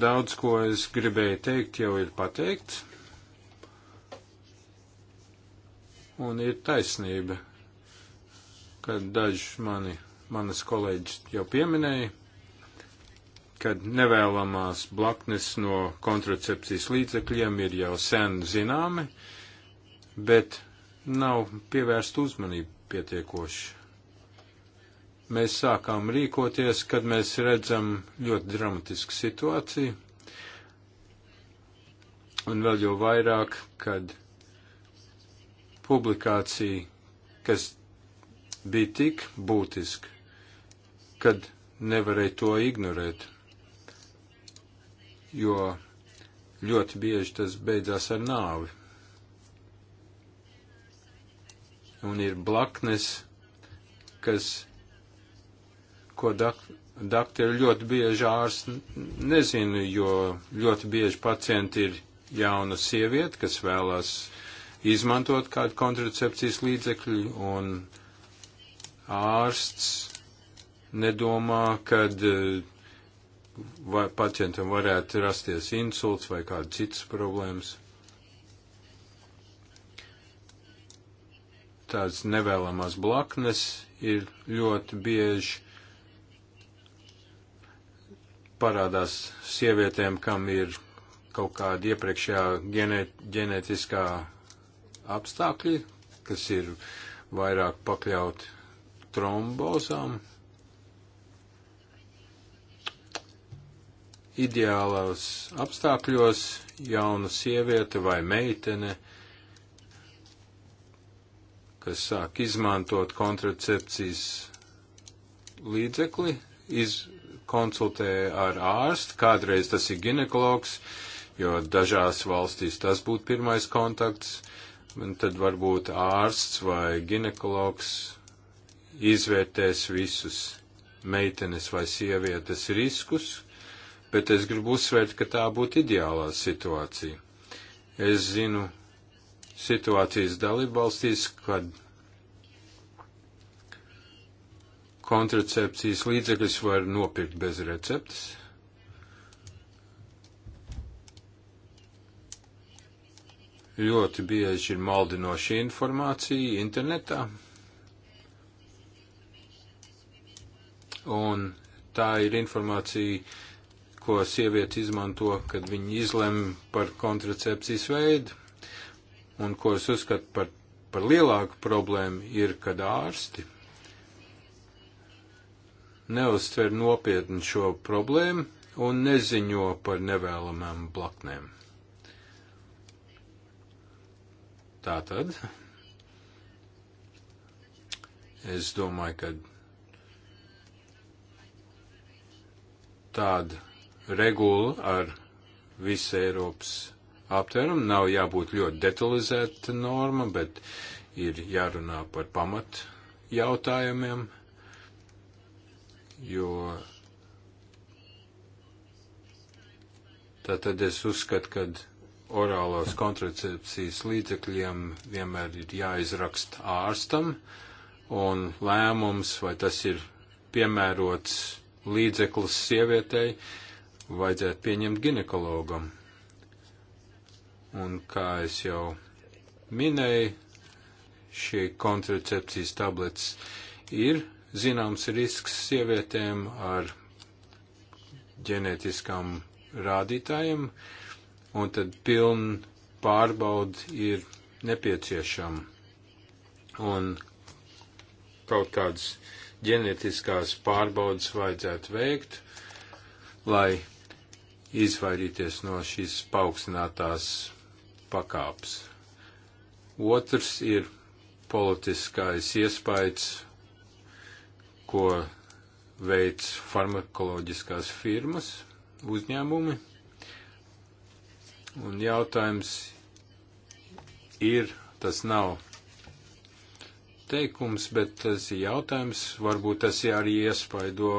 daudz, ko es gribēju teikt, jau ir pateikts. Un ir taisnība, ka daži mani, manas kolēģis jau pieminēja, ka nevēlamās blaknes no kontracepcijas līdzekļiem ir jau sen zināmi, bet nav pievērsta uzmanība pietiekoši mēs sākām rīkoties, kad mēs redzam ļoti dramatisku situāciju, un vēl jau vairāk, kad publikācija, kas bija tik būtiska, kad nevarēja to ignorēt, jo ļoti bieži tas beidzās ar nāvi. Un ir blaknes, kas ko daktieri ļoti bieži ārsts nezina, jo ļoti bieži pacienti ir jauna sieviete, kas vēlās izmantot kādu kontracepcijas līdzekļu, un ārsts nedomā, kad eh, vai pacientam varētu rasties insults vai kāda citas problēmas. Tāds nevēlamās blaknes ir ļoti bieži parādās sievietēm, kam ir kaut kāda iepriekšējā ģenēt, ģenētiskā apstākļi, kas ir vairāk pakļauti trombozām. Ideālos apstākļos jauna sieviete vai meitene, kas sāk izmantot kontracepcijas līdzekli, iz, jākonsultē ar ārstu, kādreiz tas ir ginekologs, jo dažās valstīs tas būtu pirmais kontakts, un tad varbūt ārsts vai ginekologs izvērtēs visus meitenes vai sievietes riskus, bet es gribu uzsvērt, ka tā būtu ideālā situācija. Es zinu situācijas dalībvalstīs, kad kontracepcijas līdzekļus var nopirkt bez receptes. Ļoti bieži ir maldinoša informācija internetā. Un tā ir informācija, ko sieviete izmanto, kad viņa izlem par kontracepcijas veidu. Un ko es uzskatu par, par lielāku problēmu ir, kad ārsti neuztver nopietni šo problēmu un neziņo par nevēlamām blaknēm. Tātad, es domāju, ka tāda regula ar visu Eiropas aptvērumu nav jābūt ļoti detalizēta norma, bet ir jārunā par pamat jautājumiem, jo tā tad es uzskatu, ka orālās kontracepcijas līdzekļiem vienmēr ir jāizrakst ārstam, un lēmums, vai tas ir piemērots līdzeklis sievietei, vajadzētu pieņemt ginekologam. Un kā es jau minēju, šie kontracepcijas tablets ir zināms risks sievietēm ar ģenētiskām rādītājiem, un tad pilna pārbauda ir nepieciešama. Un kaut kādas ģenētiskās pārbaudas vajadzētu veikt, lai izvairīties no šīs paaugstinātās pakāpes. Otrs ir politiskais iespējas ko veic farmakoloģiskās firmas, uzņēmumi. Un jautājums ir, tas nav teikums, bet tas ir jautājums, varbūt tas arī iespaido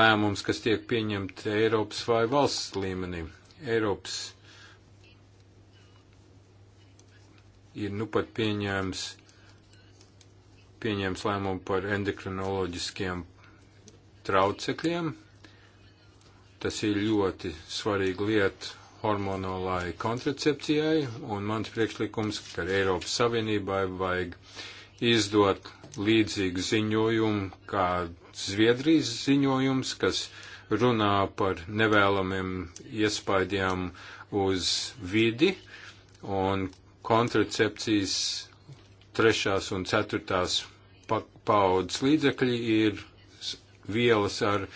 lēmums, kas tiek pieņemti Eiropas vai valsts līmenī. Eiropas ir nu pat pieņēmis pieņēmis lēmumu par endokrinoloģiskiem traucekļiem. Tas ir ļoti svarīga lieta hormonālai kontracepcijai, un mans priekšlikums, ka Eiropas Savienībai vajag izdot līdzīgu ziņojumu, kā Zviedrijas ziņojums, kas runā par nevēlamiem iespaidiem uz vidi un kontracepcijas trešās un ceturtās paudzes līdzekļi ir vielas ar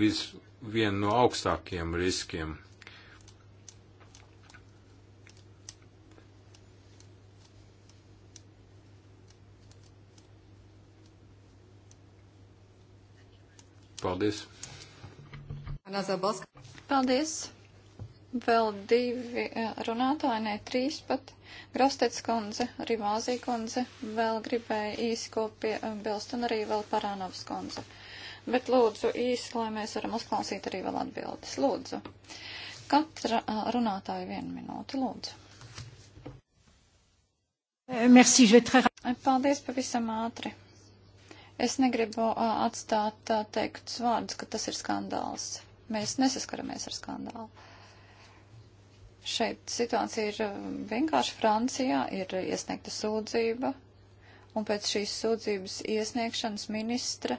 vis, vienu no augstākiem riskiem. Paldies!
Paldies! Vēl divi e, runātāji, ne trīs pat. Grostets kundze, arī Māzī kundze, vēl gribēja īsi ko piebilst e, un arī vēl Parānovs kundze. Bet lūdzu īsi, lai mēs varam uzklausīt arī vēl atbildes. Lūdzu. Katra e, runātāja vienu minūti, lūdzu. Merci, très... Paldies pavisam ātri. Es negribu atstāt teikt vārdus, ka tas ir skandāls. Mēs nesaskaramies ar skandālu. Šeit situācija ir eh, vienkārši Francijā, ir iesniegta sūdzība, un pēc šīs sūdzības iesniegšanas ministra,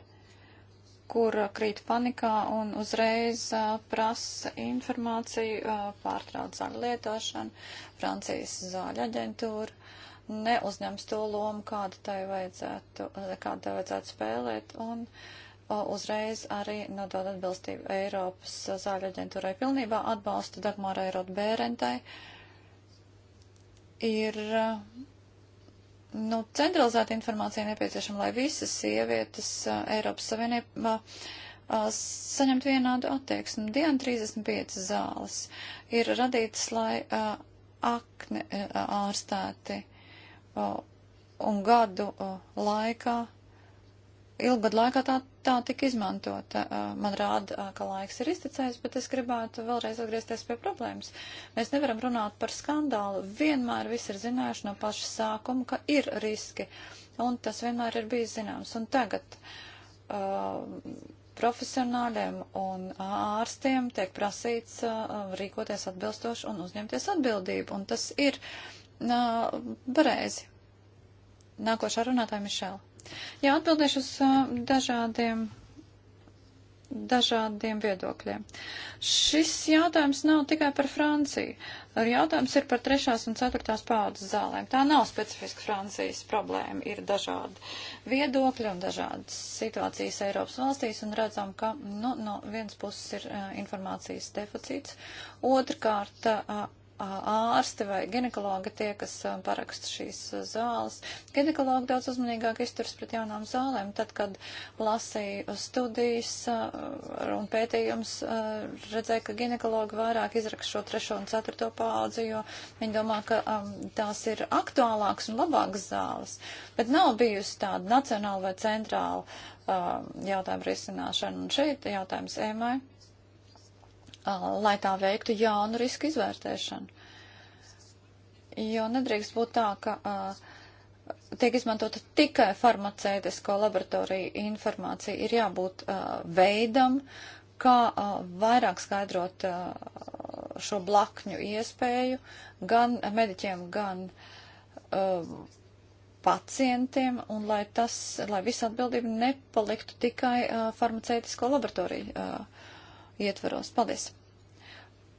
kur eh, krīt panikā un uzreiz uh, prasa informāciju, uh, pārtrauc zāļu lietošanu, Francijas zāļu aģentūra neuzņems to lomu, kādu tai vajadzētu, kādu tai vajadzētu spēlēt, un uh, uzreiz arī nodod atbilstību Eiropas zāļu aģentūrai pilnībā atbalstu Dagmārai Rotbērentai. Ir nu, centralizēta informācija nepieciešama, lai visas sievietes Eiropas Savienībā saņemt vienādu attieksmi. Dienu 35 zāles ir radītas, lai akne ārstēti un gadu laikā ilgu gadu laikā tā, tā tika izmantota. Man rāda, ka laiks ir izticējis, bet es gribētu vēlreiz atgriezties pie problēmas. Mēs nevaram runāt par skandālu. Vienmēr viss ir zinājuši no paša sākuma, ka ir riski, un tas vienmēr ir bijis zināms. Un tagad uh, profesionāļiem un ārstiem tiek prasīts uh, rīkoties atbilstoši un uzņemties atbildību, un tas ir pareizi. Uh, Nākošā runātāja Mišela. Jā, atbildēšu uz dažādiem, dažādiem viedokļiem. Šis jautājums nav tikai par Franciju. Jautājums ir par trešās un ceturtās paudzes zālēm. Tā nav specifiska Francijas problēma. Ir dažādi viedokļi un dažādas situācijas Eiropas valstīs un redzam, ka nu, no vienas puses ir uh, informācijas deficīts, otrkārt uh, ārsti vai ginekologi tie, kas paraksta šīs zāles. Ginekologi daudz uzmanīgāk izturas pret jaunām zālēm. Tad, kad lasīju studijas un pētījums, redzēju, ka ginekologi vairāk izraksta šo trešo un ceturto paudzi, jo viņi domā, ka tās ir aktuālākas un labākas zāles. Bet nav bijusi tāda nacionāla vai centrāla jautājuma risināšana. Un šeit jautājums ēmai. E lai tā veiktu jaunu risku izvērtēšanu. Jo nedrīkst būt tā, ka uh, tiek izmantota tikai farmaceitisko laboratoriju informācija. Ir jābūt uh, veidam, kā uh, vairāk skaidrot uh, šo blakņu iespēju gan mediķiem, gan uh, pacientiem, un lai tas, lai visa atbildība nepaliktu tikai uh, farmaceitisko laboratoriju uh, ietvaros. Paldies!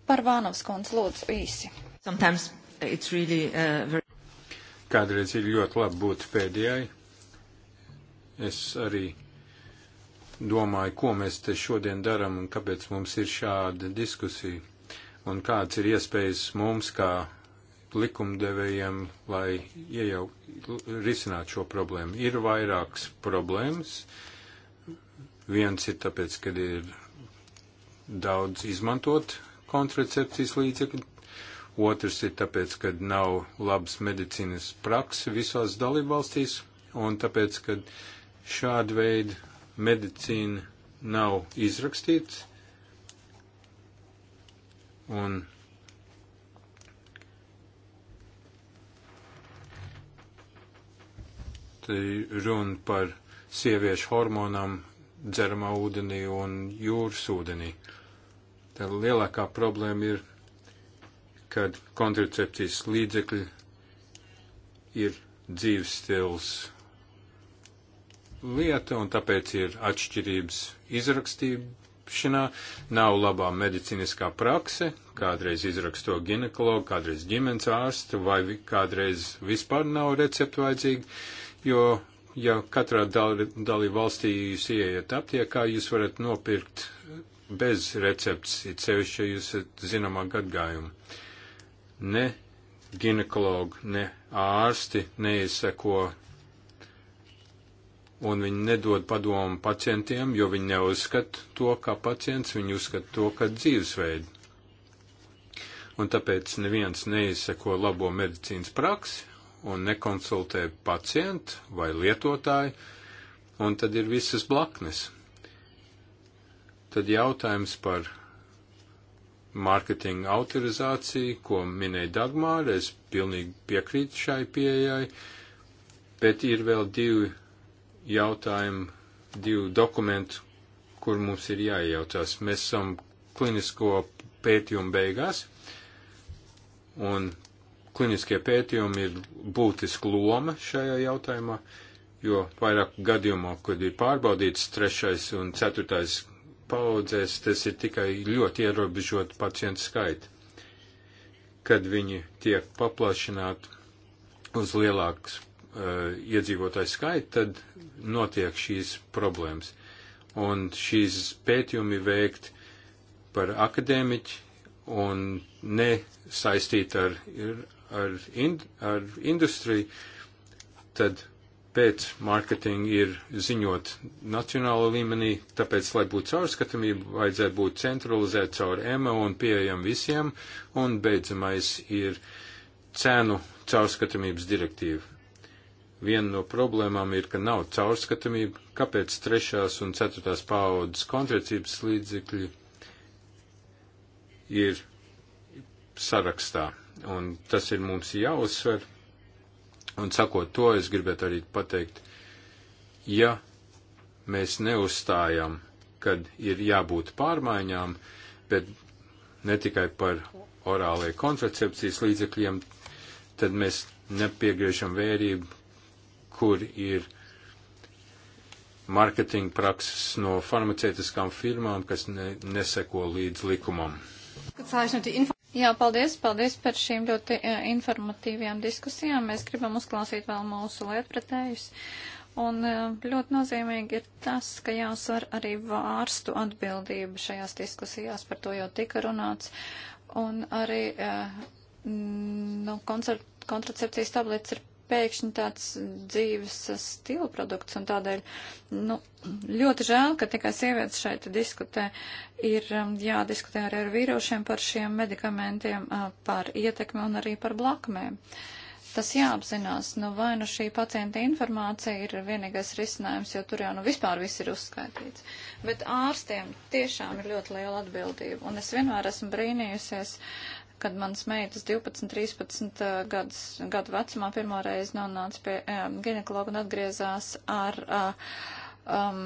Par Vānovs kundz lūdzu īsi.
Really, uh, very... Kādreiz ir ļoti labi būt pēdējai. Es arī domāju, ko mēs te šodien daram un kāpēc mums ir šāda diskusija un kāds ir iespējas mums kā likumdevējiem, lai iejau, risināt šo problēmu. Ir vairākas problēmas. Viens ir tāpēc, ka ir daudz izmantot kontracepcijas līdzekļi. Otrs ir tāpēc, ka nav labas medicīnas prakses visās dalībvalstīs, un tāpēc, ka šāda veida medicīna nav izrakstīts, un runa par sieviešu hormonām dzeramā ūdenī un jūras ūdenī. Uh, Tad lielākā problēma ir, kad kontracepcijas līdzekļi ir dzīves stils lieta, un tāpēc ir atšķirības izrakstīšanā, nav labā medicīniskā prakse, kādreiz izraksto ginekologu, kādreiz ģimenes ārstu, vai kādreiz vispār nav receptu vajadzīgi, jo, ja katrā dal dalību valstī jūs ieiet aptiekā, jūs varat nopirkt bez recepts, it sevišķi, ja jūs esat zināmā gadgājuma. Ne ginekologi, ne ārsti neizseko un viņi nedod padomu pacientiem, jo viņi neuzskata to kā pacients, viņi uzskata to kā dzīvesveidu. Un tāpēc neviens neizseko labo medicīnas praksi un nekonsultē pacientu vai lietotāju, un tad ir visas blaknes. Tad jautājums par mārketinga autorizāciju, ko minēja Dagmāra, es pilnīgi piekrītu šai pieejai, bet ir vēl divi jautājumi, divi dokumenti, kur mums ir jāiejaucās. Mēs esam klinisko pētījumu beigās, un kliniskie pētījumi ir būtiska loma šajā jautājumā, jo vairāk gadījumā, kad ir pārbaudīts trešais un ceturtais paudzēs tas ir tikai ļoti ierobežot pacientu skaitu, kad viņi tiek paplašināti uz lielāks uh, eh, iedzīvotājs skaitu, tad notiek šīs problēmas. Un šīs pētījumi veikt par akadēmiķi un ne saistīt ar, ar, ind, ar industriju, tad pēc mārketinga ir ziņot nacionāla līmenī, tāpēc, lai būtu caurskatamība, vajadzētu būt centralizēt caur EMA un pieejam visiem, un beidzamais ir cēnu caurskatamības direktīva. Viena no problēmām ir, ka nav caurskatamība, kāpēc trešās un ceturtās paaudzes kontracības līdzekļi ir sarakstā. Un tas ir mums jāuzsver, Un sakot to, es gribētu arī pateikt, ja mēs neuzstājam, kad ir jābūt pārmaiņām, bet ne tikai par orālajai kontracepcijas līdzekļiem, tad mēs nepiegriežam vērību, kur ir marketinga prakses no farmaceitiskām firmām, kas ne, neseko līdz likumam.
Gezeichnete Jā, paldies, paldies par šīm ļoti uh, informatīvajām diskusijām. Mēs gribam uzklausīt vēl mūsu lietpratējus. Un uh, ļoti nozīmīgi ir tas, ka jāsver arī vārstu atbildība šajās diskusijās, par to jau tika runāts. Un arī uh, nu, koncertu kontracepcijas tabletes ir pēkšņi tāds dzīves stila produkts, un tādēļ nu, ļoti žēl, ka tikai sievietes šeit diskutē. Ir um, jādiskutē arī ar vīrošiem par šiem medikamentiem, uh, par ietekmi un arī par blakmēm. Tas jāapzinās, nu vai nu šī pacienta informācija ir vienīgais risinājums, jo tur jau nu vispār viss ir uzskaitīts. Bet ārstiem tiešām ir ļoti liela atbildība, un es vienmēr esmu brīnījusies. Uh, kad mans meitas 12-13 gadus, gadu vecumā pirmo reizi nonāca pie um, ginekologa un atgriezās ar uh, um,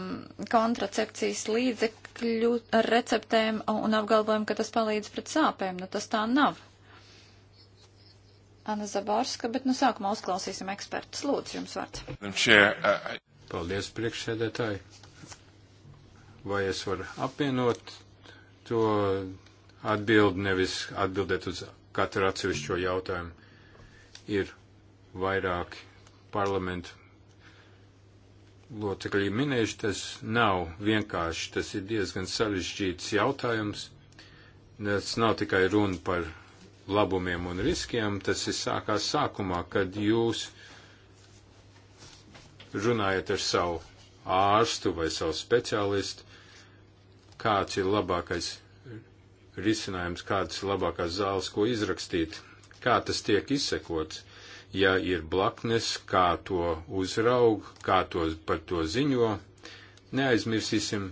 kontracepcijas līdzekļu receptēm un apgalvojumu, ka tas palīdz pret sāpēm. Nu, tas tā nav. Anna Zaborska, bet nu sākumā uzklausīsim ekspertus. Lūdzu, jums
vārds. Paldies, priekšsēdētāji. Vai es varu apvienot to atbild, nevis atbildēt uz katru atsevišķo jautājumu. Ir vairāki parlamentu locekļi minējuši, tas nav vienkārši, tas ir diezgan sarežģīts jautājums. Tas nav tikai runa par labumiem un riskiem, tas ir sākās sākumā, kad jūs runājat ar savu ārstu vai savu speciālistu, kāds ir labākais risinājums, kādas ir labākās zāles, ko izrakstīt, kā tas tiek izsekots, ja ir blaknes, kā to uzraug, kā to, par to ziņo. Neaizmirsīsim,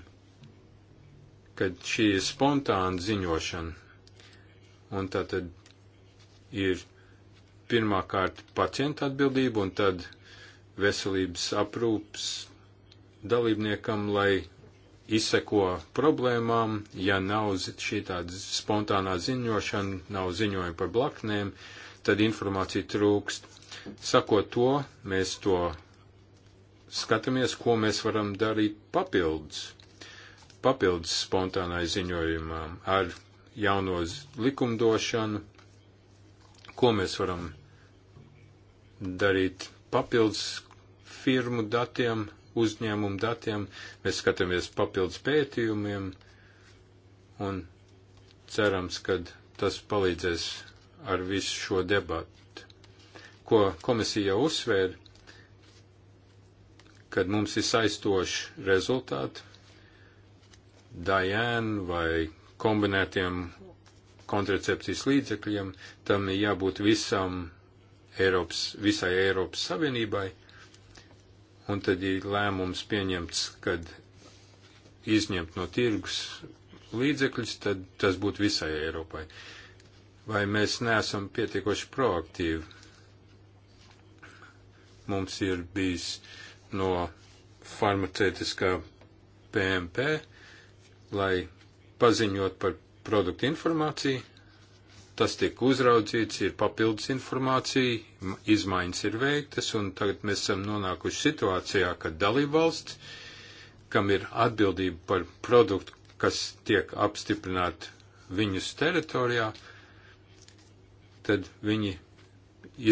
ka šī ir spontāna ziņošana. Un tā tad ir pirmkārt pacienta atbildība un tad veselības aprūps dalībniekam, lai izseko problēmām, ja nav šī tāda spontānā ziņošana, nav ziņojumi par blaknēm, tad informācija trūkst. Sakot to, mēs to skatāmies, ko mēs varam darīt papildus, papildus spontānai ziņojumam ar jauno likumdošanu, ko mēs varam darīt papildus firmu datiem, uzņēmumu datiem, mēs skatāmies papildus pētījumiem un cerams, ka tas palīdzēs ar visu šo debatu, ko komisija jau uzsvēra, kad mums ir saistoši rezultāti, Dajēna vai kombinētiem kontracepcijas līdzekļiem, tam ir jābūt visam Eiropas, visai Eiropas Savienībai, un tad ir lēmums pieņemts, kad izņemt no tirgus līdzekļus, tad tas būtu visai Eiropai. Vai mēs neesam pietiekoši proaktīvi? Mums ir bijis no farmaceitiskā PMP, lai paziņot par produktu informāciju, tas tiek uzraudzīts, ir papildus informācija, izmaiņas ir veiktas, un tagad mēs esam nonākuši situācijā, ka dalībvalsts, kam ir atbildība par produktu, kas tiek apstiprināti viņus teritorijā, tad viņi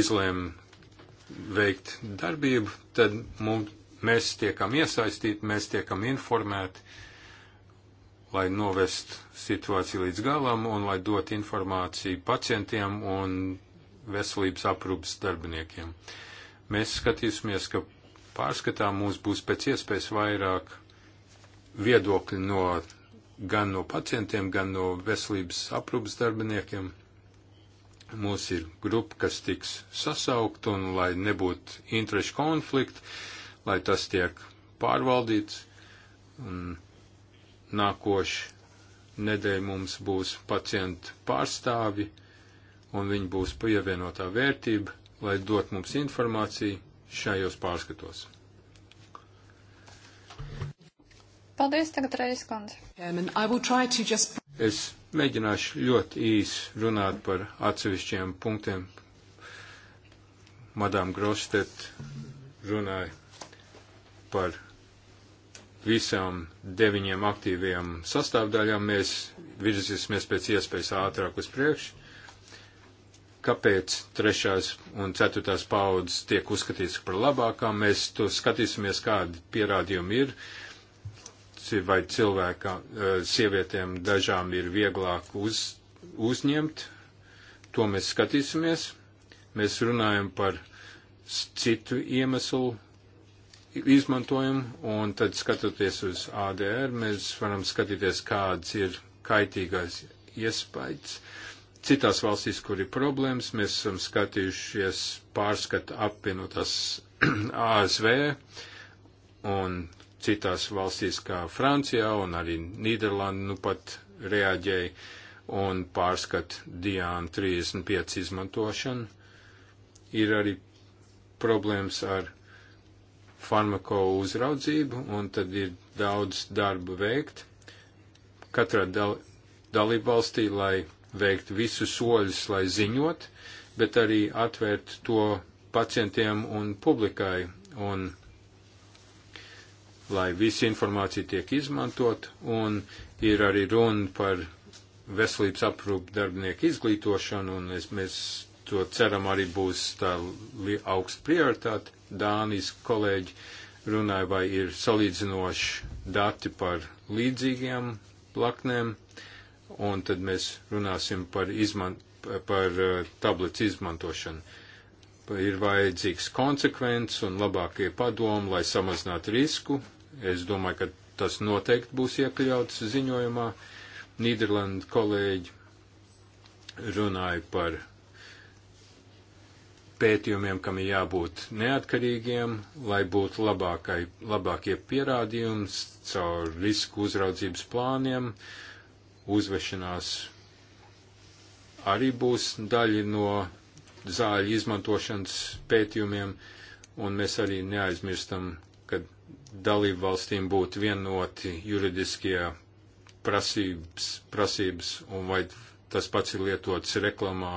izlēma veikt darbību, tad mums, mēs tiekam iesaistīti, mēs tiekam informēti, lai novest situāciju līdz galam un lai dot informāciju pacientiem un veselības aprūpas darbiniekiem. Mēs skatīsimies, ka pārskatā mums būs pēc iespējas vairāk viedokļi no gan no pacientiem, gan no veselības aprūpas darbiniekiem. Mums ir grupa, kas tiks sasaukt un lai nebūtu interešu konfliktu, lai tas tiek pārvaldīts. Un nākošu nedēļu mums būs pacientu pārstāvi, un viņi būs pievienotā vērtība, lai dot mums informāciju šajos pārskatos.
Paldies, tagad reiz, kundze.
Es mēģināšu ļoti īsi runāt par atsevišķiem punktiem. Madām Grostet runāja par visām deviņiem aktīviem sastāvdaļām mēs virzīsimies pēc iespējas ātrāk uz priekšu. Kāpēc trešās un ceturtās paudzes tiek uzskatīts par labākām? Mēs to skatīsimies, kādi pierādījumi ir, vai cilvēka, eh, sievietēm dažām ir vieglāk uz, uzņemt. To mēs skatīsimies. Mēs runājam par citu iemeslu izmantojam, un tad skatoties uz ADR, mēs varam skatīties, kāds ir kaitīgais iespējas. Citās valstīs, kur ir problēmas, mēs esam skatījušies pārskata apvienotās ASV un citās valstīs kā Francijā un arī Nīderlanda nu pat reaģēja un pārskat Diāna 35 izmantošanu. Ir arī problēmas ar farmako uzraudzību, un tad ir daudz darbu veikt katrā dal dalībvalstī, lai veikt visu soļus, lai ziņot, bet arī atvērt to pacientiem un publikai, un lai visa informācija tiek izmantot, un ir arī runa par veselības aprūpu darbinieku izglītošanu, un es, mēs to ceram arī būs tā augsta prioritāte. Dānijas kolēģi runāja, vai ir salīdzinoši dati par līdzīgiem plaknēm, un tad mēs runāsim par, izman, par eh, tablets izmantošanu. Ir vajadzīgs konsekvents un labākie padomi, lai samazinātu risku. Es domāju, ka tas noteikti būs iekļauts ziņojumā. Nīderlanda kolēģi runāja par pētījumiem, kam ir jābūt neatkarīgiem, lai būtu labākai, labākie pierādījumi caur risku uzraudzības plāniem, uzvešanās arī būs daļa no zāļu izmantošanas pētījumiem, un mēs arī neaizmirstam, ka dalību valstīm būtu vienoti juridiskie prasības, prasības un vai tas pats ir lietots reklamā,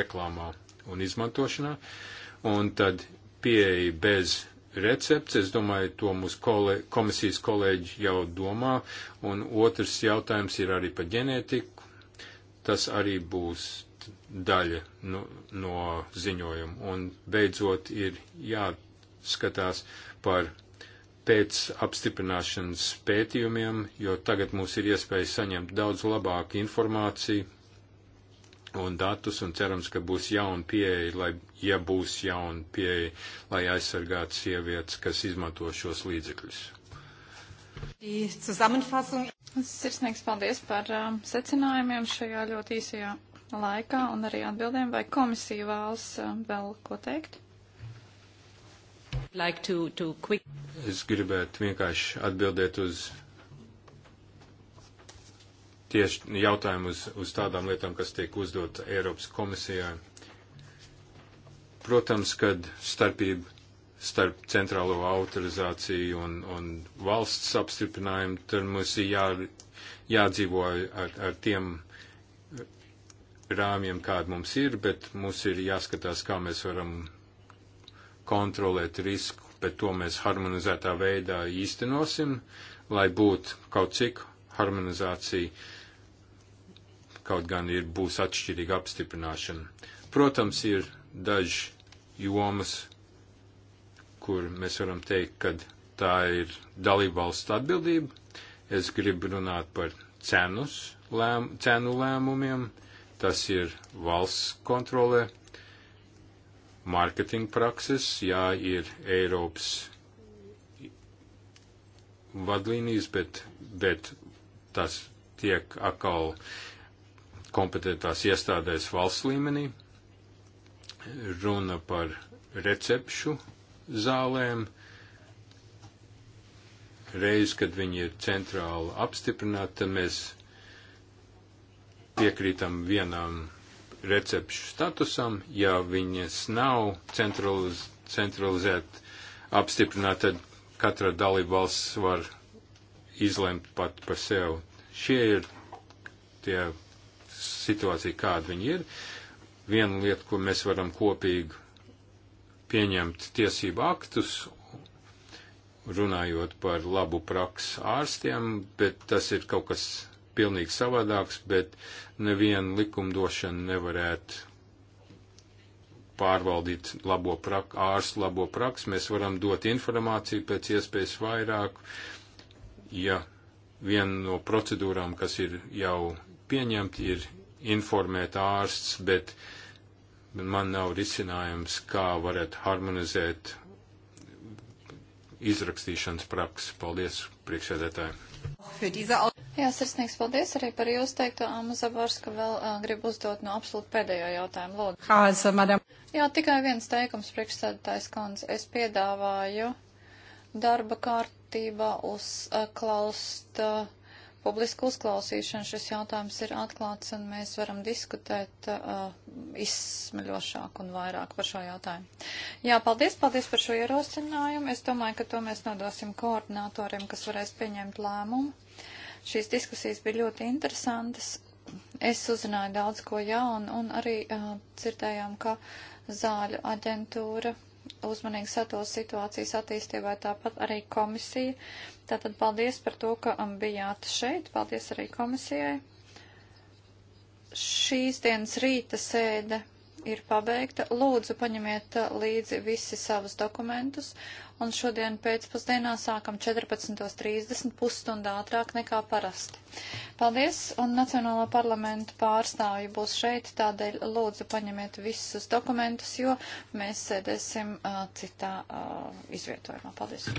reklāmā un izmantošanā, un tad pieeja bez recepts, es domāju, to mūsu kolē, komisijas kolēģi jau domā, un otrs jautājums ir arī par ģenētiku. Tas arī būs daļa no, no ziņojuma. Un beidzot ir jāskatās par pēc apstiprināšanas pētījumiem, jo tagad mums ir iespēja saņemt daudz labāku informāciju un datus, un cerams, ka būs jauna pieeja, lai, ja būs jauna pieeja, lai aizsargātu sievietes, kas izmanto šos līdzekļus.
Sirsnīgs paldies par um, secinājumiem šajā ļoti īsajā laikā un arī atbildēm, vai komisija vēlas um, vēl ko teikt? Like to, to quick...
Es gribētu vienkārši atbildēt uz tieši jautājumu uz, uz tādām lietām, kas tiek uzdot Eiropas komisijai. Protams, kad starpība starp centrālo autorizāciju un, un valsts apstiprinājumu, tur mums ir jā, jādzīvo ar, ar tiem rāmjiem, kāda mums ir, bet mums ir jāskatās, kā mēs varam kontrolēt risku, bet to mēs harmonizētā veidā īstenosim, lai būtu kaut cik harmonizācija kaut gan ir būs atšķirīga apstiprināšana. Protams, ir daži jomas, kur mēs varam teikt, ka tā ir dalībvalsts atbildība. Es gribu runāt par cenus, lēm, cenu lēmumiem, tas ir valsts kontrolē, mārketinga prakses, jā, ir Eiropas vadlīnijas, bet, bet tas tiek atkal uh, kompetentās iestādēs valsts līmenī. Runa par recepšu zālēm. Reiz, kad viņi ir centrāli apstiprināti, tad mēs piekrītam vienam recepšu statusam, ja viņas nav centraliz, centralizēt apstiprināt, tad katra dalība valsts var izlemt pat par sevi. Šie ir tie situācija, kāda viņi ir. Viena lieta, ko mēs varam kopīgi pieņemt tiesību aktus, runājot par labu praksu ārstiem, bet tas ir kaut kas pilnīgi savādāks, bet neviena likumdošana nevarētu pārvaldīt labo prak, ārstu labo praksu. Mēs varam dot informāciju pēc iespējas vairāk, ja viena no procedūrām, kas ir jau pieņemt, ir informēt ārsts, bet man nav risinājums, kā varētu harmonizēt izrakstīšanas praksi. Paldies, priekšsēdētāji!
Jā, sirsnīgs paldies arī par jūsu teikto, Amma Zaborska vēl uh, grib uzdot no absolūti pēdējo jautājumu. Lūdzu. Kāds, madam? Jā, tikai viens teikums, priekšsēdētājs Kons. Es piedāvāju darba kārtībā uzklaust. Uh, klaust, uh publisku uzklausīšanu. Šis jautājums ir atklāts un mēs varam diskutēt uh, izsmeļošāk un vairāk par šo jautājumu. Jā, paldies, paldies par šo ierosinājumu. Es domāju, ka to mēs nodosim koordinatoriem, kas varēs pieņemt lēmumu. Šīs diskusijas bija ļoti interesantas. Es uzzināju daudz ko jaunu un arī uh, dzirdējām, ka zāļu aģentūra uzmanīgi sato situācijas attīstībai, tāpat arī komisija. Tātad paldies par to, ka um, bijāt šeit. Paldies arī komisijai. Šīs dienas rīta sēde ir pabeigta. Lūdzu, paņemiet uh, līdzi visi savus dokumentus. Un šodien pēcpusdienā sākam 14.30 pusstunda ātrāk nekā parasti. Paldies, un Nacionālā parlamenta pārstāvji būs šeit, tādēļ lūdzu paņemiet visus dokumentus, jo mēs sēdēsim uh, citā uh, izvietojumā. Paldies!